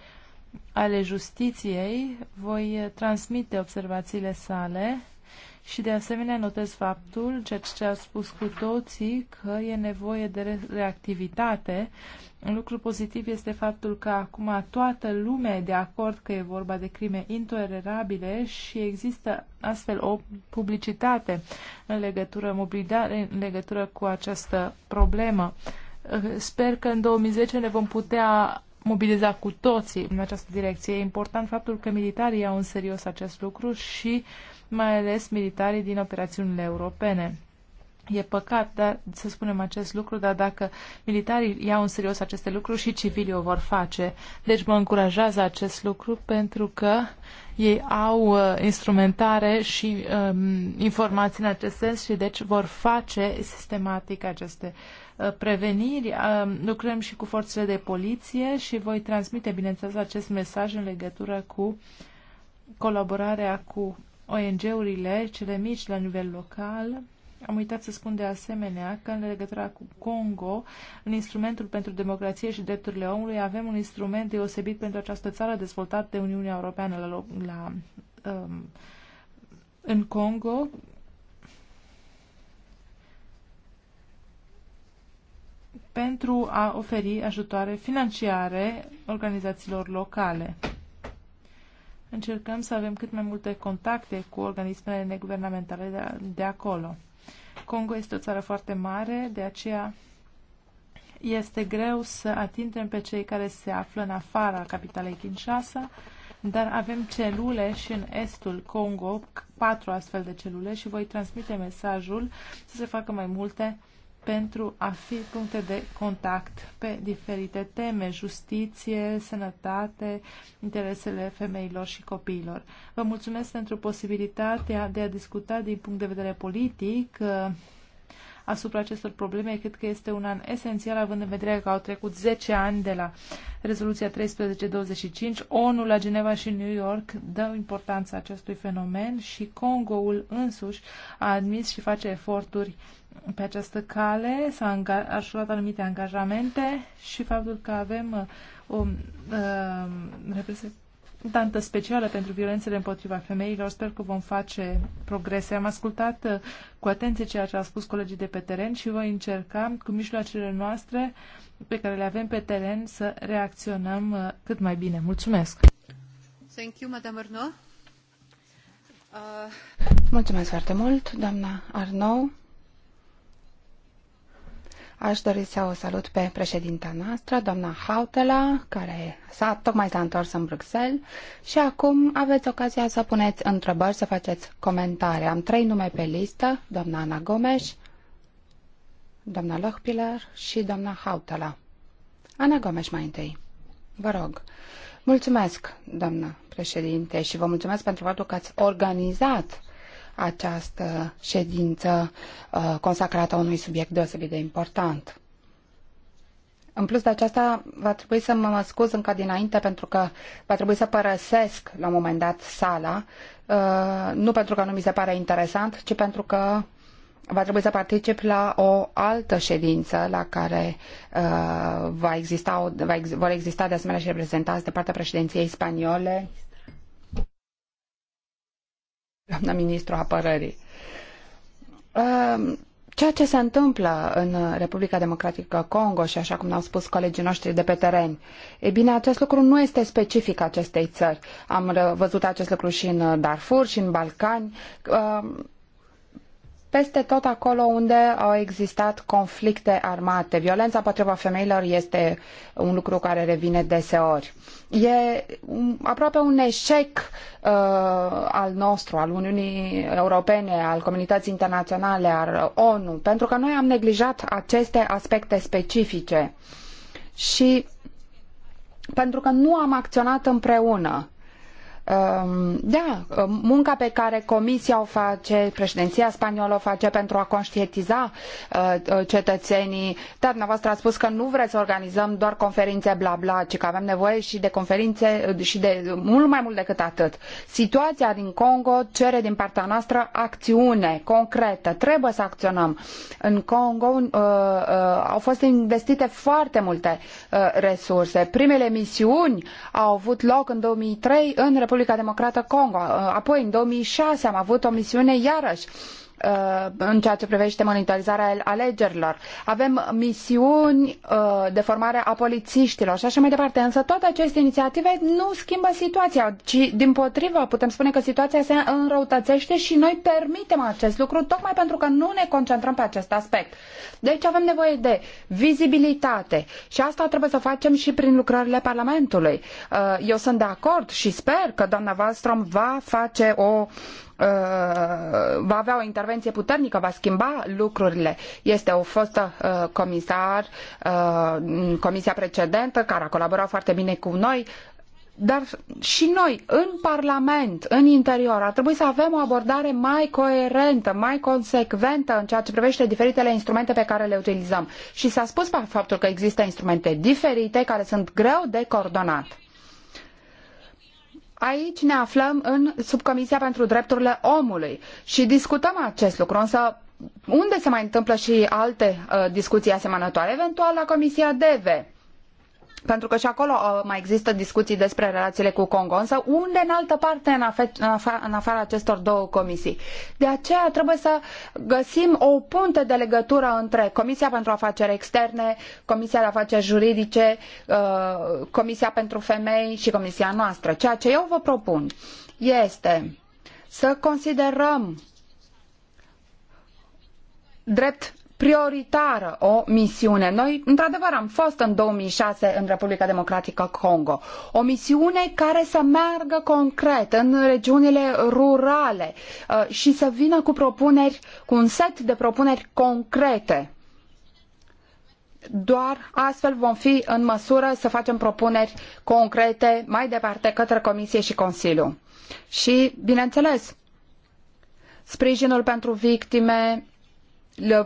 ale justiției. Voi transmite observațiile sale și de asemenea notez faptul, ceea ce a spus cu toții, că e nevoie de reactivitate. Un lucru pozitiv este faptul că acum toată lumea e de acord că e vorba de crime intolerabile și există astfel o publicitate în legătură, în legătură cu această problemă. Sper că în 2010 ne vom putea mobiliza cu toții în această direcție. E important faptul că militarii au în serios acest lucru și uh, mai ales militarii din operațiunile europene. E păcat da, să spunem acest lucru, dar dacă militarii iau în serios aceste lucruri și civilii o vor face. Deci mă încurajează acest lucru pentru că ei au uh, instrumentare și um, informații în acest sens și deci vor face sistematic aceste uh, preveniri. Um, lucrăm și cu forțele de poliție și voi transmite, bineînțeles, acest mesaj în legătură cu colaborarea cu ONG-urile, cele mici la nivel local. Am uitat să spun de asemenea că în legătura cu Congo, în instrumentul pentru democrație și drepturile omului, avem un instrument deosebit pentru această țară dezvoltat de Uniunea Europeană la, la, um, în Congo, pentru a oferi ajutoare financiare organizațiilor locale. Încercăm să avem cât mai multe contacte cu organismele neguvernamentale de, de acolo. Congo este o țară foarte mare, de aceea este greu să atingem pe cei care se află în afara capitalei Kinshasa, dar avem celule și în estul Congo, patru astfel de celule și voi transmite mesajul să se facă mai multe pentru a fi puncte de contact pe diferite teme, justiție, sănătate, interesele femeilor și copiilor. Vă mulțumesc pentru posibilitatea de a discuta din punct de vedere politic uh, asupra acestor probleme. Cred că este un an esențial, având în vedere că au trecut 10 ani de la rezoluția 1325. ONU la Geneva și New York dă importanța acestui fenomen și Congoul însuși a admis și face eforturi pe această cale, s-a aș luat anumite angajamente și faptul că avem uh, o uh, reprezentantă specială pentru violențele împotriva femeilor, sper că vom face progrese. Am ascultat uh, cu atenție ceea ce au spus colegii de pe teren și voi încerca cu mijloacele noastre pe care le avem pe teren să reacționăm uh, cât mai bine. Mulțumesc! Thank you, Madame Arnaud. Uh... Mulțumesc foarte mult, doamna Arnaud. Aș dori să o salut pe președinta noastră, doamna Hautela, care s-a, tocmai s-a întors în Bruxelles și acum aveți ocazia să puneți întrebări, să faceți comentarii. Am trei nume pe listă, doamna Ana Gomes, doamna Lochpiller și doamna Hautela. Ana Gomes mai întâi. Vă rog. Mulțumesc, doamnă președinte, și vă mulțumesc pentru faptul că ați organizat uh, această ședință uh, consacrată unui subiect deosebit de important. În plus de aceasta, va trebui să mă scuz încă dinainte pentru că va trebui să părăsesc la un moment dat sala, uh, nu pentru că nu mi se pare interesant, ci pentru că va trebui să particip la o altă ședință la care uh, va exista, va, vor exista de asemenea și reprezentanți de partea președinției spaniole doamna ministru apărării. Ceea ce se întâmplă în Republica Democratică Congo și așa cum ne-au spus colegii noștri de pe teren, e bine, acest lucru nu este specific acestei țări. Am văzut acest lucru și în Darfur și în Balcani peste tot acolo unde au existat conflicte armate. Violența împotriva femeilor este un lucru care revine deseori. E aproape un eșec uh, al nostru, al Uniunii Europene, al comunității internaționale, al ONU, pentru că noi am neglijat aceste aspecte specifice și pentru că nu am acționat împreună. Um, da, um, munca pe care Comisia o face, președinția spaniolă o face pentru a conștientiza uh, cetățenii. Dar dumneavoastră ați spus că nu vreți să organizăm doar conferințe bla bla, ci că avem nevoie și de conferințe uh, și de mult mai mult decât atât. Situația din Congo cere din partea noastră acțiune concretă. Trebuie să acționăm. În Congo uh, uh, au fost investite foarte multe uh, resurse. Primele misiuni au avut loc în 2003 în Republica Republica Democrată Congo. Apoi, în 2006, am avut o misiune iarăși Uh, în ceea ce privește monitorizarea alegerilor. Avem misiuni uh, de formare a polițiștilor și așa mai departe. Însă toate aceste inițiative nu schimbă situația, ci din potrivă putem spune că situația se înrăutățește și noi permitem acest lucru tocmai pentru că nu ne concentrăm pe acest aspect. Deci avem nevoie de vizibilitate și asta trebuie să facem și prin lucrările Parlamentului. Uh, eu sunt de acord și sper că doamna Wallström va face o Uh, va avea o intervenție puternică, va schimba lucrurile. Este o fostă uh, comisar în uh, comisia precedentă care a colaborat foarte bine cu noi dar și noi, în Parlament, în interior, ar trebui să avem o abordare mai coerentă, mai consecventă în ceea ce privește diferitele instrumente pe care le utilizăm. Și s-a spus faptul că există instrumente diferite care sunt greu de coordonat. Aici ne aflăm în Subcomisia pentru Drepturile Omului și discutăm acest lucru, însă unde se mai întâmplă și alte uh, discuții asemănătoare, eventual la Comisia DEVE pentru că și acolo uh, mai există discuții despre relațiile cu Congo, însă unde în altă parte în, afe- în, în afara acestor două comisii. De aceea trebuie să găsim o punte de legătură între Comisia pentru Afaceri Externe, Comisia de Afaceri Juridice, uh, Comisia pentru Femei și Comisia noastră. Ceea ce eu vă propun este să considerăm drept prioritară o misiune. Noi, într-adevăr, am fost în 2006 în Republica Democratică Congo. O misiune care să meargă concret în regiunile rurale uh, și să vină cu propuneri, cu un set de propuneri concrete doar astfel vom fi în măsură să facem propuneri concrete mai departe către Comisie și Consiliu. Și, bineînțeles, sprijinul pentru victime,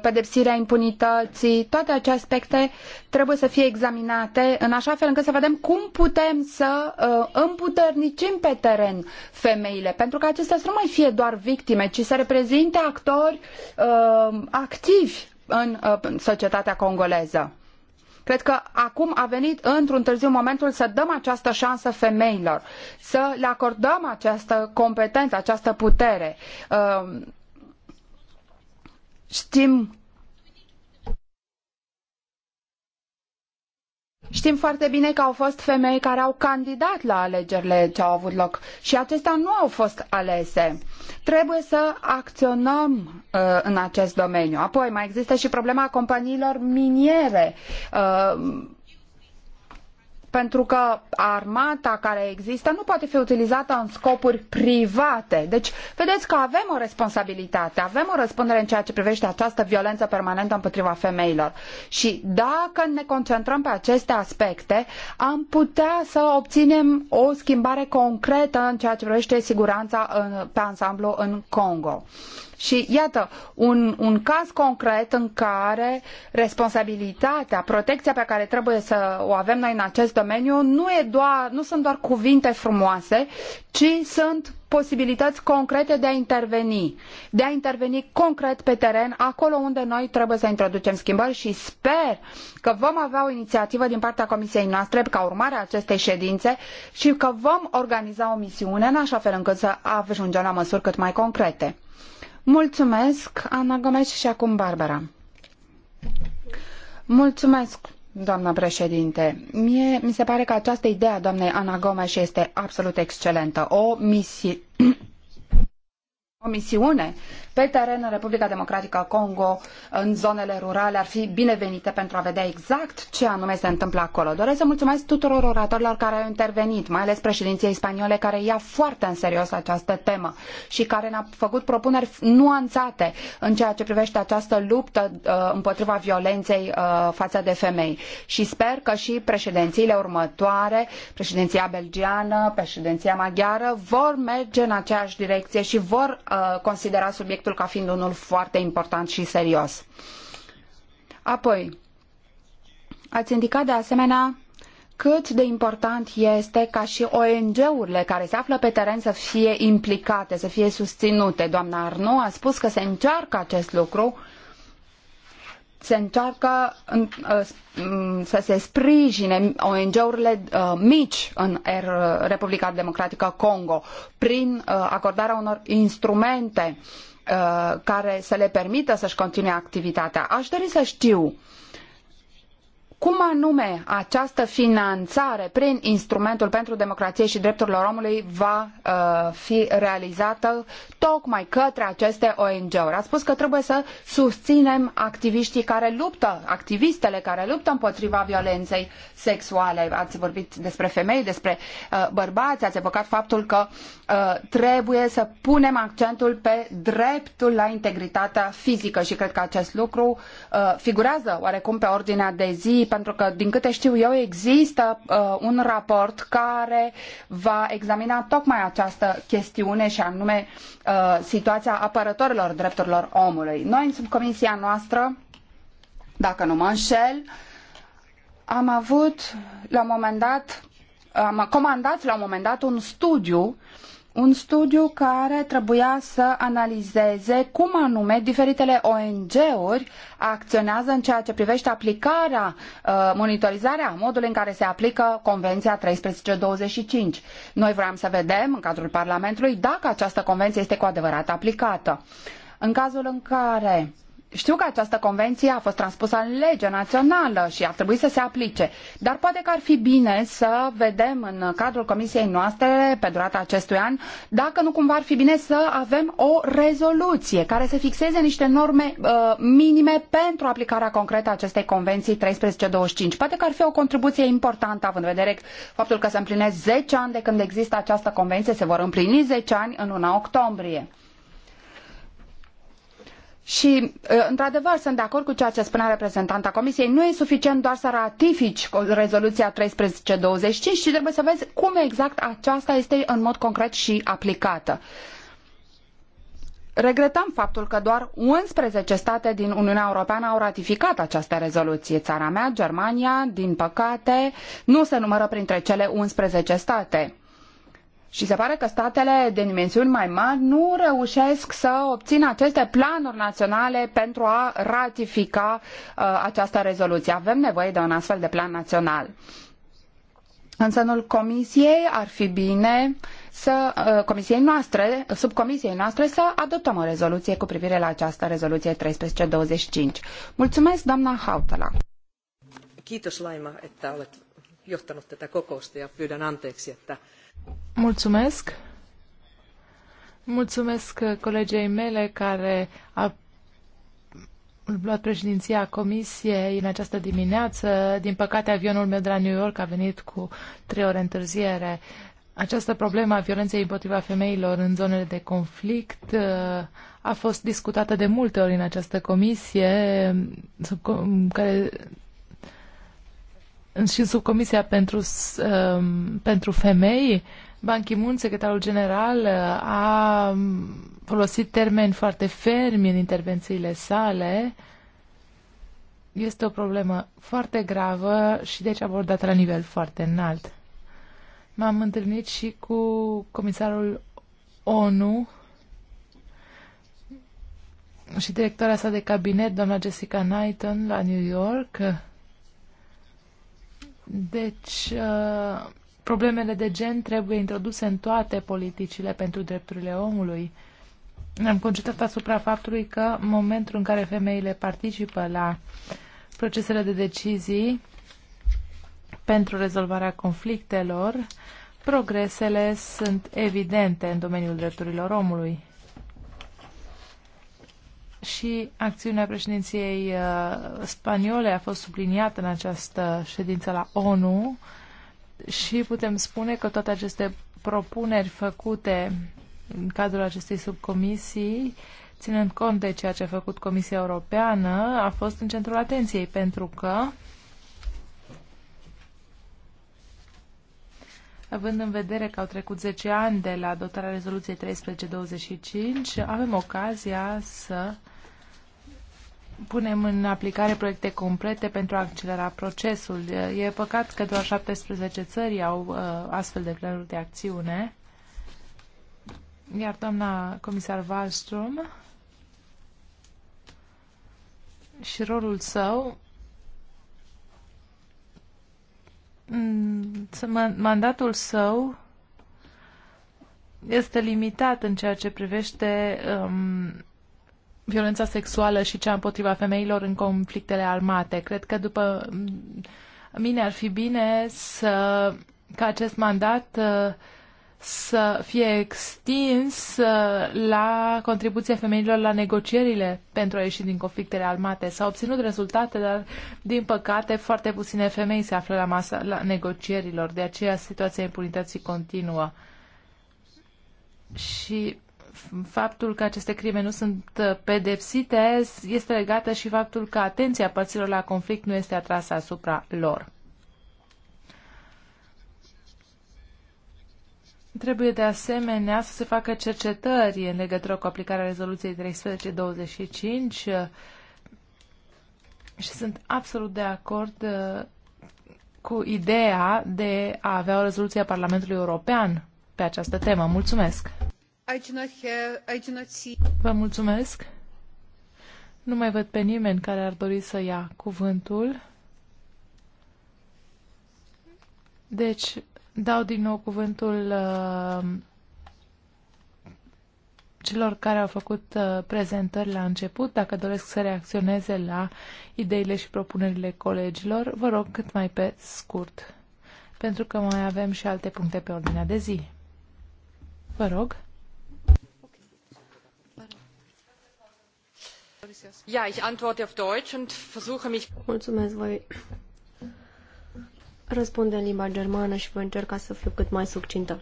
pedepsirea impunității, toate aceste aspecte trebuie să fie examinate în așa fel încât să vedem cum putem să uh, împuternicim pe teren femeile, pentru că acestea să nu mai fie doar victime, ci să reprezinte actori uh, activi în, uh, în societatea congoleză. Cred că acum a venit într-un târziu momentul să dăm această șansă femeilor, să le acordăm această competență, această putere. Uh, Știm Știm foarte bine că au fost femei care au candidat la alegerile ce au avut loc și acestea nu au fost alese. Trebuie să acționăm uh, în acest domeniu. Apoi mai există și problema companiilor miniere. Uh, pentru că armata care există nu poate fi utilizată în scopuri private. Deci, vedeți că avem o responsabilitate, avem o răspundere în ceea ce privește această violență permanentă împotriva femeilor. Și dacă ne concentrăm pe aceste aspecte, am putea să obținem o schimbare concretă în ceea ce privește siguranța în, pe ansamblu în Congo. Și iată, un, un caz concret în care responsabilitatea, protecția pe care trebuie să o avem noi în acest domeniu nu, e doar, nu sunt doar cuvinte frumoase, ci sunt posibilități concrete de a interveni, de a interveni concret pe teren, acolo unde noi trebuie să introducem schimbări și sper că vom avea o inițiativă din partea comisiei noastre ca urmare a acestei ședințe și că vom organiza o misiune în așa fel încât să ajungem la măsuri cât mai concrete. Mulțumesc, Ana Gomes și acum Barbara. Mulțumesc, doamna președinte. Mie mi se pare că această idee a doamnei Ana Gomes este absolut excelentă. O misie o misiune pe teren în Republica Democratică Congo, în zonele rurale, ar fi binevenite pentru a vedea exact ce anume se întâmplă acolo. Doresc să mulțumesc tuturor oratorilor care au intervenit, mai ales președinției spaniole care ia foarte în serios această temă și care ne-a făcut propuneri nuanțate în ceea ce privește această luptă uh, împotriva violenței uh, față de femei. Și sper că și președințiile următoare, președinția belgiană, președinția maghiară, vor merge în aceeași direcție și vor uh, considera subiectul subiectul ca fiind unul foarte important și serios. Apoi, ați indicat de asemenea cât de important este ca și ONG-urile care se află pe teren să fie implicate, să fie susținute. Doamna Arno a spus că se încearcă acest lucru, se încearcă uh, mm, să se sprijine ONG-urile uh, mici în Republica Democratică Congo prin uh, acordarea unor instrumente Uh, care să le permită să-și continue activitatea. Aș dori să știu cum anume această finanțare prin instrumentul pentru democrație și drepturile omului va uh, fi realizată tocmai către aceste ONG-uri. A spus că trebuie să susținem activiștii care luptă, activistele care luptă împotriva violenței sexuale. Ați vorbit despre femei, despre uh, bărbați, ați evocat faptul că uh, trebuie să punem accentul pe dreptul la integritatea fizică și cred că acest lucru uh, figurează oarecum pe ordinea de zi pentru că, din câte știu eu, există uh, un raport care va examina tocmai această chestiune și anume uh, situația apărătorilor drepturilor omului. Noi, în subcomisia noastră, dacă nu mă înșel, am avut la un moment dat, am comandat la un moment dat un studiu uh, un studiu care trebuia să analizeze cum anume diferitele ONG-uri acționează în ceea ce privește aplicarea, uh, monitorizarea modului în care se aplică Convenția 1325. Noi vrem să vedem în cadrul Parlamentului dacă această convenție este cu adevărat aplicată. În cazul în care știu că această convenție a fost transpusă în lege națională și ar trebui să se aplice, dar poate că ar fi bine să vedem în cadrul comisiei noastre, pe durata acestui an, dacă nu cumva ar fi bine să avem o rezoluție care să fixeze niște norme uh, minime pentru aplicarea concretă a acestei convenții 1325. Poate că ar fi o contribuție importantă, având în vedere faptul că se împlinesc zece ani de când există această convenție, se vor împlini zece ani în luna octombrie. Și, ă, într-adevăr, sunt de acord cu ceea ce spunea reprezentanta Comisiei. Nu e suficient doar să ratifici rezoluția 1325, ci trebuie să vezi cum exact aceasta este în mod concret și aplicată. Regretăm faptul că doar 11 state din Uniunea Europeană au ratificat această rezoluție. Țara mea, Germania, din păcate, nu se numără printre cele 11 state. Și se pare că statele de dimensiuni mai mari nu reușesc să obțină aceste planuri naționale pentru a ratifica uh, această rezoluție. Avem nevoie de un astfel de plan național. În sânul comisiei ar fi bine să, uh, comisiei noastre, sub comisiei noastre să adoptăm o rezoluție cu privire la această rezoluție 1325. Mulțumesc, doamna Hautala. Kiitos Laima, että olet johtanut tätä kokousta ja pyydän anteeksi, että Mulțumesc. Mulțumesc colegei mele care a luat președinția comisiei în această dimineață. Din păcate, avionul meu de la New York a venit cu trei ore întârziere. Această problemă a violenței împotriva femeilor în zonele de conflict uh, a fost discutată de multe ori în această comisie, sub care și Comisia pentru, um, pentru femei, Ban Ki-moon, secretarul general, uh, a folosit termeni foarte fermi în intervențiile sale. Este o problemă foarte gravă și deci abordată la nivel foarte înalt. M-am întâlnit și cu comisarul ONU și directoarea sa de cabinet, doamna Jessica Knighton, la New York deci, uh, problemele de gen trebuie introduse în toate politicile pentru drepturile omului. Am concentrat asupra faptului că în momentul în care femeile participă la procesele de decizii pentru rezolvarea conflictelor, progresele sunt evidente în domeniul drepturilor omului și acțiunea președinției uh, spaniole a fost subliniată în această ședință la ONU și putem spune că toate aceste propuneri făcute în cadrul acestei subcomisii, ținând cont de ceea ce a făcut Comisia Europeană, a fost în centrul atenției, pentru că Având în vedere că au trecut 10 ani de la adoptarea rezoluției 1325, avem ocazia să punem în aplicare proiecte complete pentru a accelera procesul. E păcat că doar 17 țări au uh, astfel de planuri de acțiune. Iar doamna comisar Wallström și rolul său Mm, mandatul său este limitat în ceea ce privește um, violența sexuală și cea împotriva femeilor în conflictele armate. Cred că după mm, mine ar fi bine să ca acest mandat uh, să fie extins uh, la contribuția femeilor la negocierile pentru a ieși din conflictele armate. S-au obținut rezultate, dar, din păcate, foarte puține femei se află la masa la negocierilor. De aceea, situația impunității continuă. Și faptul că aceste crime nu sunt uh, pedepsite este legată și faptul că atenția părților la conflict nu este atrasă asupra lor. Trebuie de asemenea să se facă cercetări în legătură cu aplicarea rezoluției 1325 uh, și sunt absolut de acord uh, cu ideea de a avea o rezoluție a Parlamentului European pe această temă. Mulțumesc! Vă mulțumesc! Nu mai văd pe nimeni care ar dori să ia cuvântul. Deci, Dau din nou cuvântul uh, celor care au făcut uh, prezentări la început. Dacă doresc să reacționeze la ideile și propunerile colegilor, vă rog cât mai pe scurt, pentru că mai avem și alte puncte pe ordinea de zi. Vă rog. Ja, ich antworte auf Deutsch und versuche mich. Mulțumesc, voi Răspund în limba germană și voi încerca să fiu cât mai succintă.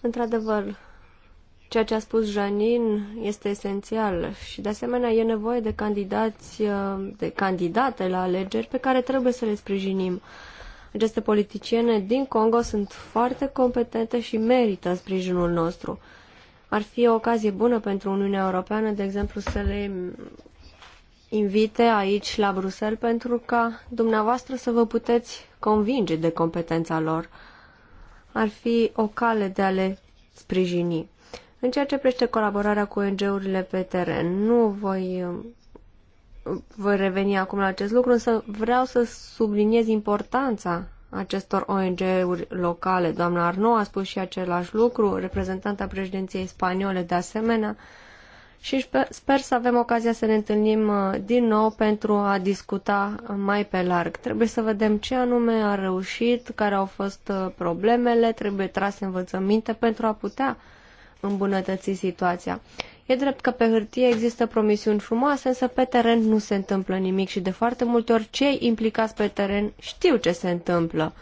Într-adevăr, ceea ce a spus Janin este esențial și de asemenea e nevoie de candidați, uh, de candidate la alegeri pe care trebuie să le sprijinim. Aceste politiciene din Congo sunt foarte competente și merită sprijinul nostru. Ar fi o ocazie bună pentru Uniunea Europeană, de exemplu, să le invite aici la Bruxelles pentru ca dumneavoastră să vă puteți convinge de competența lor. Ar fi o cale de a le sprijini. În ceea ce prește colaborarea cu ONG-urile pe teren, nu voi, voi reveni acum la acest lucru, însă vreau să subliniez importanța acestor ONG-uri locale. Doamna Arno a spus și același lucru, reprezentanta președinției spaniole de asemenea. Uh, și sper să avem ocazia să ne întâlnim uh, din nou pentru a discuta uh, mai pe larg. Trebuie să vedem ce anume a reușit, care au fost uh, problemele, trebuie trase învățăminte pentru a putea îmbunătăți situația. E drept că pe hârtie există promisiuni frumoase, însă pe teren nu se întâmplă nimic și de foarte multe ori cei implicați pe teren știu ce se întâmplă.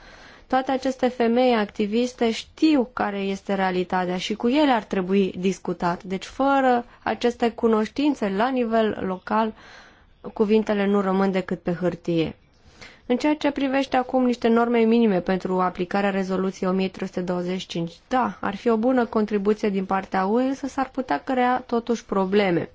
Toate aceste femei activiste știu care este realitatea și cu ele ar trebui discutat. Deci fără aceste cunoștințe la nivel local, cuvintele nu rămân decât pe hârtie. În ceea ce privește acum niște norme minime pentru aplicarea rezoluției 1325, da, ar fi o bună contribuție din partea UE, însă s-ar putea crea totuși probleme.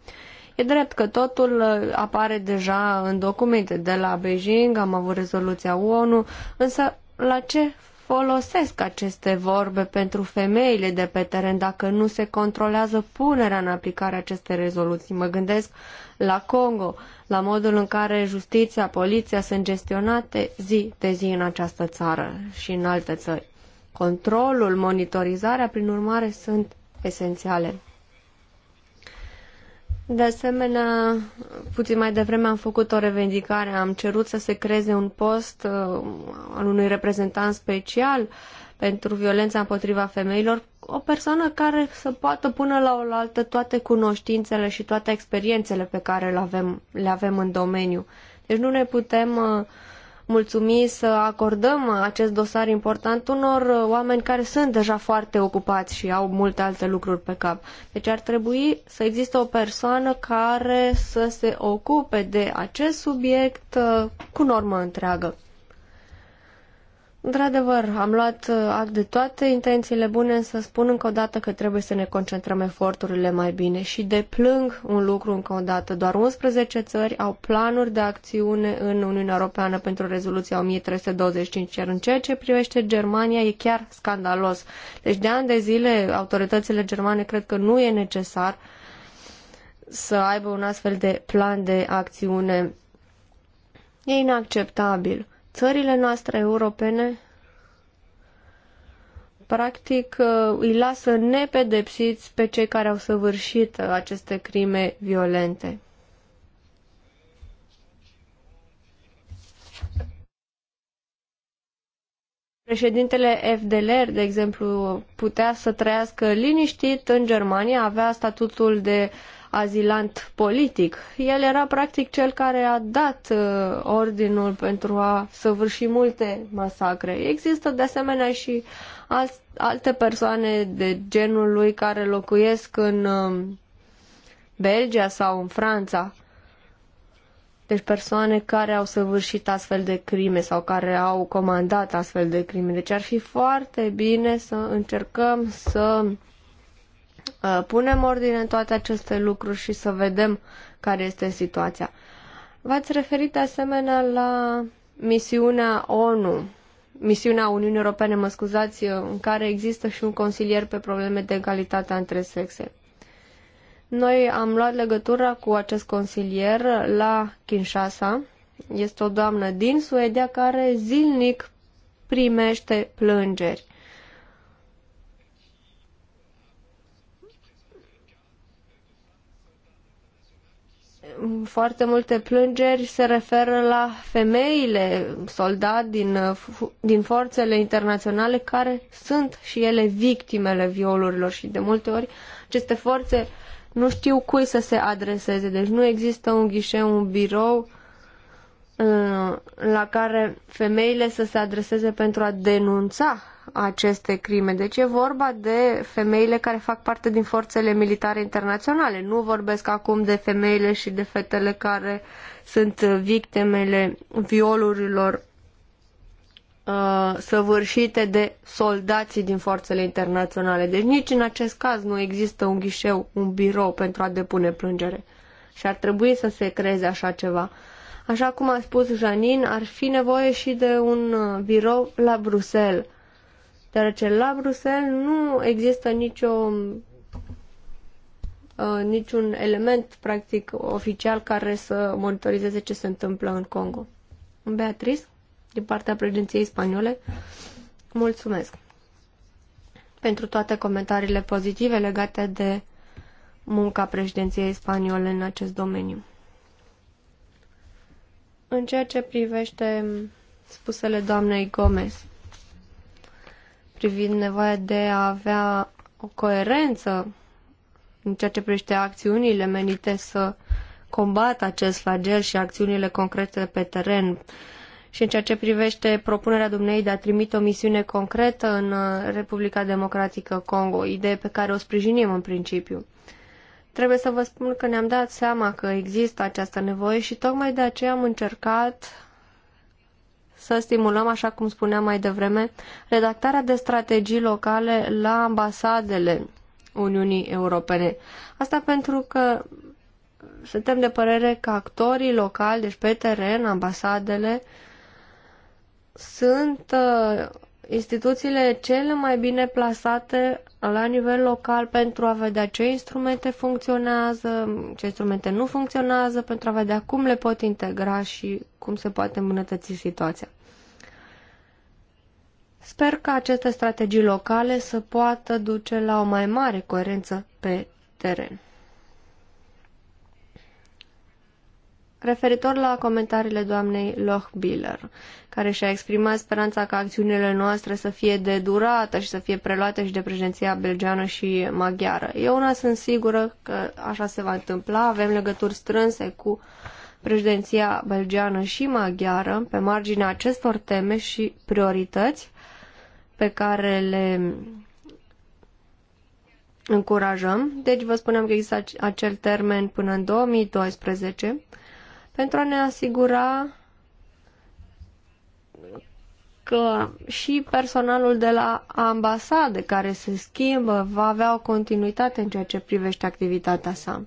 E drept că totul uh, apare deja în documente de la Beijing, am avut rezoluția ONU, însă la ce folosesc aceste vorbe pentru femeile de pe teren dacă nu se controlează punerea în aplicare acestei rezoluții. Mă gândesc la Congo, la modul în care justiția, poliția sunt gestionate zi de zi în această țară și în alte țări. Controlul, monitorizarea, prin urmare, sunt esențiale. De asemenea, puțin mai devreme am făcut o revendicare, am cerut să se creeze un post uh, al unui reprezentant special pentru violența împotriva femeilor, o persoană care să poată pune la oaltă toate cunoștințele și toate experiențele pe care le avem, le avem în domeniu. Deci nu ne putem uh, mulțumi să acordăm acest dosar important unor oameni care sunt deja foarte ocupați și au multe alte lucruri pe cap. Deci ar trebui să existe o persoană care să se ocupe de acest subiect uh, cu normă întreagă. Într-adevăr, am luat uh, act de toate intențiile bune, însă spun încă o dată că trebuie să ne concentrăm eforturile mai bine și deplâng un lucru încă o dată. Doar 11 țări au planuri de acțiune în Uniunea Europeană pentru rezoluția 1325, iar în ceea ce privește Germania e chiar scandalos. Deci de ani de zile autoritățile germane cred că nu e necesar să aibă un astfel de plan de acțiune. E inacceptabil țările noastre europene practic uh, îi lasă nepedepsiți pe cei care au săvârșit uh, aceste crime violente. Președintele FDLR, de exemplu, putea să trăiască liniștit în Germania, avea statutul de azilant politic. El era practic cel care a dat uh, ordinul pentru a săvârși multe masacre. Există de asemenea și alte persoane de genul lui care locuiesc în um, Belgia sau în Franța. Deci persoane care au săvârșit astfel de crime sau care au comandat astfel de crime. Deci ar fi foarte bine să încercăm să Uh, punem ordine în toate aceste lucruri și să vedem care este situația. V-ați referit de asemenea la misiunea ONU, misiunea Uniunii Europene, mă scuzați, uh, în care există și un consilier pe probleme de egalitate între sexe. Noi am luat legătura cu acest consilier la Kinshasa. Este o doamnă din Suedia care zilnic primește plângeri foarte multe plângeri se referă la femeile soldați din, uh, din forțele internaționale care sunt și ele victimele violurilor și de multe ori aceste forțe nu știu cui să se adreseze, deci nu există un ghișeu, un birou uh, la care femeile să se adreseze pentru a denunța aceste crime. Deci e vorba de femeile care fac parte din forțele militare internaționale. Nu vorbesc acum de femeile și de fetele care sunt victimele violurilor uh, săvârșite de soldații din forțele internaționale. Deci nici în acest caz nu există un ghișeu, un birou pentru a depune plângere. Și ar trebui să se creeze așa ceva. Așa cum a spus Janin, ar fi nevoie și de un uh, birou la Bruxelles deoarece la Bruxelles nu există nicio uh, niciun element practic oficial care să monitorizeze ce se întâmplă în Congo. Beatriz, din partea președinției spaniole, mulțumesc pentru toate comentariile pozitive legate de munca președinției spaniole în acest domeniu. În ceea ce privește spusele doamnei Gomez, privind nevoia de a avea o coerență în ceea ce privește acțiunile menite să combată acest flagel și acțiunile concrete pe teren. Și în ceea ce privește propunerea dumnei de a trimite o misiune concretă în uh, Republica Democratică Congo, idee pe care o sprijinim în principiu. Trebuie să vă spun că ne-am dat seama că există această nevoie și tocmai de aceea am încercat să stimulăm, așa cum spuneam mai devreme, redactarea de strategii locale la ambasadele Uniunii Europene. Asta pentru că suntem de părere că actorii locali, deci pe teren, ambasadele, sunt uh, instituțiile cele mai bine plasate la nivel local pentru a vedea ce instrumente funcționează, ce instrumente nu funcționează, pentru a vedea cum le pot integra și cum se poate îmbunătăți situația. Sper că aceste strategii locale să poată duce la o mai mare coerență pe teren. Referitor la comentariile doamnei Lochbiller, care și-a exprimat speranța ca acțiunile noastre să fie de durată și să fie preluate și de președinția belgeană și maghiară. Eu una sunt sigură că așa se va întâmpla, avem legături strânse cu președinția belgeană și maghiară pe marginea acestor teme și priorități pe care le încurajăm. Deci vă spunem că există acel termen până în 2012 pentru a ne asigura că și personalul de la ambasade care se schimbă va avea o continuitate în ceea ce privește activitatea sa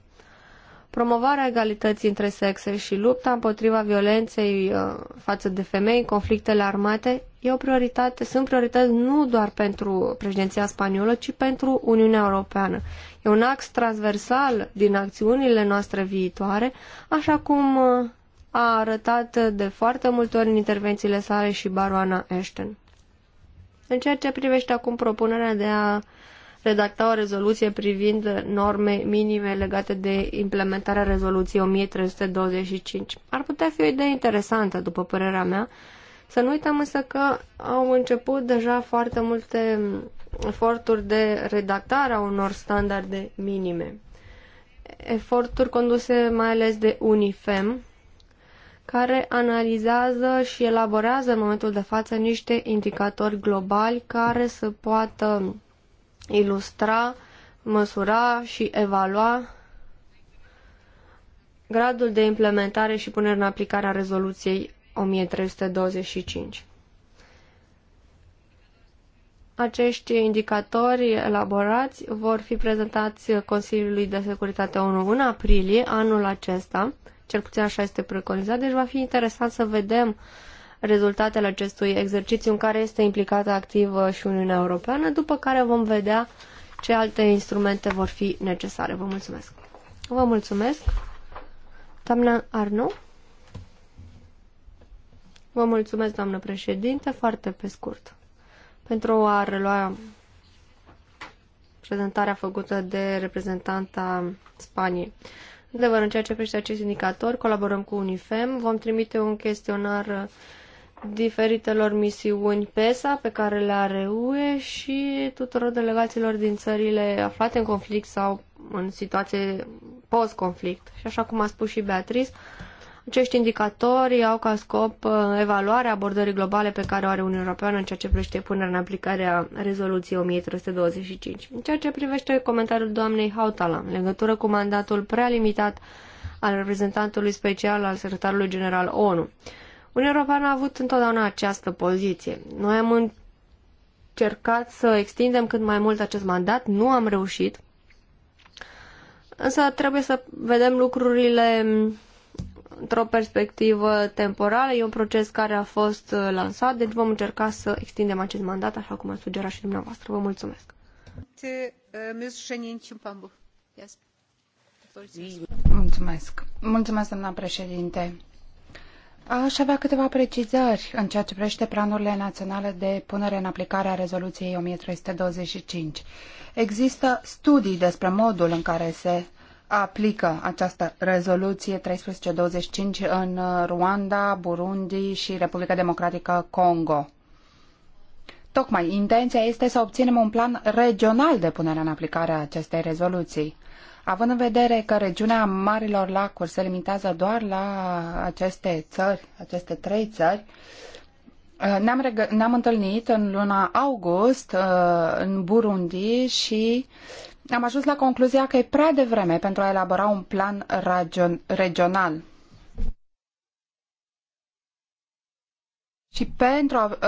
promovarea egalității între sexe și lupta împotriva violenței uh, față de femei, conflictele armate, e o prioritate, sunt priorități nu doar pentru președinția spaniolă, ci pentru Uniunea Europeană. E un ax transversal din acțiunile noastre viitoare, așa cum uh, a arătat de foarte multe ori în intervențiile sale și baroana Ashton. În ceea ce privește acum propunerea de a redacta o rezoluție privind norme minime legate de implementarea rezoluției 1325. Ar putea fi o idee interesantă, după părerea mea. Să nu uităm însă că au început deja foarte multe eforturi de redactare a unor standarde minime. Eforturi conduse mai ales de UNIFEM, care analizează și elaborează în momentul de față niște indicatori globali care să poată ilustra, măsura și evalua gradul de implementare și punere în aplicare a rezoluției 1325. Acești indicatori elaborați vor fi prezentați Consiliului de Securitate ONU în aprilie anul acesta, cel puțin așa este preconizat, deci va fi interesant să vedem uh, rezultatele acestui exercițiu în care este implicată activă uh, și Uniunea Europeană, după care vom vedea ce alte instrumente vor fi necesare. Vă mulțumesc! Vă mulțumesc! Doamna Arno? Vă mulțumesc, doamnă președinte, foarte pe scurt. Pentru a relua prezentarea făcută de reprezentanta Spaniei. Într-adevăr, în ceea ce privește acest indicator, colaborăm cu UNIFEM, vom trimite un chestionar diferitelor misiuni PESA pe care le are UE și tuturor delegațiilor din țările aflate în conflict sau în situație post-conflict. Și așa cum a spus și Beatriz, acești indicatori au ca scop uh, evaluarea abordării globale pe care o are Uniunea Europeană în ceea ce privește punerea în aplicare a rezoluției 1325. În ceea ce privește comentariul doamnei Hautala în legătură cu mandatul prealimitat al reprezentantului special al secretarului general ONU. Uniunea Europeană a avut întotdeauna această poziție. Noi am încercat să extindem cât mai mult acest mandat, nu am reușit, însă trebuie să vedem lucrurile într-o perspectivă temporală. E un proces care a fost uh, lansat, deci vom încerca să extindem acest mandat, așa cum a sugerat și dumneavoastră. Vă mulțumesc! Uh, mulțumesc. Mulțumesc, doamna președinte. Aș avea câteva precizări în ceea ce privește planurile naționale de punere în aplicare a rezoluției 1325. Există studii despre modul în care se aplică această rezoluție 1325 în Rwanda, Burundi și Republica Democratică Congo. Tocmai intenția este să obținem un plan regional de punere în aplicare a acestei rezoluții. Având în vedere că regiunea Marilor Lacuri se limitează doar la aceste țări, aceste trei țări, uh, ne-am, ne, ne -am întâlnit în luna august uh, în Burundi și am ajuns la concluzia că e prea devreme pentru a elabora un plan regional. Și pentru a,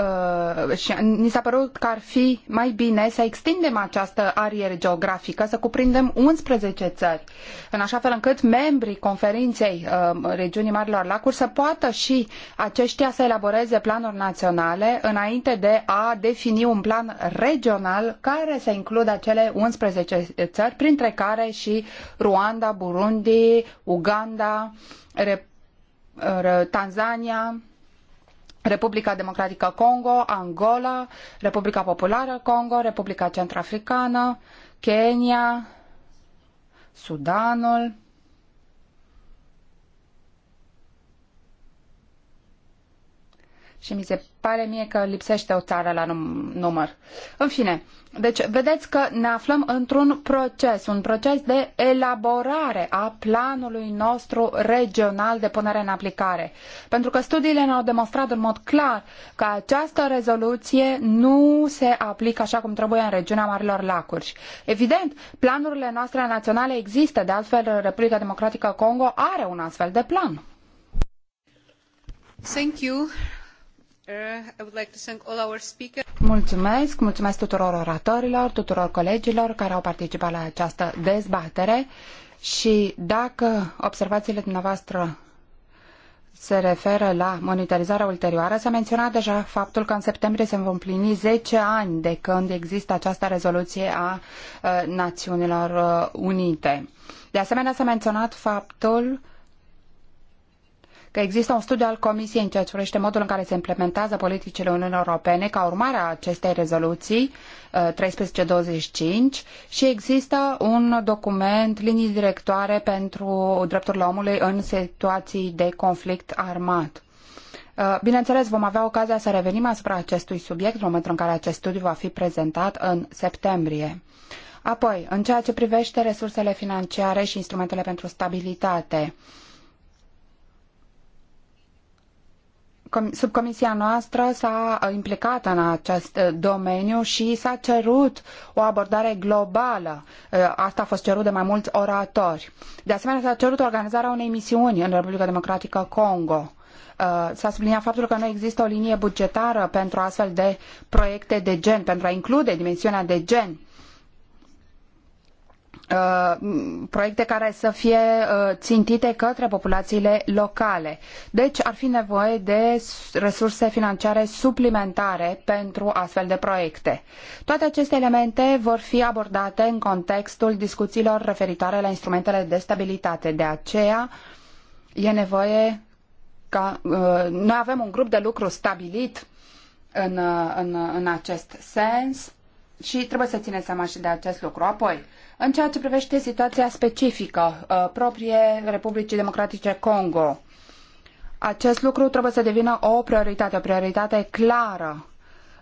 uh, și ni s-a părut că ar fi mai bine să extindem această arieră geografică, să cuprindem 11 țări, în așa fel încât membrii conferinței uh, regiunii Marilor Lacuri să poată și aceștia să elaboreze planuri naționale înainte de a defini un plan regional care să includă acele 11 țări, printre care și Ruanda, Burundi, Uganda, Re Tanzania, Republica Democratică Congo, Angola, Republica Populară Congo, Republica Centrafricană, Kenya, Sudanul, și mi se pare mie că lipsește o țară la num- număr. În fine, deci vedeți că ne aflăm într-un proces, un proces de elaborare a planului nostru regional de punere în aplicare. Pentru că studiile ne-au demonstrat în mod clar că această rezoluție nu se aplică așa cum trebuie în regiunea Marilor Lacuri. Evident, planurile noastre naționale există, de altfel Republica Democratică Congo are un astfel de plan. Thank you Mulțumesc, mulțumesc tuturor oratorilor, tuturor colegilor care au participat la această dezbatere și dacă observațiile dumneavoastră se referă la monitorizarea ulterioară, s-a menționat deja faptul că în septembrie se vom plini 10 ani de când există această rezoluție a uh, Națiunilor uh, Unite. De asemenea, s-a menționat faptul că există un studiu al Comisiei în ceea ce privește modul în care se implementează politicile Uniunii Europene ca urmare a acestei rezoluții 1325 uh, și există un document, linii directoare pentru drepturile omului în situații de conflict armat. Uh, bineînțeles, vom avea ocazia să revenim asupra acestui subiect în momentul în care acest studiu va fi prezentat în septembrie. Apoi, în ceea ce privește resursele financiare și instrumentele pentru stabilitate, uh, subcomisia noastră s-a uh, implicat în acest uh, domeniu și s-a cerut o abordare globală. Uh, asta a fost cerut de mai mulți oratori. De asemenea, s-a cerut organizarea unei misiuni în Republica Democratică Congo. S-a subliniat faptul că nu există o linie bugetară pentru astfel de proiecte de gen, pentru a include dimensiunea de gen Uh, proiecte care să fie uh, țintite către populațiile locale. Deci ar fi nevoie de resurse financiare suplimentare pentru astfel de proiecte. Toate aceste elemente vor fi abordate în contextul discuțiilor referitoare la instrumentele de stabilitate. De aceea e nevoie ca... Uh, noi avem un grup de lucru stabilit în, în, în acest sens și trebuie să ținem seama și de acest lucru. Apoi, în ceea ce privește situația specifică uh, proprie Republicii Democratice Congo, acest lucru trebuie să devină o prioritate, o prioritate clară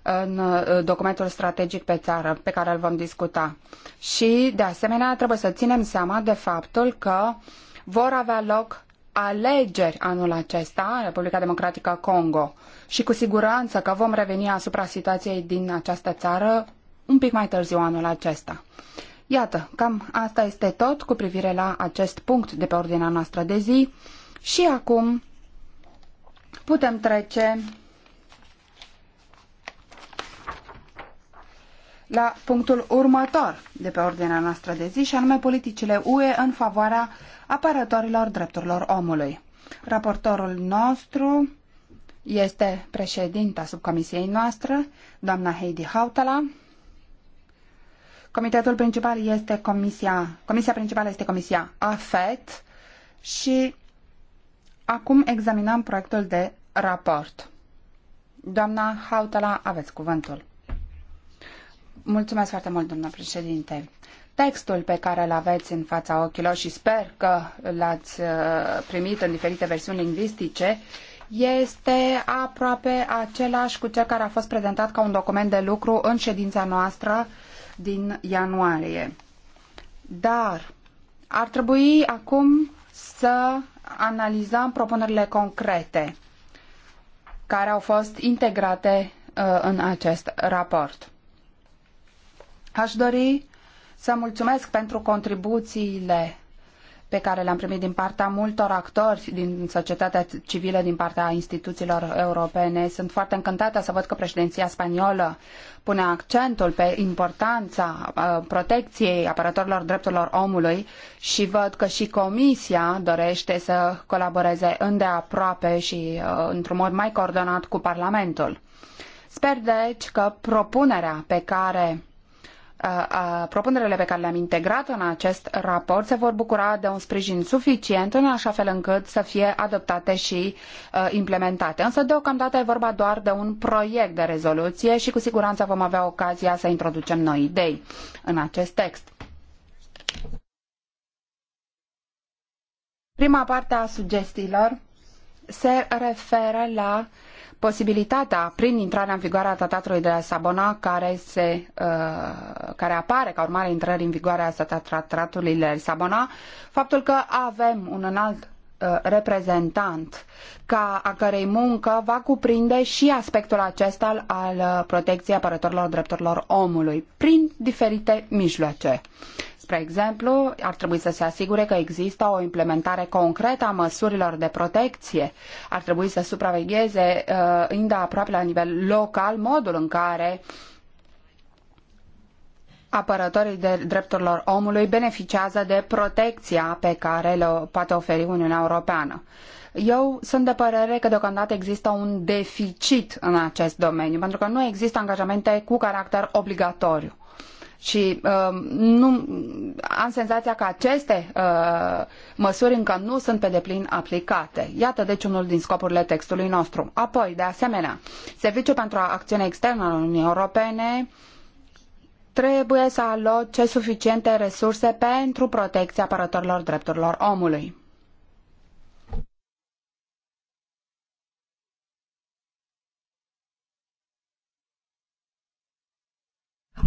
în uh, documentul strategic pe țară pe care îl vom discuta. Și, de asemenea, trebuie să ținem seama de faptul că vor avea loc alegeri anul acesta în Republica Democratică Congo și cu siguranță că vom reveni asupra situației din această țară un pic mai târziu anul acesta. Iată, cam asta este tot cu privire la acest punct de pe ordinea noastră de zi și acum putem trece la punctul următor de pe ordinea noastră de zi și anume politicile UE în favoarea apărătorilor drepturilor omului. Raportorul nostru este președinta subcomisiei noastre, doamna Heidi Hautala, Comitetul principal este comisia, comisia principală este comisia AFET și acum examinăm proiectul de raport. Doamna Hautala, aveți cuvântul. Mulțumesc foarte mult, doamna președinte. Textul pe care îl aveți în fața ochilor și sper că l-ați uh, primit în diferite versiuni lingvistice este aproape același cu cel care a fost prezentat ca un document de lucru în ședința noastră uh, din ianuarie. Dar ar trebui acum să analizăm propunerile concrete care au fost integrate uh, în acest raport. Aș dori să mulțumesc pentru contribuțiile pe care le-am primit din partea multor actori din societatea civilă, din partea instituțiilor europene. Sunt foarte încântată să văd că președinția spaniolă pune accentul pe importanța uh, protecției apărătorilor drepturilor omului și văd că și Comisia dorește să colaboreze îndeaproape și uh, într-un mod mai coordonat cu Parlamentul. Sper deci că propunerea pe care propunerile pe care le-am integrat în acest raport se vor bucura de un sprijin suficient în așa fel încât să fie adoptate și implementate. Însă deocamdată e vorba doar de un proiect de rezoluție și cu siguranță vom avea ocazia să introducem noi idei în acest text. Prima parte a sugestiilor se referă la uh, posibilitatea, prin intrarea în vigoare a tratatului de la Sabona, care, se, uh, care apare ca urmare intrării în vigoare a tratatului de la Sabona, faptul că avem un înalt Uh, reprezentant, ca, a cărei muncă va cuprinde și aspectul acesta al uh, protecției apărătorilor drepturilor omului prin diferite mijloace. Spre exemplu, ar trebui să se asigure că există o implementare concretă a măsurilor de protecție. Ar trebui să supravegheze uh, aproape la nivel local modul în care apărătorii de drepturilor omului beneficiază de protecția pe care le poate oferi Uniunea Europeană. Eu sunt de părere că deocamdată există un deficit în acest domeniu, pentru că nu există angajamente cu caracter obligatoriu. Și uh, nu, am senzația că aceste uh, măsuri încă nu sunt pe deplin aplicate. Iată deci unul din scopurile textului nostru. Apoi, de asemenea, Serviciul pentru Acțiune Externă al Uniunii Europene uh, trebuie să aloce suficiente resurse pentru protecția apărătorilor drepturilor omului.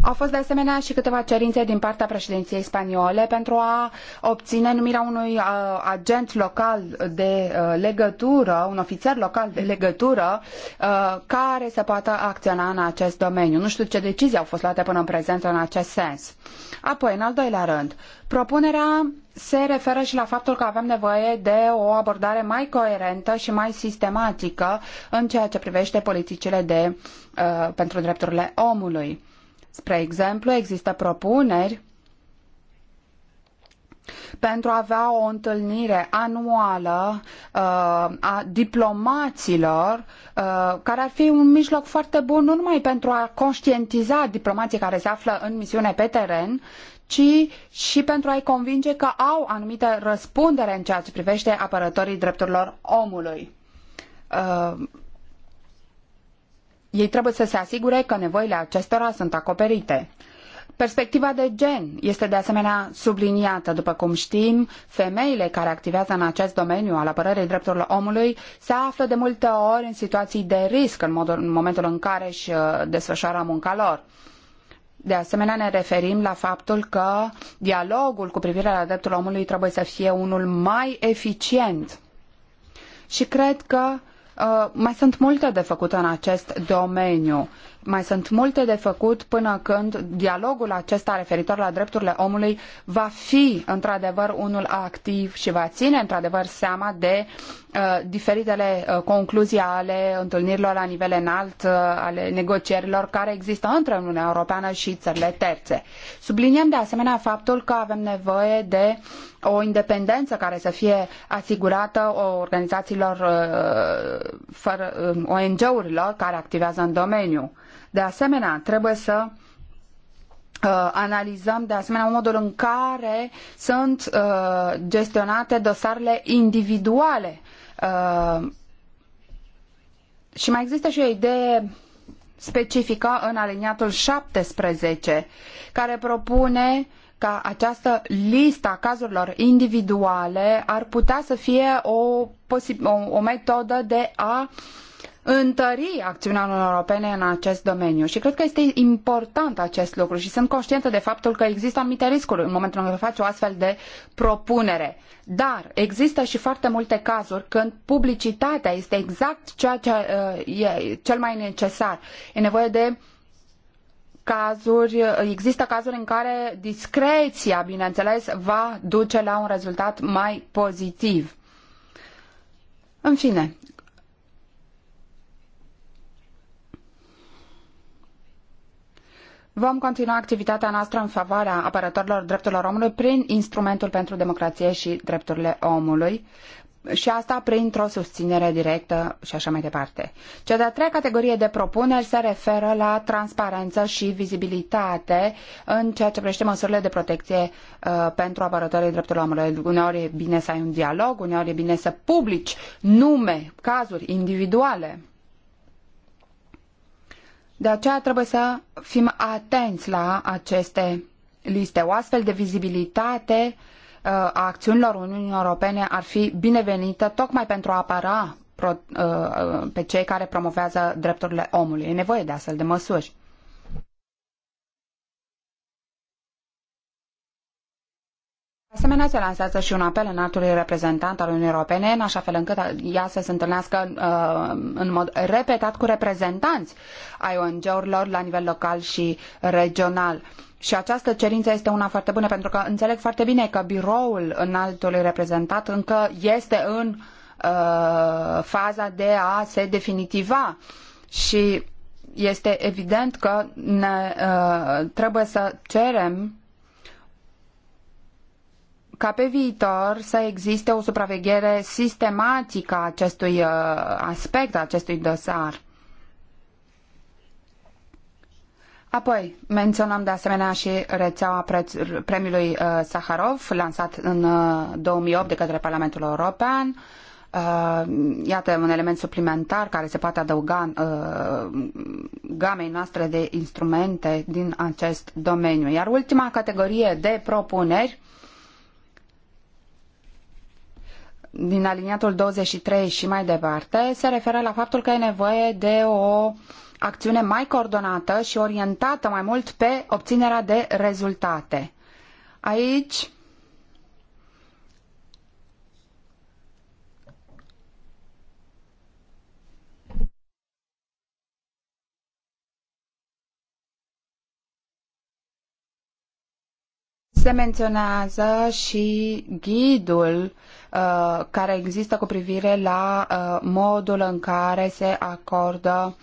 Au fost de asemenea și câteva cerințe din partea președinției spaniole pentru a obține numirea unui uh, agent local de uh, legătură, un ofițer local de legătură uh, care să poată acționa în acest domeniu. Nu știu ce decizii au fost luate până în prezent în acest sens. Apoi, în al doilea rând, propunerea se referă și la faptul că avem nevoie de o abordare mai coerentă și mai sistematică în ceea ce privește politicile de, pentru drepturile omului Spre exemplu, există propuneri pentru a avea o întâlnire anuală uh, a diplomaților, uh, care ar fi un mijloc foarte bun nu numai pentru a conștientiza diplomații care se află în misiune pe teren, ci și pentru a-i convinge că au anumite răspundere în ceea ce privește apărătorii drepturilor omului. Uh, ei trebuie să se asigure că nevoile acestora sunt acoperite. Perspectiva de gen este de asemenea subliniată. După cum știm, femeile care activează în acest domeniu al apărării drepturilor omului se află de multe ori în situații de risc în, modul, în momentul în care își uh, desfășoară munca lor. De asemenea, ne referim la faptul că dialogul cu privire la dreptul omului trebuie să fie unul mai eficient. Și cred că Uh, mai sunt multe de făcut în acest domeniu. Mai sunt multe de făcut până când dialogul acesta referitor la drepturile omului va fi într-adevăr unul activ și va ține într-adevăr seama de Uh, diferitele uh, concluzii ale întâlnirilor la nivel înalt, uh, ale negocierilor care există între Uniunea Europeană și țările terțe. Subliniem de asemenea faptul că avem nevoie de o independență care să fie asigurată organizațiilor fără ONG-urilor care activează în domeniu. De asemenea, trebuie să analizăm de asemenea modul în care sunt gestionate dosarele individuale Uh, și mai există și o idee specifică în aliniatul 17, care propune ca această listă a cazurilor individuale ar putea să fie o, o, o metodă de a uh, întări acțiunea Uniunii Europene în acest domeniu. Și cred că este important acest lucru și sunt conștientă de faptul că există anumite riscuri în momentul în care faci o astfel de propunere. Dar există și foarte multe cazuri când publicitatea este exact ceea ce uh, e cel mai necesar. E nevoie de cazuri, există cazuri în care discreția, bineînțeles, va duce la un rezultat mai pozitiv. În fine, Vom continua activitatea noastră în favoarea apărătorilor drepturilor omului prin instrumentul pentru democrație și drepturile omului și asta printr-o susținere directă și așa mai departe. Cea de-a treia categorie de propuneri se referă la transparență și vizibilitate în ceea ce privește măsurile de protecție uh, pentru apărătorii drepturilor omului. Uneori e bine să ai un dialog, uneori e bine să publici nume, cazuri individuale de aceea trebuie să fim atenți la aceste liste. O astfel de vizibilitate uh, a acțiunilor Uniunii Europene ar fi binevenită tocmai pentru a apăra uh, pe cei care promovează drepturile omului. E nevoie de astfel de măsuri. asemenea, se lansează și un apel înaltului reprezentant al Uniunii Europene, în așa fel încât ea să se întâlnească uh, în mod repetat cu reprezentanți ai ONG-urilor la nivel local și regional. Și această cerință este una foarte bună, pentru că înțeleg foarte bine că biroul înaltului reprezentat încă este în uh, faza de a se definitiva. Și este evident că ne, uh, trebuie să cerem ca pe viitor să existe o supraveghere sistematică a acestui uh, aspect, a acestui dosar. Apoi, menționăm de asemenea și rețeaua premiului uh, Saharov, lansat în 2008 uh, de către Parlamentul European. Iată un element suplimentar care se poate adăuga gamei noastre de instrumente din acest domeniu. Iar ultima categorie de propuneri din aliniatul 23 și mai departe se referă la faptul că e nevoie de o acțiune mai coordonată și orientată mai mult pe obținerea de rezultate. Aici Se menționează și ghidul uh, care există cu privire la uh, modul în care se acordă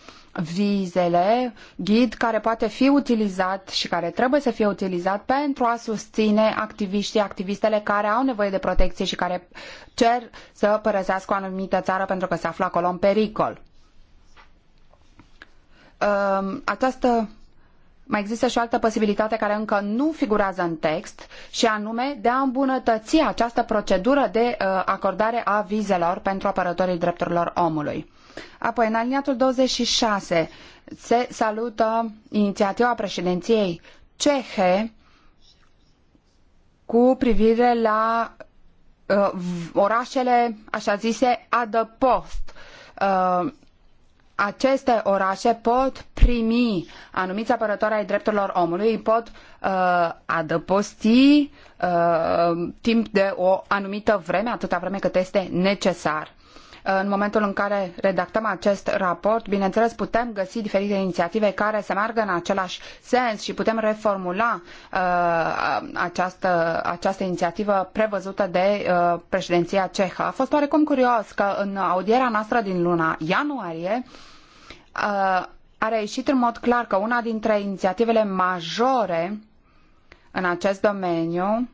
vizele, ghid care poate fi utilizat și care trebuie să fie utilizat pentru a susține activiștii, activistele care au nevoie de protecție și care cer să părăsească o anumită țară pentru că se află acolo în pericol. Uh, această mai există și o altă posibilitate care încă nu figurează în text și anume de a îmbunătăți această procedură de uh, acordare a vizelor pentru apărătorii drepturilor omului. Apoi, în aliniatul 26 se salută inițiativa președinției cehe cu privire la uh, orașele așa zise adăpost. Uh, aceste orașe pot primi anumiți apărători ai drepturilor omului, îi pot uh, adăposti uh, timp de o anumită vreme, atâta vreme cât este necesar. Uh, în momentul în care redactăm acest raport, bineînțeles, putem găsi diferite inițiative care să meargă în același sens și putem reformula uh, această, această inițiativă prevăzută de uh, președinția cehă. A fost oarecum curios că în audierea noastră din luna ianuarie, uh, Uh, a reieșit în mod clar că una dintre inițiativele majore în acest domeniu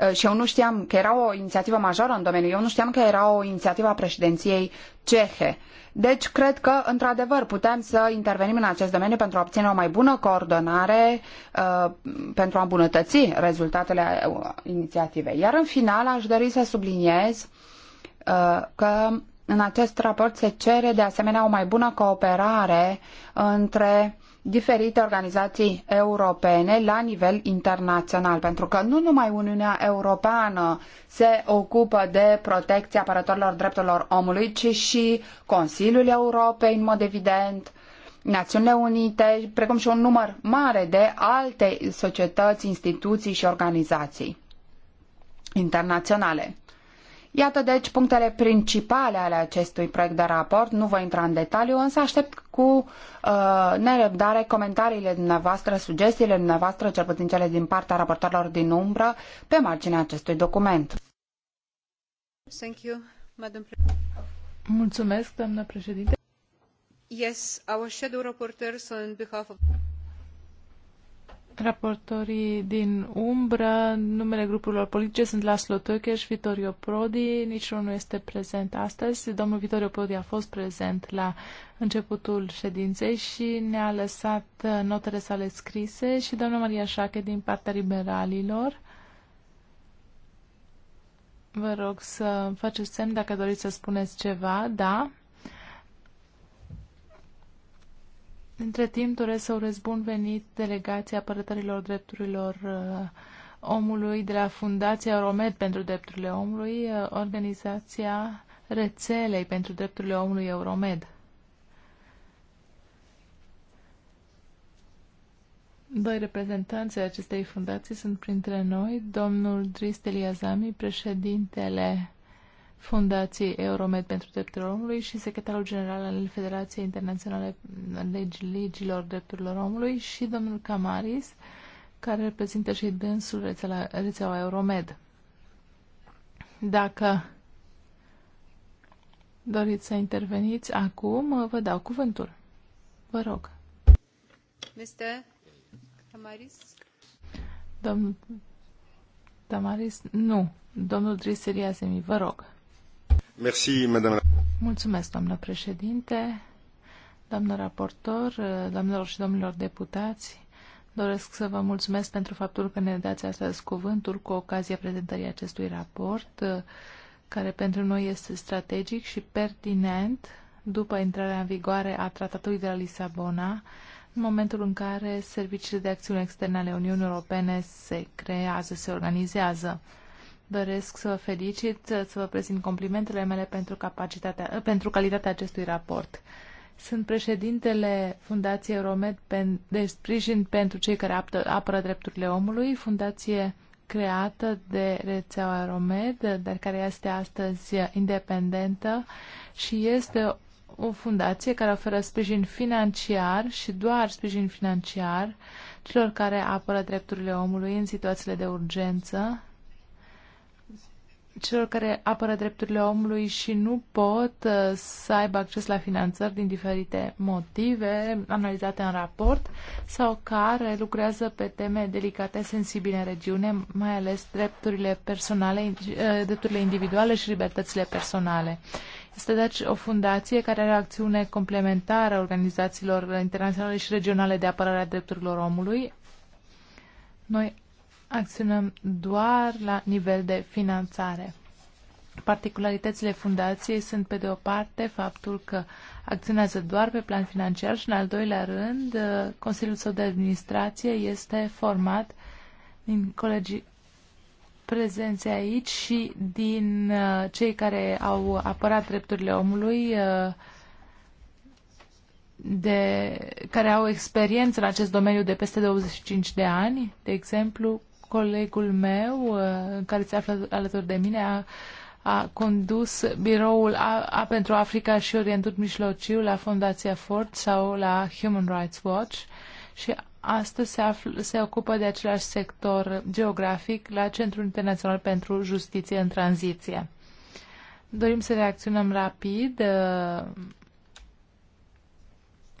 uh, și eu nu știam că era o inițiativă majoră în domeniu, eu nu știam că era o inițiativă a președinției cehe. Deci, cred că, într-adevăr, putem să intervenim în acest domeniu pentru a obține o mai bună coordonare, uh, pentru a îmbunătăți rezultatele inițiativei. Iar, în final, aș dori să subliniez că în acest raport se cere de asemenea o mai bună cooperare între diferite organizații europene la nivel internațional, pentru că nu numai Uniunea Europeană se ocupă de protecția apărătorilor drepturilor omului, ci și Consiliul Europei, în mod evident, Națiunile Unite, precum și un număr mare de alte societăți, instituții și organizații internaționale. Iată deci punctele principale ale acestui proiect de raport. Nu voi intra în detaliu, însă aștept cu uh, nerăbdare comentariile dumneavoastră, sugestiile dumneavoastră, cel puțin cele din partea raportorilor din umbră, pe marginea acestui document. Thank you, Madam Mulțumesc, doamnă președinte. Yes, our shadow reporters on behalf of... Raportorii din umbră, numele grupurilor politice sunt Laszlo Tökes, Vitorio Prodi, niciunul nu este prezent astăzi. Domnul Vitorio Prodi a fost prezent la începutul ședinței și ne-a lăsat uh, notele sale scrise și doamna Maria Șache din partea liberalilor. Vă rog să faceți semn dacă doriți să spuneți ceva, da? Între timp doresc să urez bun venit delegația apărătorilor drepturilor uh, omului de la Fundația Romed pentru Drepturile Omului, uh, organizația rețelei pentru drepturile omului Euromed. Doi reprezentanți ai acestei fundații sunt printre noi, domnul Dristel Iazami, președintele Fundației Euromed pentru Drepturile Omului și secretarul general al Federației Internaționale Legi, Legilor Drepturilor Omului și domnul Camaris, care reprezintă și dânsul rețeaua, rețeaua Euromed. Dacă doriți să interveniți acum, vă dau cuvântul. Vă rog. Mr. Camaris? Domnul Tamaris? Nu. Domnul Driseriasemi, vă rog. Merci, madame. Mulțumesc, doamnă președinte, doamnă raportor, doamnelor și domnilor deputați. Doresc să vă mulțumesc pentru faptul că ne dați astăzi cuvântul cu ocazia prezentării acestui raport, care pentru noi este strategic și pertinent după intrarea în vigoare a Tratatului de la Lisabona, în momentul în care serviciile de acțiune externe ale Uniunii Europene se creează, se organizează doresc să vă felicit, să vă prezint complimentele mele pentru, capacitatea, pentru calitatea acestui raport. Sunt președintele Fundației Romed de sprijin pentru cei care aptă, apără drepturile omului, fundație creată de rețeaua Romed, dar care este astăzi independentă și este o fundație care oferă sprijin financiar și doar sprijin financiar celor care apără drepturile omului în situațiile de urgență celor care apără drepturile omului și nu pot uh, să aibă acces la finanțări din diferite motive analizate în raport sau care lucrează pe teme delicate, sensibile în regiune, mai ales drepturile personale, uh, drepturile individuale și libertățile personale. Este deci o fundație care are acțiune complementară organizațiilor internaționale și regionale de apărare a drepturilor omului. Noi acționăm doar la nivel de finanțare. Particularitățile fundației sunt, pe de o parte, faptul că acționează doar pe plan financiar și, în al doilea rând, uh, Consiliul său de administrație este format din colegii prezenți aici și din uh, cei care au apărat drepturile omului, uh, de, care au experiență în acest domeniu de peste 25 de ani, de exemplu, Colegul meu, uh, care se află alături de mine, a, a condus biroul a, a pentru Africa și Orientul Mijlociu la Fundația Ford sau la Human Rights Watch și astăzi se, afl, se ocupă de același sector geografic la Centrul Internațional pentru Justiție în Tranziție. Dorim să reacționăm rapid. Uh,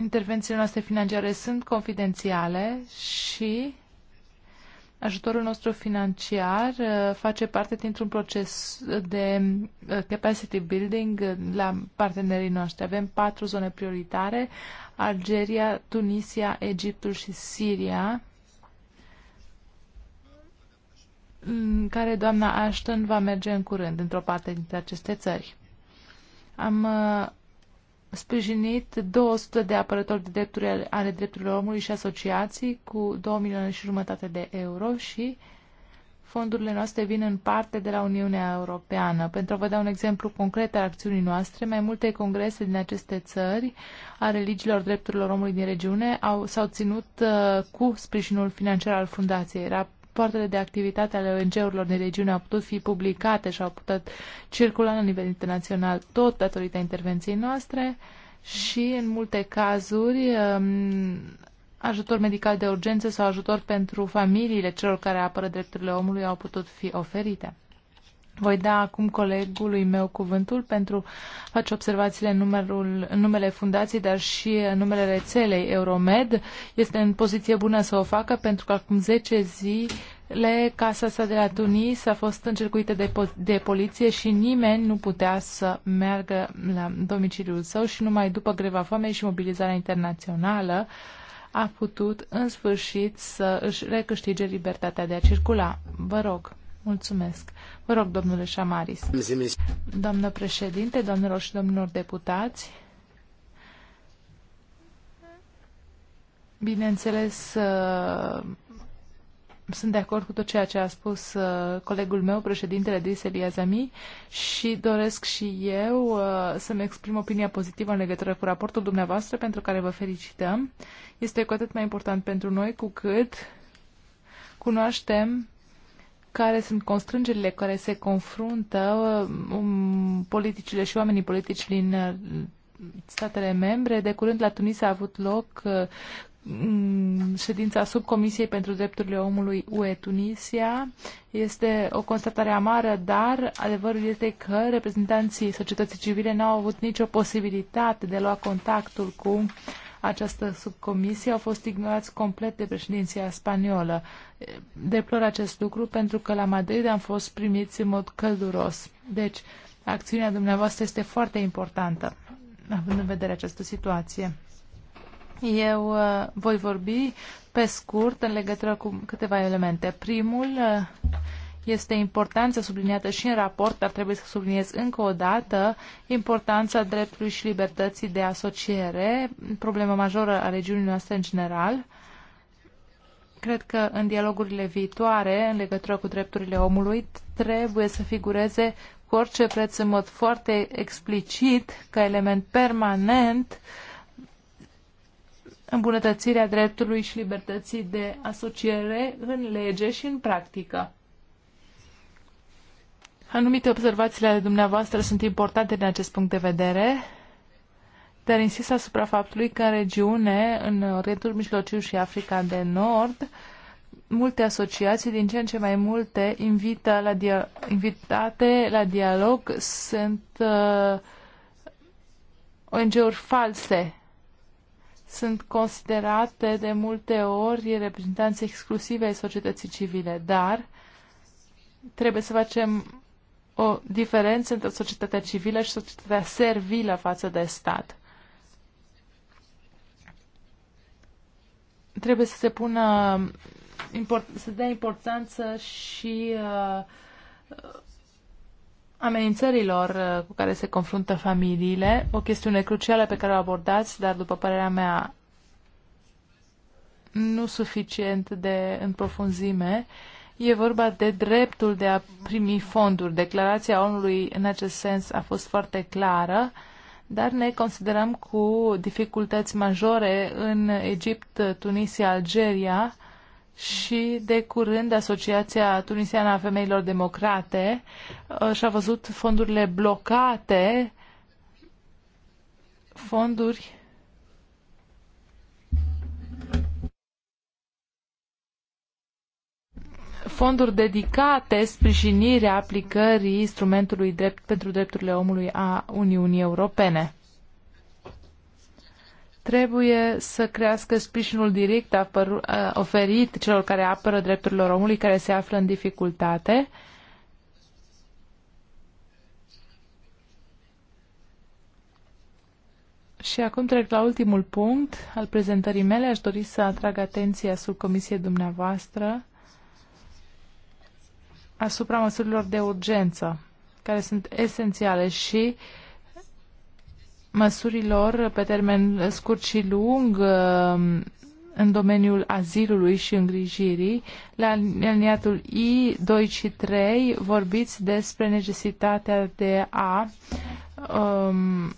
intervențiile noastre financiare sunt confidențiale și ajutorul nostru financiar uh, face parte dintr-un proces de uh, capacity building uh, la partenerii noștri. Avem patru zone prioritare, Algeria, Tunisia, Egiptul și Siria, în care doamna Ashton va merge în curând într-o parte dintre aceste țări. Am sprijinit 200 de apărători de drepturi ale drepturilor omului și asociații cu 2 milioane și jumătate de euro și fondurile noastre vin în parte de la Uniunea Europeană. Pentru a vă da un exemplu concret al acțiunii noastre, mai multe congrese din aceste țări a religiilor drepturilor omului din regiune au, s-au ținut uh, cu sprijinul financiar al fundației. Era rapoartele de activitate ale ONG-urilor din regiune au putut fi publicate și au putut circula la nivel internațional tot datorită intervenției noastre și în multe cazuri um, ajutor medical de urgență sau ajutor pentru familiile celor care apără drepturile omului au putut fi oferite. Voi da acum colegului meu cuvântul pentru a face observațiile în, numărul, în numele fundației, dar și în numele rețelei Euromed. Este în poziție bună să o facă pentru că acum 10 zile casa sa de la Tunis a fost încercuită de, po- de poliție și nimeni nu putea să meargă la domiciliul său și numai după greva foamei și mobilizarea internațională a putut în sfârșit să își recâștige libertatea de a circula. Vă rog. Mulțumesc. Vă rog, domnule Șamaris. Doamnă președinte, domnilor și domnilor deputați, bineînțeles, uh, sunt de acord cu tot ceea ce a spus uh, colegul meu, președintele Dris Eliazami, și doresc și eu uh, să-mi exprim opinia pozitivă în legătură cu raportul dumneavoastră, pentru care vă felicităm. Este cu atât mai important pentru noi cu cât cunoaștem care sunt constrângerile care se confruntă um, um, politicile și oamenii politici din uh, statele membre. De curând la Tunis a avut loc uh, mm, ședința subcomisiei pentru drepturile omului UE Tunisia. Este o constatare amară, dar adevărul este că reprezentanții societății civile n-au avut nicio posibilitate de a lua contactul cu această subcomisie au fost ignorați complet de președinția spaniolă. Deplor acest lucru pentru că la Madrid am fost primiți în mod călduros. Deci, acțiunea dumneavoastră este foarte importantă, având în vedere această situație. Eu uh, voi vorbi pe scurt în legătură cu câteva elemente. Primul uh, este importanță subliniată și în raport, dar trebuie să subliniez încă o dată importanța dreptului și libertății de asociere, problemă majoră a regiunii noastre în general. Cred că în dialogurile viitoare, în legătură cu drepturile omului, trebuie să figureze cu orice preț în mod foarte explicit, ca element permanent, îmbunătățirea dreptului și libertății de asociere în lege și în practică. Anumite observațiile ale dumneavoastră sunt importante din acest punct de vedere, dar insist asupra faptului că în regiune, în Orientul Mijlociu și Africa de Nord, multe asociații, din ce în ce mai multe, invită la dia- invitate la dialog sunt uh, ONG-uri false. Sunt considerate de multe ori reprezentanțe exclusive ai societății civile, dar trebuie să facem o diferență între societatea civilă și societatea servilă față de stat. Trebuie să se pună să dea importanță și uh, amenințărilor uh, cu care se confruntă familiile, o chestiune crucială pe care o abordați, dar după părerea mea nu suficient de în profunzime. Uh, E vorba de dreptul de a primi fonduri. Declarația onu în acest sens a fost foarte clară, dar ne considerăm cu dificultăți majore în Egipt, Tunisia, Algeria și de curând Asociația Tunisiană a Femeilor Democrate uh, și-a văzut fondurile blocate, fonduri fonduri dedicate sprijinirea aplicării instrumentului drept, pentru drepturile omului a Uniunii Europene. Trebuie să crească sprijinul direct apăr, oferit celor care apără drepturile omului care se află în dificultate. Și acum trec la ultimul punct al prezentării mele. Aș dori să atrag atenția sub comisiei dumneavoastră asupra măsurilor de urgență, care sunt esențiale și măsurilor pe termen scurt și lung um, în domeniul azilului și îngrijirii. La aliniatul I, 2 și 3 vorbiți despre necesitatea de a um,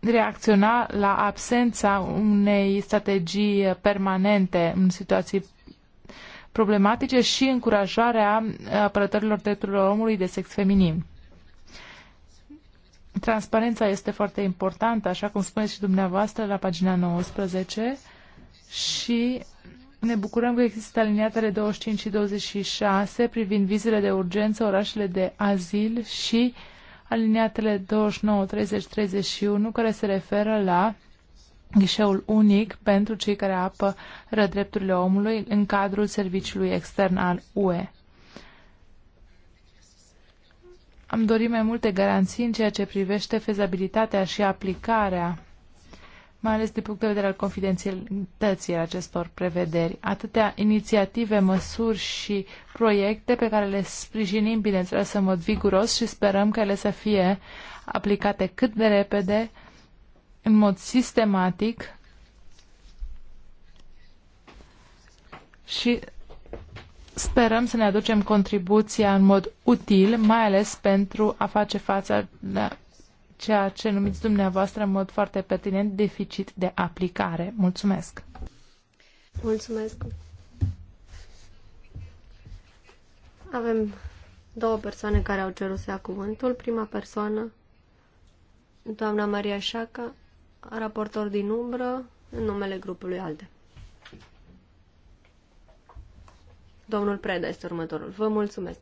reacționa la absența unei strategii permanente în situații problematice și încurajarea uh, apărătorilor drepturilor omului de sex feminin. Transparența este foarte importantă, așa cum spuneți și dumneavoastră la pagina 19 și ne bucurăm că există aliniatele 25 și 26 privind vizele de urgență, orașele de azil și aliniatele 29, 30, 31 care se referă la ghișeul unic pentru cei care apără drepturile omului în cadrul serviciului extern al UE. Am dorit mai multe garanții în ceea ce privește fezabilitatea și aplicarea, mai ales din punct de vedere al confidențialității acestor prevederi. Atâtea inițiative, măsuri și proiecte pe care le sprijinim, bineînțeles, în mod viguros și sperăm că ele să fie aplicate cât de repede, în mod sistematic și sperăm să ne aducem contribuția în mod util, mai ales pentru a face față la ceea ce numiți dumneavoastră în mod foarte pertinent deficit de aplicare. Mulțumesc! Mulțumesc! Avem două persoane care au cerut să ia cuvântul. Prima persoană, doamna Maria Șaca, raportor din umbră în numele grupului ALDE. Domnul Preda este următorul. Vă mulțumesc.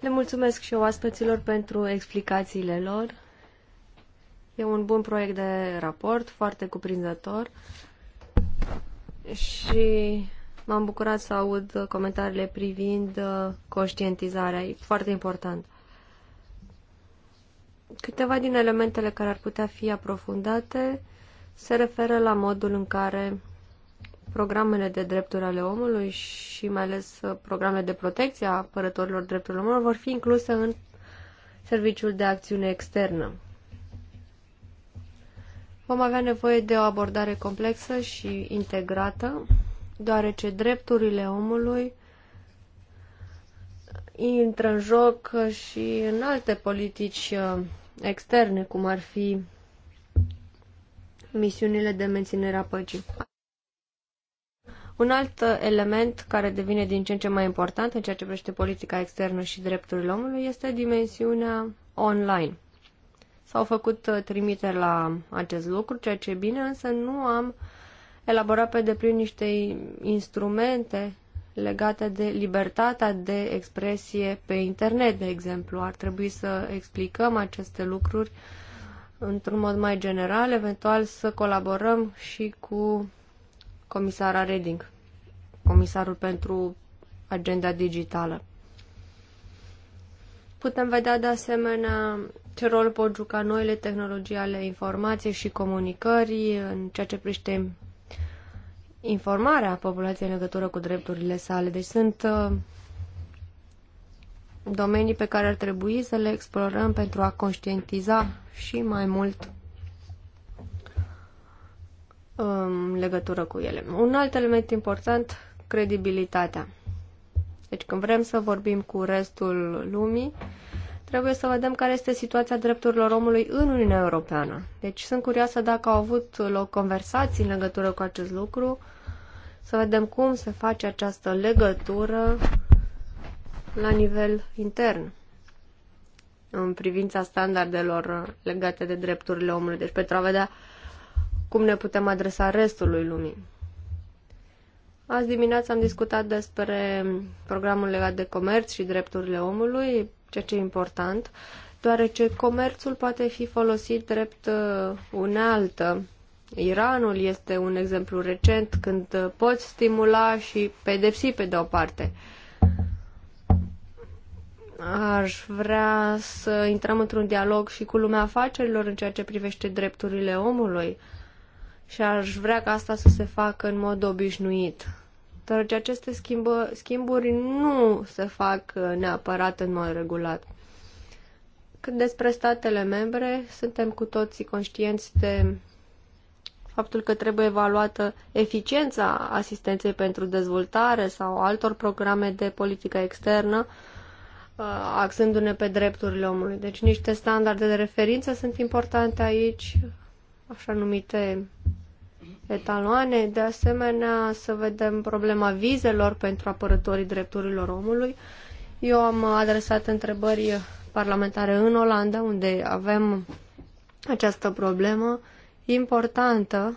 Le mulțumesc și eu oaspeților pentru explicațiile lor. E un bun proiect de raport, foarte cuprinzător și m-am bucurat să aud comentariile privind uh, conștientizarea. E foarte important. Câteva din elementele care ar putea fi aprofundate se referă la modul în care programele de drepturi ale omului și mai ales uh, programele de protecție a apărătorilor drepturilor omului vor fi incluse în serviciul de acțiune externă. Vom avea nevoie de o abordare complexă și integrată, deoarece drepturile omului intră în joc și în alte politici uh, externe, cum ar fi misiunile de menținere a păcii. Un alt uh, element care devine din ce în ce mai important în ceea ce privește politica externă și drepturile omului este dimensiunea online. S-au făcut uh, trimiteri la acest lucru, ceea ce e bine, însă nu am elaborat pe deplin niște instrumente legate de libertatea de expresie pe internet, de exemplu. Ar trebui să explicăm aceste lucruri într-un mod mai general, eventual să colaborăm și cu comisara Reding, comisarul pentru agenda digitală. Putem vedea de asemenea ce rol pot juca noile tehnologii ale informației și comunicării în ceea ce privește informarea populației în legătură cu drepturile sale. Deci sunt uh, domenii pe care ar trebui să le explorăm pentru a conștientiza și mai mult în um, legătură cu ele. Un alt element important, credibilitatea. Deci când vrem să vorbim cu restul lumii, trebuie să vedem care este situația drepturilor omului în Uniunea Europeană. Deci sunt curioasă dacă au avut loc conversații în legătură cu acest lucru, să vedem cum se face această legătură la nivel intern în privința standardelor legate de drepturile omului, deci pentru a vedea cum ne putem adresa restului lumii. Azi dimineața am discutat despre programul legat de comerț și drepturile omului, ceea ce e important, deoarece comerțul poate fi folosit drept uh, unealtă Iranul este un exemplu recent când uh, poți stimula și pedepsi pe de o parte. Aș vrea să intrăm într-un dialog și cu lumea afacerilor în ceea ce privește drepturile omului și aș vrea ca asta să se facă în mod obișnuit. Dar aceste schimbă, schimburi nu se fac uh, neapărat în mod regulat. Cât despre statele membre, suntem cu toții conștienți de faptul că trebuie evaluată eficiența asistenței pentru dezvoltare sau altor programe de politică externă, uh, axându-ne pe drepturile omului. Deci niște standarde de referință sunt importante aici, așa numite etaloane. De asemenea, să vedem problema vizelor pentru apărătorii drepturilor omului. Eu am adresat întrebări parlamentare în Olanda, unde avem această problemă importantă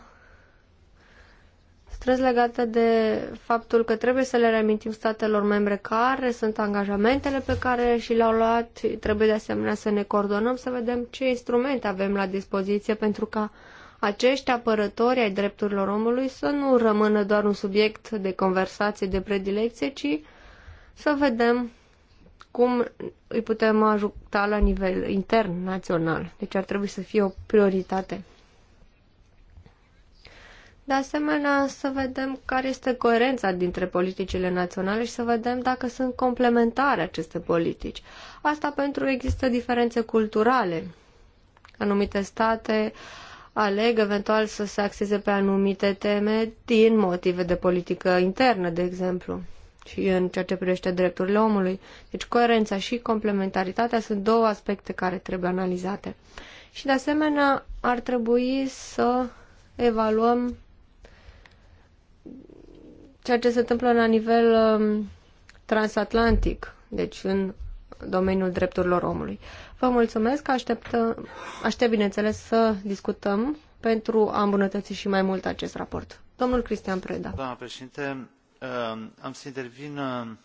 strâns legată de faptul că trebuie să le reamintim statelor membre care sunt angajamentele pe care și le-au luat. Trebuie de asemenea să ne coordonăm, să vedem ce instrumente avem la dispoziție pentru ca acești apărători ai drepturilor omului să nu rămână doar un subiect de conversație, de predilecție, ci să vedem cum îi putem ajuta la nivel intern, național. Deci ar trebui să fie o prioritate. De asemenea, să vedem care este coerența dintre politicile naționale și să vedem dacă sunt complementare aceste politici. Asta pentru că există diferențe culturale. Anumite state aleg eventual să se axeze pe anumite teme din motive de politică internă, de exemplu, și în ceea ce privește drepturile omului. Deci coerența și complementaritatea sunt două aspecte care trebuie analizate. Și de asemenea ar trebui să evaluăm ceea ce se întâmplă la nivel um, transatlantic, deci în domeniul drepturilor omului. Vă mulțumesc, aștept, aștept bineînțeles să discutăm pentru a îmbunătăți și mai mult acest raport. Domnul Cristian Preda. Doamna președinte, um, am să intervin, um,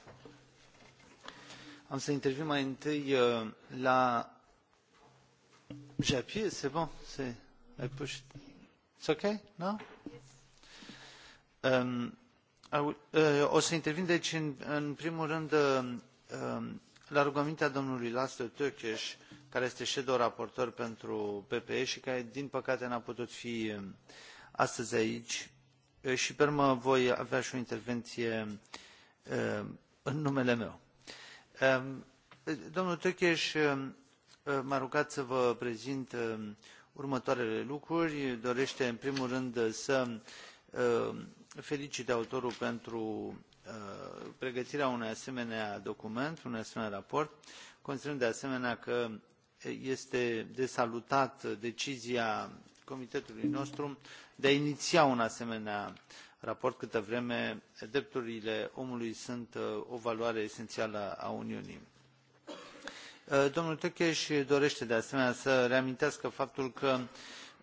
am să intervin mai întâi uh, la Japie, c'est bon, c'est ai pus, It's okay, no? Um, Uh, o să intervin, deci, în, primul rând, uh, um, la rugămintea domnului Laszlo tks care este shadow raportor pentru PPE și care, din păcate, nu a putut fi um, astăzi aici. Uh, și pe urmă voi avea și o intervenție um, în numele meu. Domnul Tökes m-a rugat să vă prezint următoarele lucruri. Dorește, în primul rând, să felicit autorul pentru uh, pregătirea unui asemenea document, unui asemenea raport. considerând de asemenea că este de salutat decizia comitetului nostru de a iniia un asemenea raport câtă vreme drepturile omului sunt uh, o valoare esențială a Uniunii. Uh, domnul Tăcheș dorește de asemenea să reamintească faptul că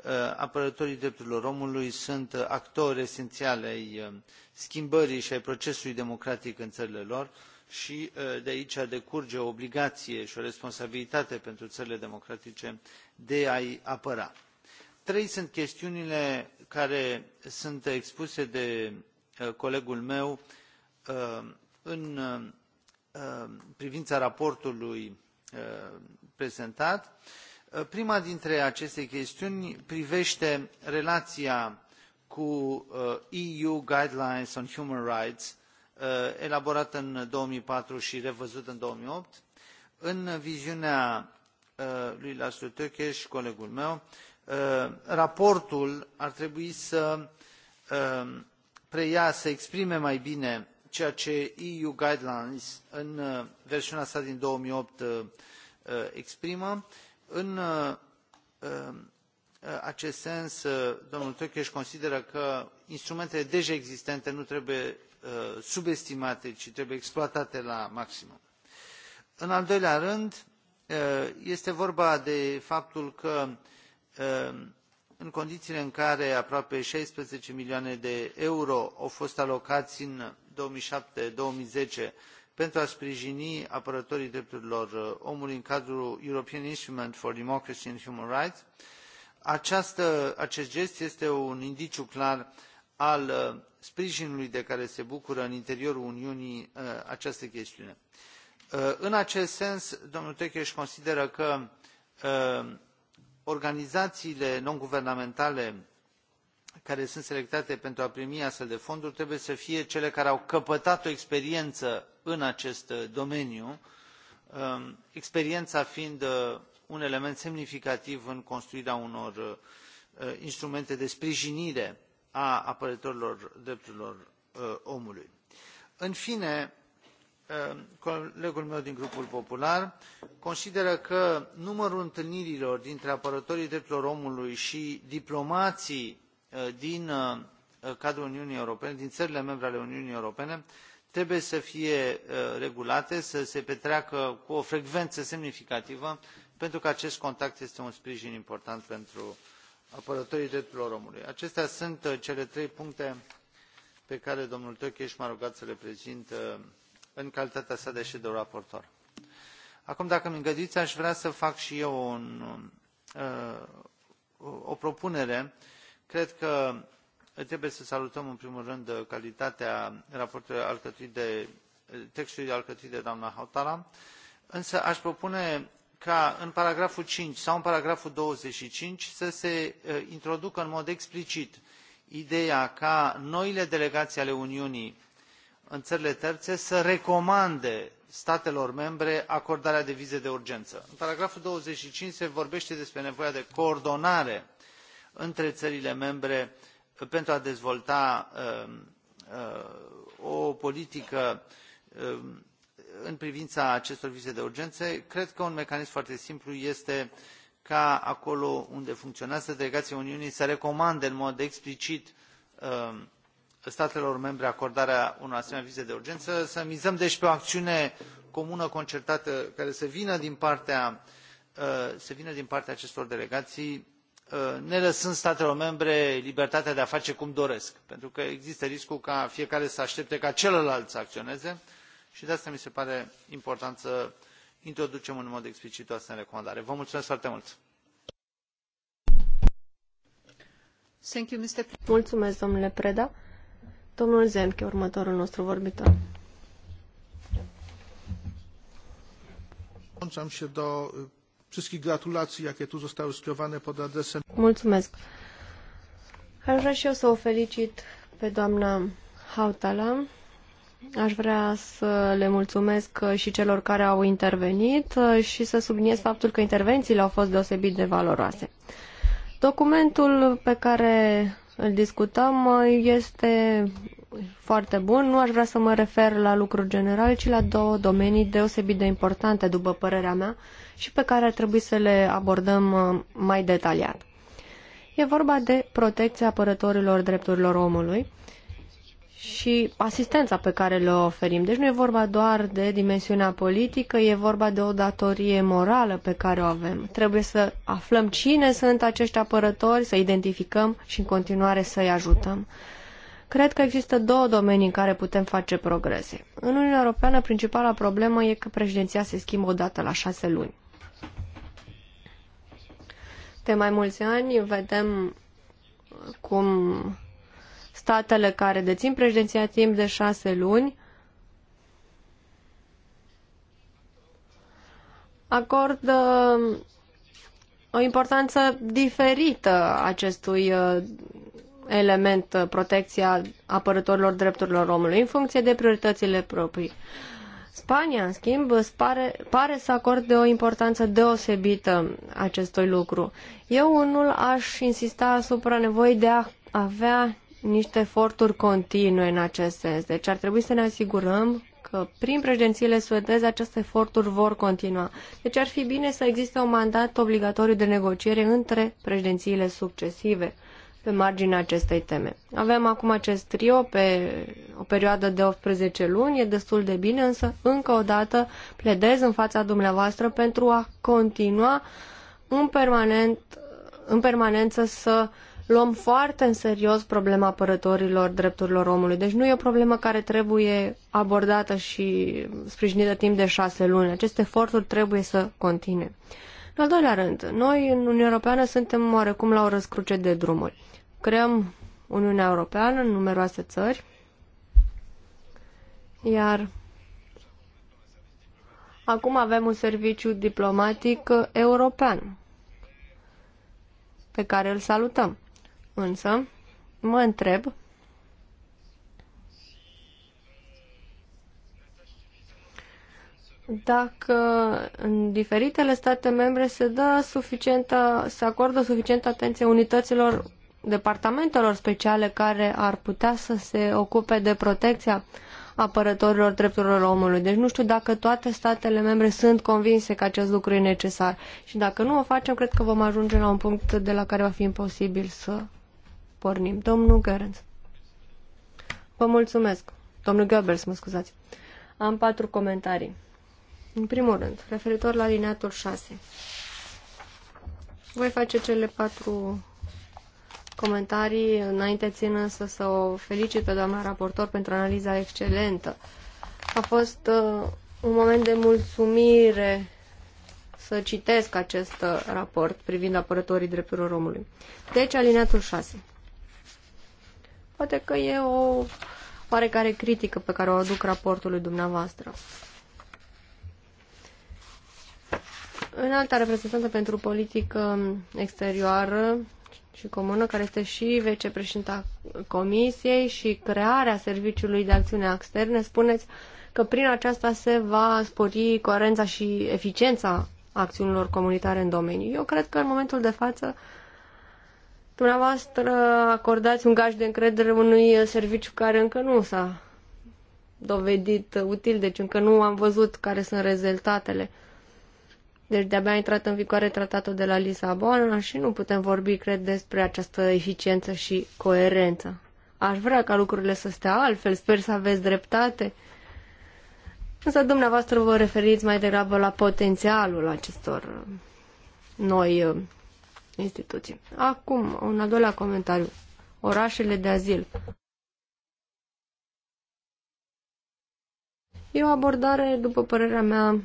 Uh, apărătorii drepturilor omului sunt uh, actori esențiali ai um, schimbării și ai procesului democratic în țările lor și uh, de aici decurge o obligație și o responsabilitate pentru țările democratice de a i apăra. trei sunt chestiunile care sunt expuse de colegul meu în privința raportului prezentat și Uh, prima dintre aceste chestiuni privește relația cu uh, EU Guidelines on Human Rights, uh, elaborată în 2004 și revăzută în 2008. În viziunea lui Laszlo Tökes, colegul meu, raportul ar trebui să um, preia, să exprime mai bine ceea ce EU Guidelines în versiunea sa din 2008 exprimă în uh, uh, acest sens, uh, domnul tks consideră că instrumentele deja existente nu trebuie subestimate, ci trebuie exploatate la maximum. În al doilea rând, este vorba de faptul că în condițiile în care aproape șaisprezece milioane de euro au fost alocați în două mii șapte două mii zece pentru a sprijini apărătorii drepturilor uh, omului în cadrul European Instrument for Democracy and Human Rights. Această, acest gest este un indiciu clar al uh, sprijinului de care se bucură în interiorul Uniunii uh, această chestiune. În acest sens, domnul Trekes consideră că organizațiile non-guvernamentale care sunt selectate pentru a primi astfel de fonduri trebuie să fie cele care au căpătat o experiență în acest uh, domeniu um, experiența fiind uh, un element semnificativ în construirea unor uh, instrumente de sprijinire a apărătorilor drepturilor omului. în fine um, colegul meu din grupul popular consideră că numărul întâlnirilor dintre apărătorii drepturilor omului și diplomații din cadrul uniunii europene din țările membre ale uniunii europene trebuie să fie uh, regulate să se petreacă cu o frecvență semnificativă pentru că acest contact este un sprijin important pentru apărătorii drepturilor omului. acestea sunt uh, cele trei puncte pe care domnul tks m a rugat să le prezint uh, în calitatea sa de shadow raportor. acum dacă îmi îngăduiți aș vrea să fac și eu un, o propunere. cred că trebuie să salutăm în primul rând calitatea raportului alcătuit de textului alcătuit de doamna hautala însă aș propune ca în paragraful cinci sau în paragraful douăzeci și cinci să se ă, introducă în mod explicit ideea ca noile delegații ale uniunii în țările terțe să recomande statelor membre acordarea de vize de urgență. în paragraful douăzeci și cinci se vorbește despre nevoia de coordonare între țările membre pentru a dezvolta um, uh, o politică um, în privința acestor vize de urgență cred că un mecanism foarte simplu este ca acolo unde funcționează delegația uniunii să recomande în mod explicit um, statelor membre acordarea unor asemenea vize de urgență să mizăm deci pe o acțiune comună concertată care să vină din partea, uh, să vină din partea acestor delegații Uh, ne lăsând statelor membre libertatea de a face cum doresc pentru că există riscul ca fiecare să aștepte ca celălalt să acționeze și de asta mi se pare important să introducem în mod explicit o astfel de recomandare. Vă mulțumesc foarte mult! Mulțumesc, domnule Preda. Domnul Zemke, următorul nostru vorbitor. Dołączam się do wszystkich gratulacji, jakie tu zostały skierowane pod adresem. Mulțumesc. Aș vrea și eu să o felicit pe doamna Hautala. Aș vrea să le mulțumesc și celor care au intervenit și să subliniez faptul că intervențiile au fost deosebit de valoroase. Documentul pe care îl discutăm este foarte bun. Nu aș vrea să mă refer la lucruri generale, ci la două domenii deosebit de importante, după părerea mea, și pe care ar trebui să le abordăm uh, mai detaliat. E vorba de protecția apărătorilor drepturilor omului și asistența pe care le oferim. Deci nu e vorba doar de dimensiunea politică, e vorba de o datorie morală pe care o avem. Trebuie să aflăm cine sunt acești apărători, să identificăm și în continuare să-i ajutăm. Cred că există două domenii în care putem face progrese. În Uniunea Europeană, principala problemă e că președinția se schimbă o dată la șase luni. De mai mulți ani vedem cum statele care dețin președinția timp de șase luni acordă o importanță diferită acestui uh, element uh, protecția apărătorilor drepturilor omului în funcție de prioritățile proprii. Spania, în schimb, pare, pare să acorde o importanță deosebită acestui lucru. Eu unul aș insista asupra nevoii de a avea niște eforturi continue în acest sens. Deci ar trebui să ne asigurăm că prin președințiile suedeze aceste eforturi vor continua. Deci ar fi bine să existe un mandat obligatoriu de negociere între președințiile succesive pe marginea acestei teme. Avem acum acest trio pe o perioadă de 18 luni, e destul de bine, însă încă o dată pledez în fața dumneavoastră pentru a continua în, permanent, în permanență să luăm foarte în serios problema apărătorilor drepturilor omului. Deci nu e o problemă care trebuie abordată și sprijinită timp de șase luni. Aceste eforturi trebuie să continue. În al doilea rând, noi în Uniunea Europeană suntem oarecum la o răscruce de drumuri. Creăm Uniunea Europeană în numeroase țări, iar acum avem un serviciu diplomatic european pe care îl salutăm. Însă, mă întreb dacă în diferitele state membre se, dă suficientă, se acordă suficientă atenție unităților departamentelor speciale care ar putea să se ocupe de protecția apărătorilor drepturilor omului. Deci nu știu dacă toate statele membre sunt convinse că acest lucru e necesar. Și dacă nu o facem, cred că vom ajunge la un punct de la care va fi imposibil să pornim. Domnul Gerenț. Vă mulțumesc. Domnul Goebbels, mă scuzați. Am patru comentarii. În primul rând, referitor la alineatul 6. Voi face cele patru comentarii. Înainte țin însă să o felicit pe doamna raportor pentru analiza excelentă. A fost uh, un moment de mulțumire să citesc acest uh, raport privind apărătorii drepturilor omului. Deci, alineatul 6. Poate că e o oarecare critică pe care o aduc raportului dumneavoastră. În alta reprezentantă pentru politică exterioară și comună, care este și vicepreședinta Comisiei și crearea Serviciului de Acțiune Externe, spuneți că prin aceasta se va spori coerența și eficiența acțiunilor comunitare în domeniu. Eu cred că în momentul de față dumneavoastră acordați un gaj de încredere unui serviciu care încă nu s-a dovedit util, deci încă nu am văzut care sunt rezultatele. Deci de-abia a intrat în vigoare tratatul de la Lisabona și nu putem vorbi, cred, despre această eficiență și coerență. Aș vrea ca lucrurile să stea altfel, sper să aveți dreptate. Însă dumneavoastră vă referiți mai degrabă la potențialul acestor noi uh, instituții. Acum, un al doilea comentariu. Orașele de azil. E o abordare, după părerea mea,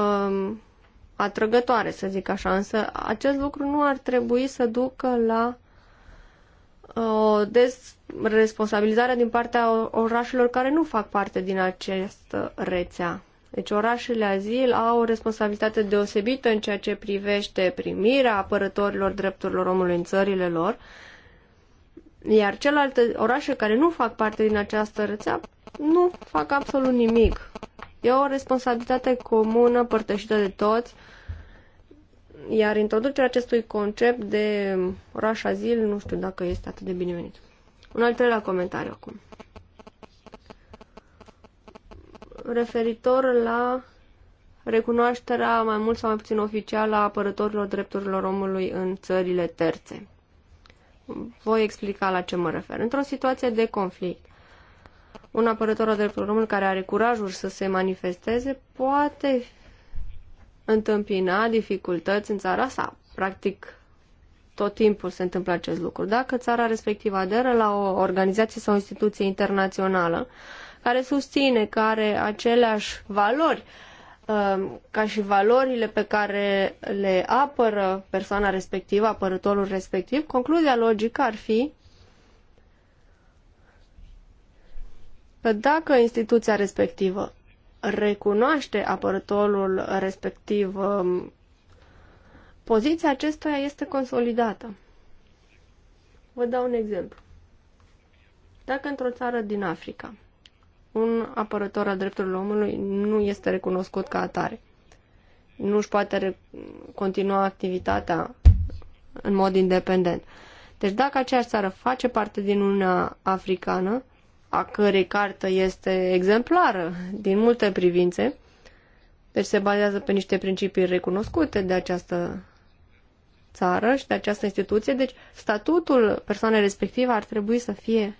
uh, atrăgătoare, să zic așa, însă acest lucru nu ar trebui să ducă la o uh, responsabilizare din partea orașelor care nu fac parte din această rețea. Deci orașele azil au o responsabilitate deosebită în ceea ce privește primirea apărătorilor drepturilor omului în țările lor, iar celelalte orașe care nu fac parte din această rețea nu fac absolut nimic E o responsabilitate comună, părtășită de toți, iar introducerea acestui concept de oraș azil, nu știu dacă este atât de binevenit. Un al treilea comentariu acum. Referitor la recunoașterea mai mult sau mai puțin oficială a apărătorilor drepturilor omului în țările terțe. Voi explica la ce mă refer. Într-o situație de conflict, un apărător al drepturilor omului care are curajul să se manifesteze poate întâmpina dificultăți în țara sa. Practic, tot timpul se întâmplă acest lucru. Dacă țara respectivă aderă la o organizație sau o instituție internațională care susține că are aceleași valori uh, ca și valorile pe care le apără persoana respectivă, apărătorul respectiv, concluzia logică ar fi că dacă instituția respectivă recunoaște apărătorul respectiv, um, poziția acestuia este consolidată. Vă dau un exemplu. Dacă într-o țară din Africa un apărător al drepturilor omului nu este recunoscut ca atare, nu își poate continua activitatea în mod independent. Deci dacă aceeași țară face parte din Uniunea Africană, a cărei cartă este exemplară din multe privințe, deci se bazează pe niște principii recunoscute de această țară și de această instituție, deci statutul persoanei respective ar trebui să fie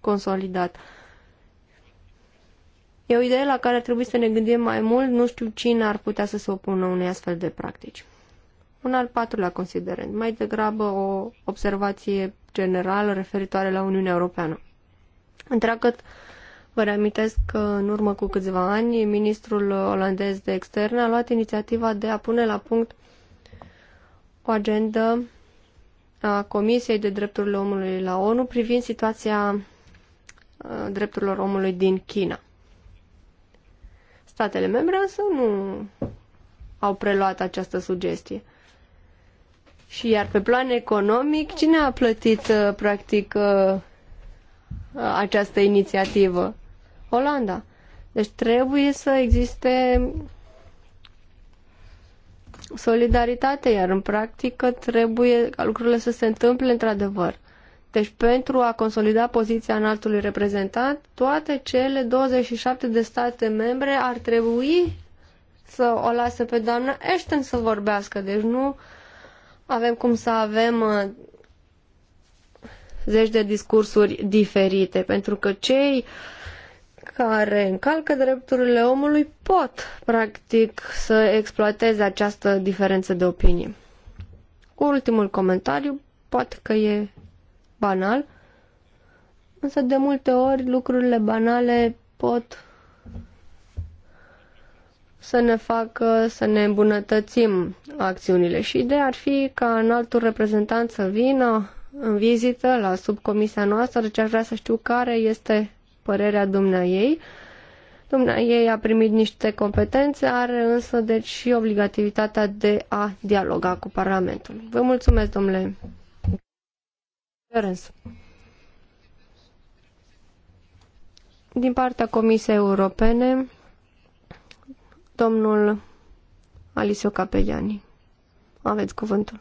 consolidat. E o idee la care ar trebui să ne gândim mai mult, nu știu cine ar putea să se opună unei astfel de practici. Un al patrulea considerent, mai degrabă o observație generală referitoare la Uniunea Europeană. Întreagăt vă reamintesc că în urmă cu câțiva ani ministrul olandez de externe a luat inițiativa de a pune la punct o agendă a Comisiei de Drepturile Omului la ONU privind situația uh, drepturilor omului din China. Statele membre însă nu au preluat această sugestie. Și iar pe plan economic, cine a plătit uh, practic uh, Uh, această inițiativă? Olanda. Deci trebuie să existe solidaritate, iar în practică trebuie ca lucrurile să se întâmple într-adevăr. Deci pentru a consolida poziția înaltului reprezentant, toate cele 27 de state membre ar trebui să o lasă pe doamna Ashton să vorbească. Deci nu avem cum să avem uh, zeci de discursuri diferite, pentru că cei care încalcă drepturile omului pot, practic, să exploateze această diferență de opinie. Ultimul comentariu, poate că e banal, însă de multe ori lucrurile banale pot să ne facă să ne îmbunătățim acțiunile și ideea ar fi ca în altul reprezentant să vină în vizită la subcomisia noastră, deci aș vrea să știu care este părerea dumneaei. Dumneaei a primit niște competențe, are însă deci și obligativitatea de a dialoga cu Parlamentul. Vă mulțumesc, domnule Din partea Comisiei Europene, domnul Alisio Capeliani. Aveți cuvântul.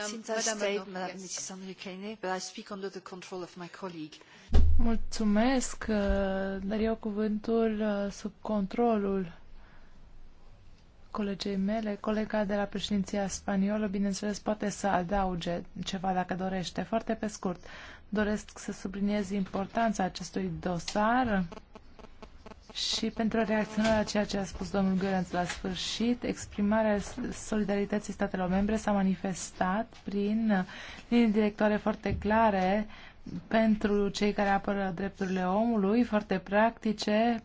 Mulțumesc, dar eu cuvântul uh, sub controlul colegei mele, colega de la președinția spaniolă, bineînțeles, poate să adauge ceva dacă dorește. Foarte pe scurt, doresc să subliniez importanța acestui dosar și pentru a reacționa la ceea ce a spus domnul Gărenț la sfârșit, exprimarea solidarității statelor membre s-a manifestat prin linii directoare foarte clare pentru cei care apără drepturile omului, foarte practice,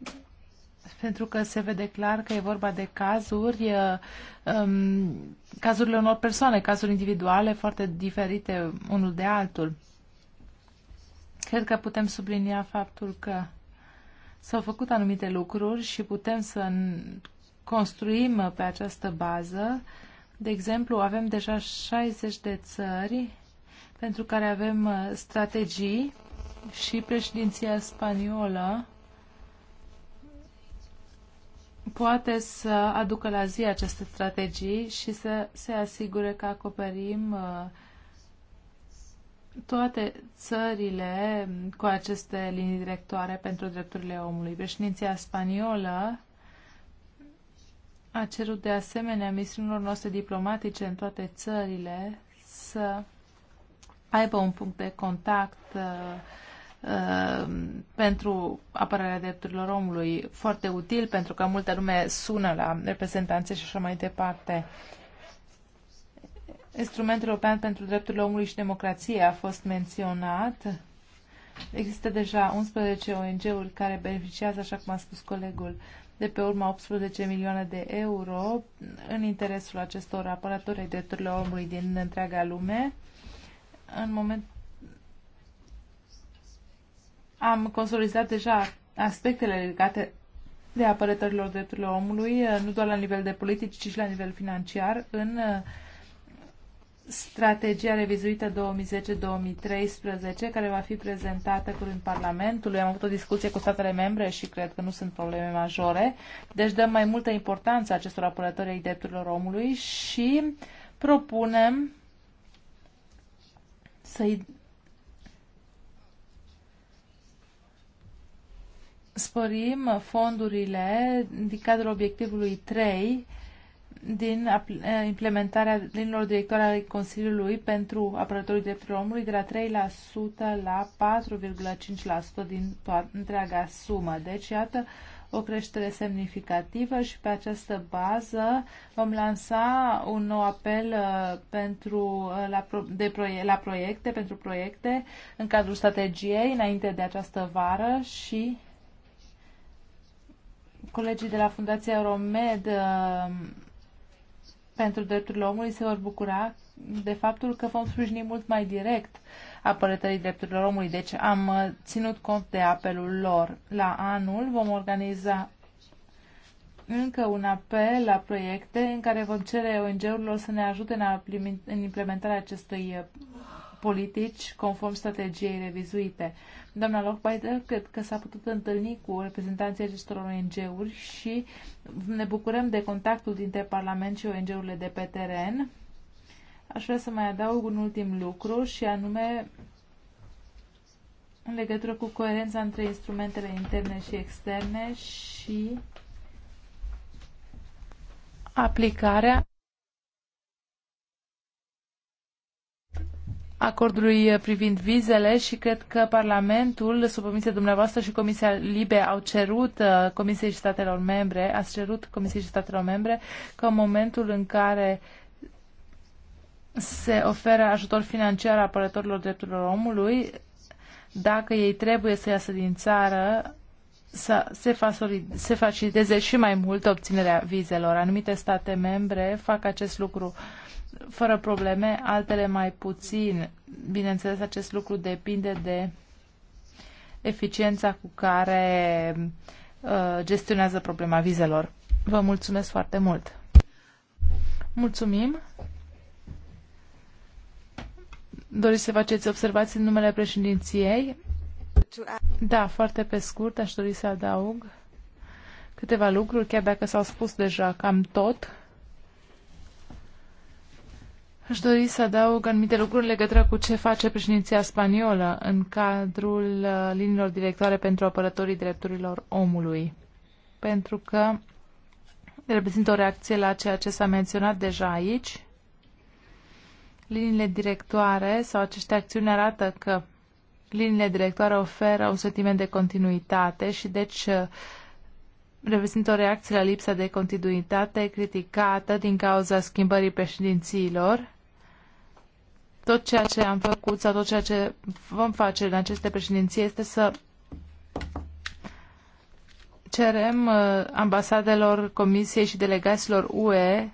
pentru că se vede clar că e vorba de cazuri, um, cazurile unor persoane, cazuri individuale foarte diferite unul de altul. Cred că putem sublinia faptul că S-au făcut anumite lucruri și putem să construim pe această bază. De exemplu, avem deja 60 de țări pentru care avem uh, strategii și președinția spaniolă poate să aducă la zi aceste strategii și să se asigure că acoperim uh, toate țările cu aceste linii directoare pentru drepturile omului. Președinția spaniolă a cerut de asemenea misiunilor noastre diplomatice în toate țările să aibă un punct de contact uh, uh, pentru apărarea drepturilor omului foarte util pentru că multă lume sună la reprezentanțe și așa mai departe. Uh, Instrumentul European pentru Drepturile Omului și Democrație a fost menționat. Există deja 11 ONG-uri care beneficiază, așa cum a spus colegul, de pe urma 18 milioane de euro în interesul acestor apărători ai drepturilor omului din întreaga lume. În moment am consolidat deja aspectele legate de apărătorilor drepturilor omului, nu doar la nivel de politici, ci și la nivel financiar, în uh, strategia revizuită 2010-2013, care va fi prezentată curând Parlamentului. Am avut o discuție cu statele membre și cred că nu sunt probleme majore. Deci dăm mai multă importanță acestor apărători ai drepturilor omului și propunem să-i sporim fondurile din cadrul obiectivului 3 din eh, implementarea linilor directoare ale Consiliului pentru apărătorii drepturilor omului de la 3% la 4,5% din toată întreaga sumă. Deci, iată, o creștere semnificativă și pe această bază vom lansa un nou apel eh, pentru, eh, la, pro, de proie, la proiecte, pentru proiecte în cadrul strategiei înainte de această vară și colegii de la Fundația Romed uh, pentru drepturile omului se vor bucura de faptul că vom sprijini mult mai direct apărătării drepturilor omului. Deci am uh, ținut cont de apelul lor. La anul vom organiza încă un apel la proiecte în care vom cere ONG-urilor să ne ajute în implementarea acestui uh, politici conform strategiei revizuite. Doamna Lochbaider, cred că s-a putut întâlni cu reprezentanții acestor ONG-uri și ne bucurăm de contactul dintre Parlament și ONG-urile de pe teren. Aș vrea să mai adaug un ultim lucru și anume în legătură cu coerența între instrumentele interne și externe și aplicarea acordului privind vizele și cred că Parlamentul, sub comisia dumneavoastră și Comisia Libe au cerut uh, Comisiei și statelor membre, a cerut Comisiei și statelor membre că în momentul în care se oferă ajutor financiar apărătorilor drepturilor omului, dacă ei trebuie să iasă din țară, să se, se faciliteze și mai mult obținerea vizelor. Anumite state membre fac acest lucru fără probleme, altele mai puțin. Bineînțeles, acest lucru depinde de eficiența cu care uh, gestionează problema vizelor. Vă mulțumesc foarte mult! Mulțumim! Doriți să faceți observații în numele președinției? Da, foarte pe scurt, aș dori să adaug câteva lucruri, chiar dacă s-au spus deja cam tot. Aș dori să adaug anumite lucruri în legătură cu ce face președinția spaniolă în cadrul uh, liniilor directoare pentru apărătorii drepturilor omului. Pentru că reprezintă o reacție la ceea ce s-a menționat deja aici. Liniile directoare sau aceste acțiuni arată că liniile directoare oferă un sentiment de continuitate și deci uh, reprezintă o reacție la lipsa de continuitate criticată din cauza schimbării președințiilor tot ceea ce am făcut sau tot ceea ce vom face în aceste președinții este să cerem uh, ambasadelor, comisiei și delegaților UE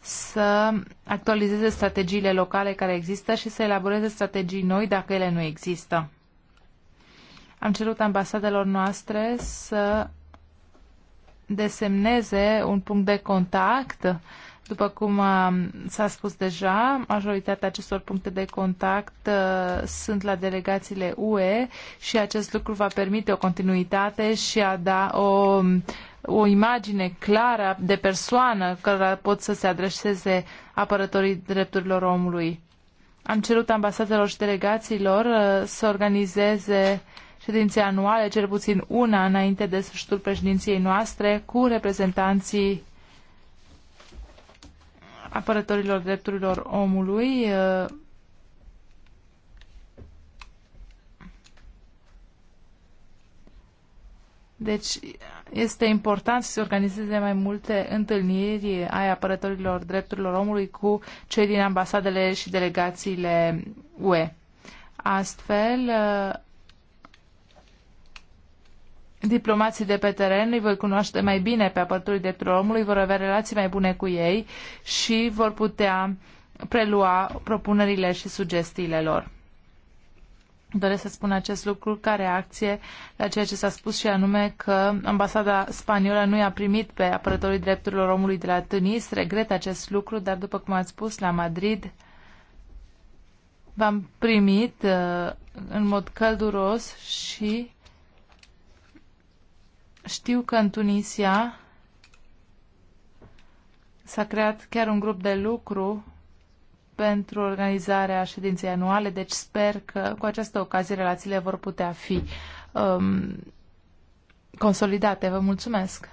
să actualizeze strategiile locale care există și să elaboreze strategii noi dacă ele nu există. Am cerut ambasadelor noastre să desemneze un punct de contact după cum uh, s-a spus deja, majoritatea acestor puncte de contact uh, sunt la delegațiile UE și acest lucru va permite o continuitate și a da o, o imagine clară de persoană care pot să se adreseze apărătorii drepturilor omului. Am cerut ambasadelor și delegațiilor uh, să organizeze ședințe anuale, cel puțin una înainte de sfârșitul președinției noastre, cu reprezentanții apărătorilor drepturilor omului uh, Deci este important să se organizeze mai multe întâlniri ai apărătorilor drepturilor omului cu cei din ambasadele și delegațiile UE. Astfel, uh, diplomații de pe teren, îi voi cunoaște mai bine pe apărtorii drepturilor omului, vor avea relații mai bune cu ei și vor putea prelua propunerile și sugestiile lor. Doresc să spun acest lucru ca reacție la ceea ce s-a spus și anume că ambasada spaniolă nu i-a primit pe apărătorii drepturilor omului de la Tunis. Regret acest lucru, dar după cum ați spus, la Madrid v-am primit uh, în mod călduros și știu că în Tunisia s-a creat chiar un grup de lucru pentru organizarea ședinței anuale, deci sper că cu această ocazie relațiile vor putea fi um, consolidate. Vă mulțumesc.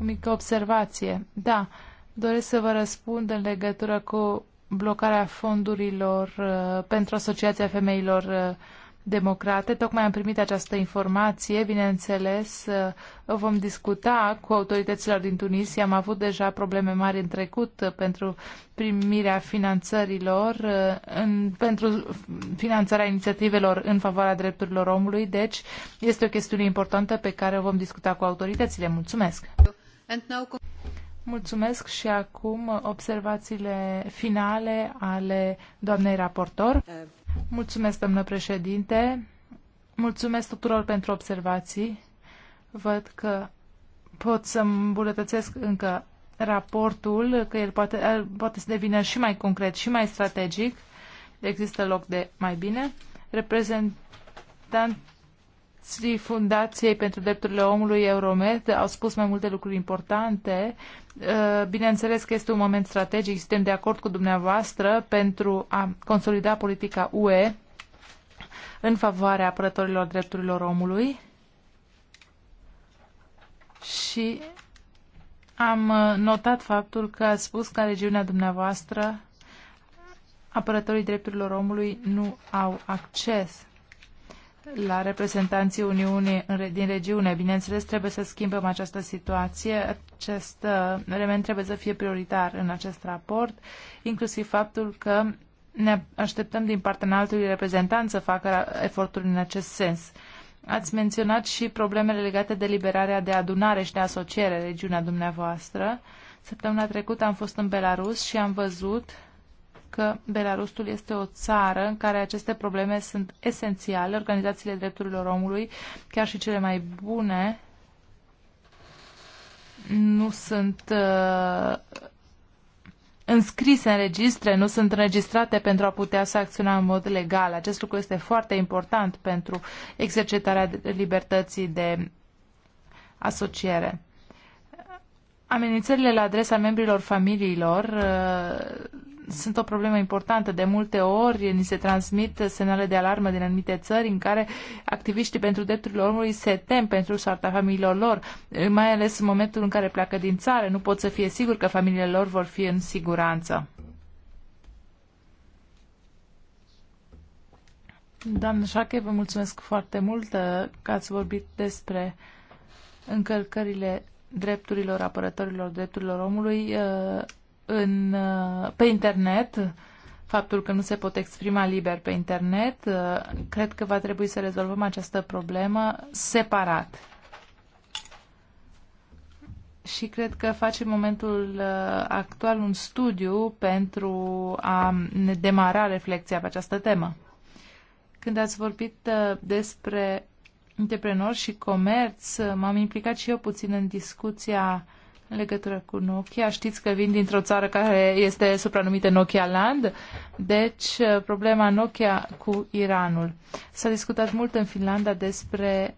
O mică observație. Da, doresc să vă răspund în legătură cu blocarea fondurilor uh, pentru Asociația Femeilor uh, democrate. Tocmai am primit această informație, bineînțeles, uh, vom discuta cu autoritățile din Tunisia. Am avut deja probleme mari în trecut uh, pentru primirea finanțărilor, uh, în, pentru finanțarea inițiativelor în favoarea drepturilor omului, deci este o chestiune importantă pe care o vom discuta cu autoritățile. Mulțumesc! Mulțumesc și acum observațiile finale ale doamnei raportor. Uh. Mulțumesc, domnule președinte. Mulțumesc tuturor pentru observații. Văd că pot să îmbunătățesc încă raportul, că el poate, poate să devină și mai concret și mai strategic. Există loc de mai bine. Reprezentant experții Fundației pentru Drepturile Omului Euromed au spus mai multe lucruri importante. Uh, bineînțeles că este un moment strategic, suntem de acord cu dumneavoastră pentru a consolida politica UE în favoarea apărătorilor drepturilor omului și am uh, notat faptul că a spus că în regiunea dumneavoastră apărătorii drepturilor omului nu au acces la reprezentanții Uniunii din regiune. Bineînțeles, trebuie să schimbăm această situație. Acest uh, element trebuie să fie prioritar în acest raport, inclusiv faptul că ne așteptăm din partea înaltului reprezentant să facă eforturi în acest sens. Ați menționat și problemele legate de liberarea de adunare și de asociere regiunea dumneavoastră. Săptămâna trecută am fost în Belarus și am văzut că Belarusul este o țară în care aceste probleme sunt esențiale. Organizațiile drepturilor omului, chiar și cele mai bune, nu sunt uh, înscrise în registre, nu sunt înregistrate pentru a putea să acționa în mod legal. Acest lucru este foarte important pentru exercitarea libertății de asociere. Amenințările la adresa membrilor familiilor uh, sunt o problemă importantă. De multe ori ni se transmit semnale de alarmă din anumite țări în care activiștii pentru drepturile omului se tem pentru soarta familiilor lor, mai ales în momentul în care pleacă din țară. Nu pot să fie sigur că familiile lor vor fi în siguranță. Doamnă Șache, vă mulțumesc foarte mult uh, că ați vorbit despre încălcările drepturilor apărătorilor drepturilor omului uh, în, uh, pe internet, faptul că nu se pot exprima liber pe internet, uh, cred că va trebui să rezolvăm această problemă separat. Și cred că facem momentul uh, actual un studiu pentru a ne demara reflexia pe această temă. Când ați vorbit despre antreprenori și comerț, m-am implicat și eu puțin în discuția uh, în legătură cu Nokia. Știți că vin dintr-o țară care este supranumită Nokia Land, deci problema Nokia cu Iranul. S-a discutat mult în Finlanda despre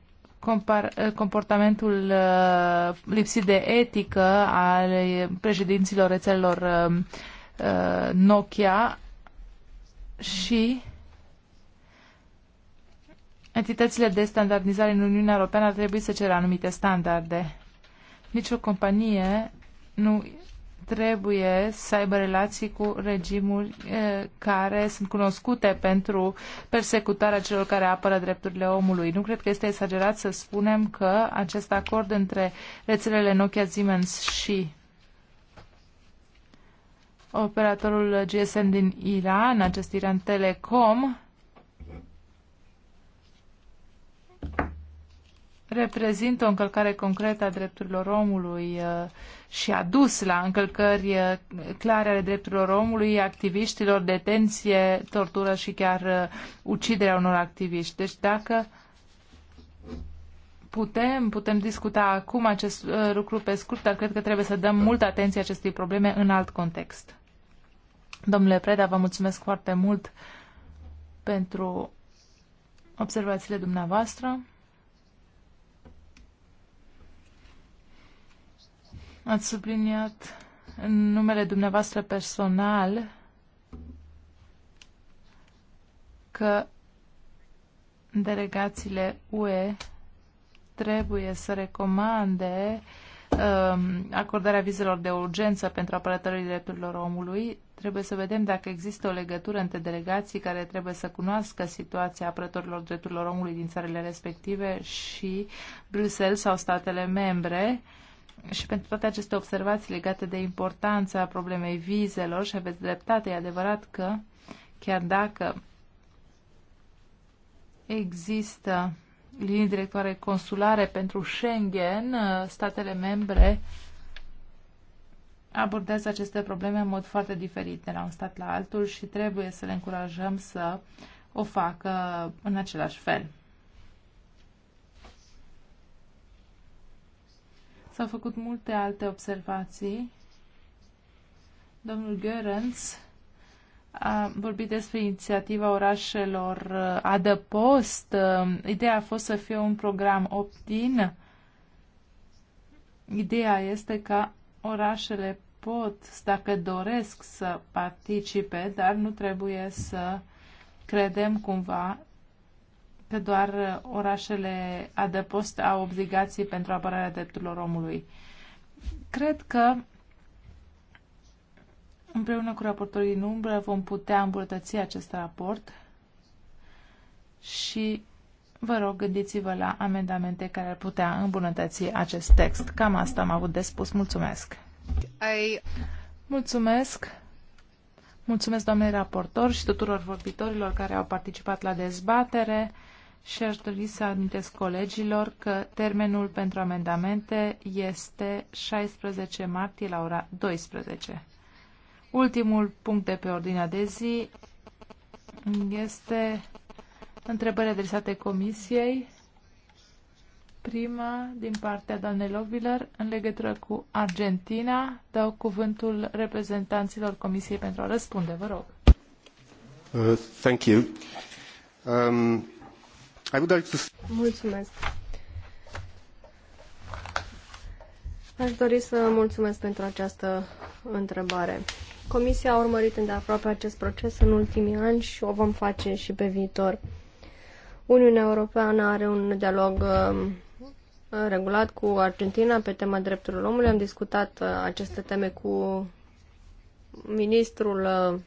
comportamentul uh, lipsit de etică al președinților rețelelor uh, uh, Nokia și entitățile de standardizare în Uniunea Europeană ar trebui să ceră anumite standarde Nicio companie nu trebuie să aibă relații cu regimuri care sunt cunoscute pentru persecutarea celor care apără drepturile omului. Nu cred că este exagerat să spunem că acest acord între rețelele Nokia Siemens și operatorul GSM din Iran, acest Iran Telecom, reprezintă o încălcare concretă a drepturilor omului uh, și a dus la încălcări uh, clare ale drepturilor omului, activiștilor, detenție, tortură și chiar uh, uciderea unor activiști. Deci dacă putem, putem discuta acum acest lucru pe scurt, dar cred că trebuie să dăm multă atenție acestei probleme în alt context. Domnule Preda, vă mulțumesc foarte mult pentru observațiile dumneavoastră. Ați subliniat în numele dumneavoastră personal că delegațiile UE trebuie să recomande um, acordarea vizelor de urgență pentru apărătorii drepturilor omului. Trebuie să vedem dacă există o legătură între delegații care trebuie să cunoască situația apărătorilor drepturilor omului din țările respective și Bruxelles sau statele membre. Uh, și pentru toate aceste observații legate de importanța problemei vizelor și aveți dreptate, e adevărat că chiar dacă există linii directoare consulare pentru Schengen, ă, statele membre abordează aceste probleme în mod foarte diferit de la un stat la altul și trebuie să le încurajăm să o facă în același fel. S-au făcut multe alte observații. Domnul Görens a vorbit despre inițiativa orașelor adăpost. Ideea a fost să fie un program opt-in. Ideea este ca orașele pot, dacă doresc să participe, dar nu trebuie să credem cumva că doar orașele adăpost au obligații pentru apărarea drepturilor omului. Cred că împreună cu raportorii din umbră vom putea îmbunătăți acest raport și vă rog gândiți-vă la amendamente care ar putea îmbunătăți acest text. Cam asta am avut de spus. Mulțumesc! I... Mulțumesc! Mulțumesc, doamnei raportor și tuturor vorbitorilor care au participat la dezbatere și aș dori să amintesc colegilor că termenul pentru amendamente este 16 martie la ora 12. Ultimul punct de pe ordinea de zi este întrebări adresate Comisiei. Prima din partea doamnei Lovilor în legătură cu Argentina. Dau cuvântul reprezentanților Comisiei pentru a răspunde. Vă rog. Uh, thank you. Um, I would like to... Mulțumesc. Aș dori să mulțumesc pentru această întrebare. Comisia a urmărit îndeaproape acest proces în ultimii ani și o vom face și pe viitor. Uniunea Europeană are un dialog um, regulat cu Argentina pe tema drepturilor omului. Am discutat uh, aceste teme cu ministrul uh,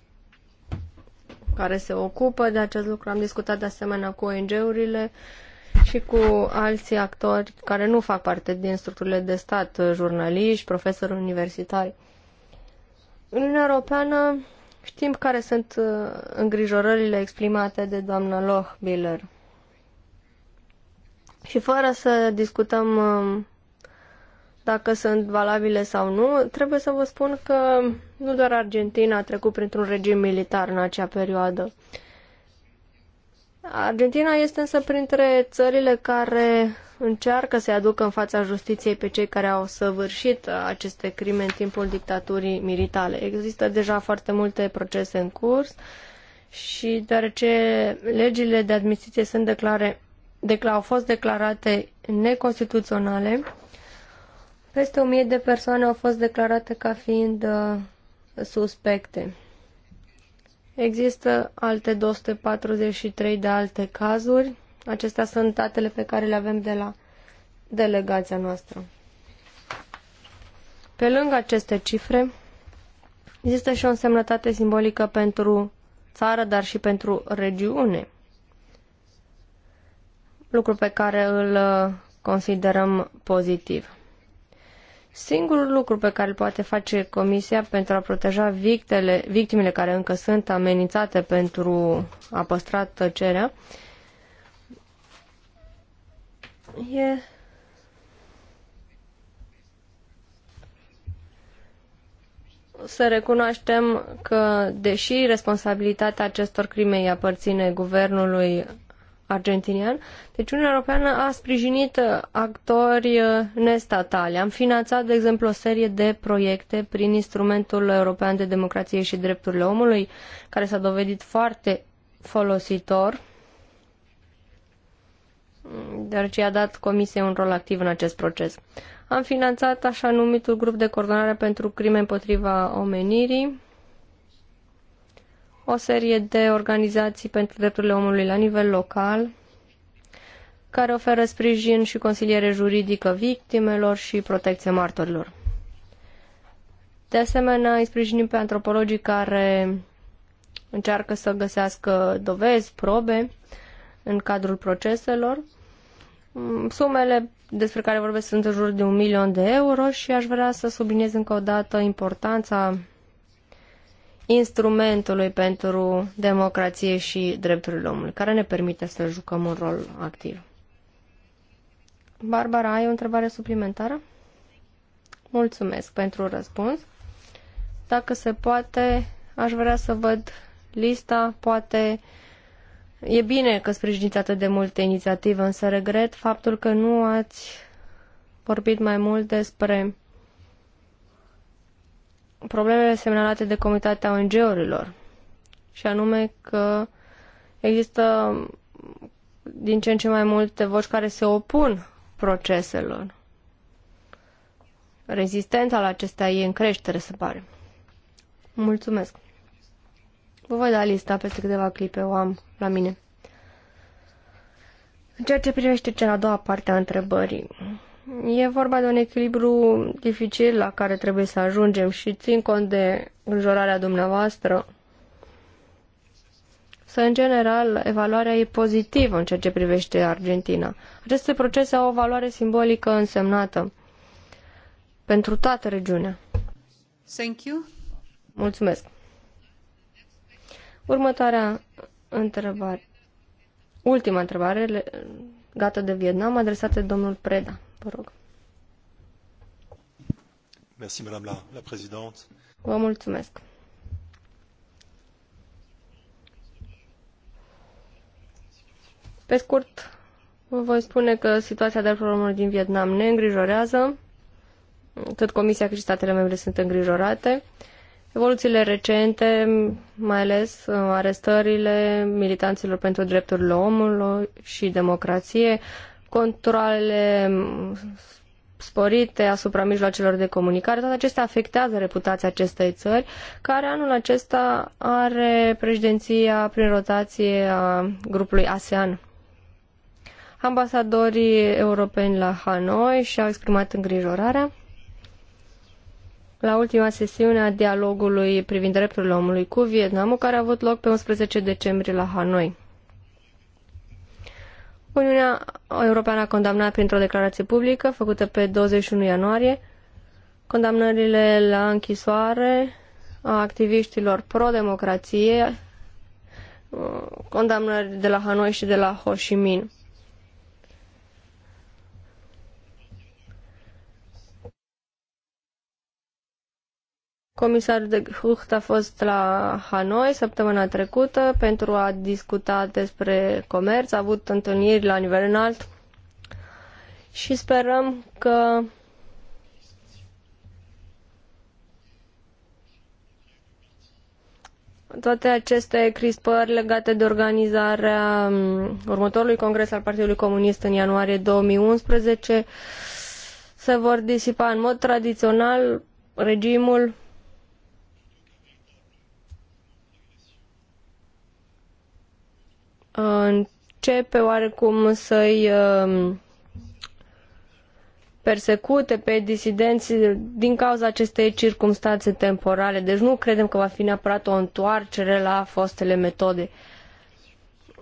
care se ocupă de acest lucru. Am discutat de asemenea cu ONG-urile și cu alții actori care nu fac parte din structurile de stat, jurnaliști, profesori universitari. În Uniunea Europeană știm care sunt uh, îngrijorările exprimate de doamna Lochbiller. Și fără să discutăm um, dacă sunt valabile sau nu, trebuie să vă spun că nu doar Argentina a trecut printr-un regim militar în acea perioadă. Argentina este însă printre țările care încearcă să-i aducă în fața justiției pe cei care au săvârșit aceste crime în timpul dictaturii militare. Există deja foarte multe procese în curs și deoarece legile de admisie sunt declare, decla, au fost declarate neconstituționale, peste 1000 de persoane au fost declarate ca fiind uh, suspecte. Există alte 243 de alte cazuri. Acestea sunt datele pe care le avem de la delegația noastră. Pe lângă aceste cifre, există și o însemnătate simbolică pentru țară, dar și pentru regiune. Lucru pe care îl uh, considerăm pozitiv. Singurul lucru pe care îl poate face Comisia pentru a proteja victele, victimele care încă sunt amenințate pentru a păstra tăcerea e să recunoaștem că, deși responsabilitatea acestor crime îi aparține guvernului argentinian. Deci Uniunea Europeană a sprijinit uh, actori uh, nestatali. Am finanțat, de exemplu, o serie de proiecte prin instrumentul european de democrație și drepturile omului, care s-a dovedit foarte folositor, deoarece i-a dat Comisiei un rol activ în acest proces. Am finanțat așa numitul grup de coordonare pentru crime împotriva omenirii, o serie de organizații pentru drepturile omului la nivel local, care oferă sprijin și consiliere juridică victimelor și protecție martorilor. De asemenea, îi sprijinim pe antropologii care încearcă să găsească dovezi, probe în cadrul proceselor. Sumele despre care vorbesc sunt în jur de un milion de euro și aș vrea să subliniez încă o dată importanța instrumentului pentru democrație și drepturile omului, care ne permite să jucăm un rol activ. Barbara, ai o întrebare suplimentară? Mulțumesc pentru răspuns. Dacă se poate, aș vrea să văd lista, poate... E bine că sprijiniți atât de multe inițiative, însă regret faptul că nu ați vorbit mai mult despre problemele semnalate de Comitatea ONG-urilor, și anume că există din ce în ce mai multe voci care se opun proceselor. Rezistența la acestea e în creștere, se pare. Mulțumesc. Vă voi da lista peste câteva clipe, o am la mine. În ceea ce privește cea a doua parte a întrebării, E vorba de un echilibru dificil la care trebuie să ajungem și țin cont de înjurarea dumneavoastră. Să, în general, evaluarea e pozitivă în ceea ce privește Argentina. Aceste procese au o valoare simbolică însemnată pentru toată regiunea. Thank you. Mulțumesc. Următoarea întrebare. Ultima întrebare, gata de Vietnam, adresată de domnul Preda. Vă rog. Merci, madame la, la présidente. Vă mulțumesc. Pe scurt, vă voi spune că situația drepturilor din Vietnam ne îngrijorează. Tot Comisia cât și statele membre sunt îngrijorate. Evoluțiile recente, mai ales arestările militanților pentru drepturile omului și democrație, controlele sporite asupra mijloacelor de comunicare, toate acestea afectează reputația acestei țări, care anul acesta are președinția prin rotație a grupului ASEAN. Ambasadorii europeni la Hanoi și-au exprimat îngrijorarea la ultima sesiune a dialogului privind drepturile omului cu Vietnamul, care a avut loc pe 11 decembrie la Hanoi. Uniunea Europeană a condamnat printr-o declarație publică făcută pe 21 ianuarie condamnările la închisoare a activiștilor pro-democrație, uh, condamnări de la Hanoi și de la Ho Chi Minh. Comisarul de Hucht a fost la Hanoi săptămâna trecută pentru a discuta despre comerț, a avut întâlniri la nivel înalt și sperăm că toate aceste crispări legate de organizarea mm, următorului congres al Partidului Comunist în ianuarie 2011 se vor disipa în mod tradițional regimul Uh, începe oarecum să-i uh, persecute pe disidenți din cauza acestei circumstanțe temporale. Deci nu credem că va fi neapărat o întoarcere la fostele metode.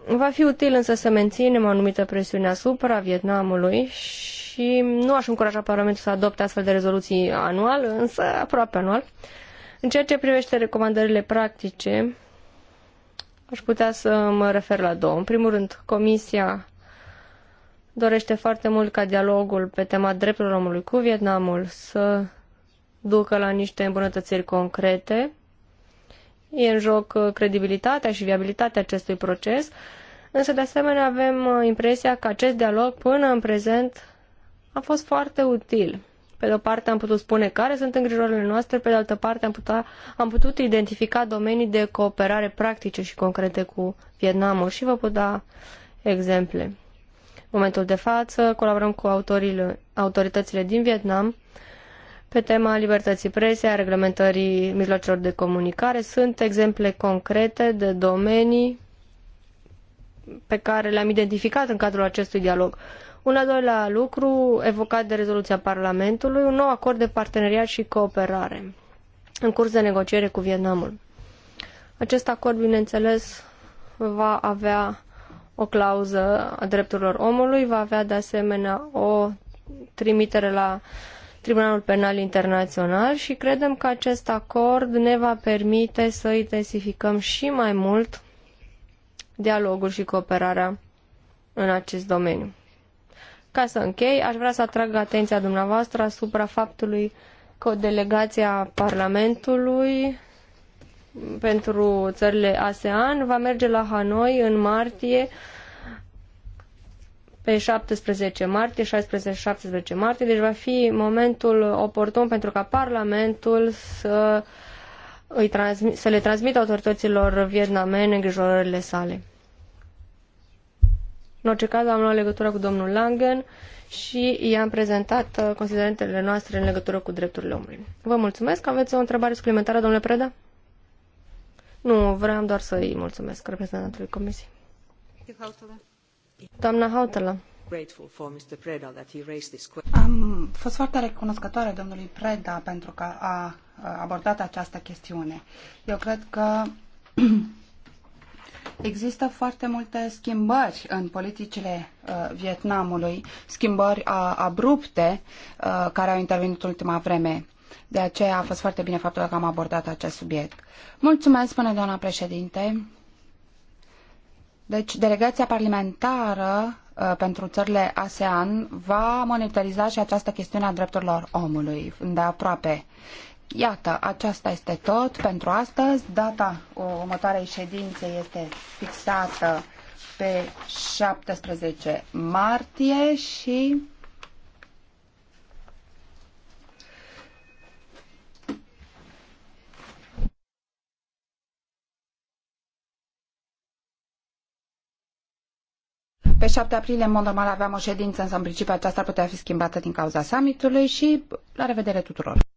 Va fi util însă să menținem o anumită presiune asupra Vietnamului și nu aș încuraja Parlamentul să adopte astfel de rezoluții anual, însă aproape anual. În ceea ce privește recomandările practice, aș putea să mă refer la două. În primul rând, Comisia dorește foarte mult ca dialogul pe tema drepturilor omului cu Vietnamul să ducă la niște îmbunătățiri concrete. E în joc uh, credibilitatea și viabilitatea acestui proces, însă de asemenea avem uh, impresia că acest dialog până în prezent a fost foarte util pe de o parte am putut spune care sunt îngrijorările noastre, pe de altă parte am, putea, am putut identifica domenii de cooperare practice și concrete cu Vietnamul și vă pot da exemple. În momentul de față colaborăm cu autorile, autoritățile din Vietnam pe tema libertății presei, a reglementării mijloacelor de comunicare. Sunt exemple concrete de domenii pe care le-am identificat în cadrul acestui dialog. Un al doilea lucru evocat de rezoluția Parlamentului, un nou acord de parteneriat și cooperare în curs de negociere cu Vietnamul. Acest acord, bineînțeles, va avea o clauză a drepturilor omului, va avea de asemenea o trimitere la Tribunalul Penal Internațional și credem că acest acord ne va permite să intensificăm și mai mult dialogul și cooperarea în acest domeniu. Ca să închei, aș vrea să atrag atenția dumneavoastră asupra faptului că o delegație a Parlamentului pentru țările ASEAN va merge la Hanoi în martie pe 17 martie, 16-17 martie, deci va fi momentul oportun pentru ca Parlamentul să, îi transmi, să le transmită autorităților vietnamene îngrijorările sale. În orice caz am luat legătura cu domnul Langen și i-am prezentat uh, considerentele noastre în legătură cu drepturile omului. Vă mulțumesc. Aveți o întrebare suplimentară, domnule Preda? Nu, vreau doar să i mulțumesc reprezentantului comisiei. Doamna Hautala. Am fost foarte recunoscătoare domnului Preda pentru că a abordat această chestiune. Eu cred că Există foarte multe schimbări în politicile uh, Vietnamului, schimbări uh, abrupte uh, care au intervenit ultima vreme. De aceea a fost foarte bine faptul că am abordat acest subiect. Mulțumesc, spune doamna președinte. Deci, delegația parlamentară uh, pentru țările ASEAN va monitoriza și această chestiune a drepturilor omului de aproape. Iată, aceasta este tot pentru astăzi. Data următoarei ședințe este fixată pe 17 martie și Pe 7 aprilie, în mod normal, aveam o ședință, însă în principiu aceasta putea fi schimbată din cauza summitului și la revedere tuturor!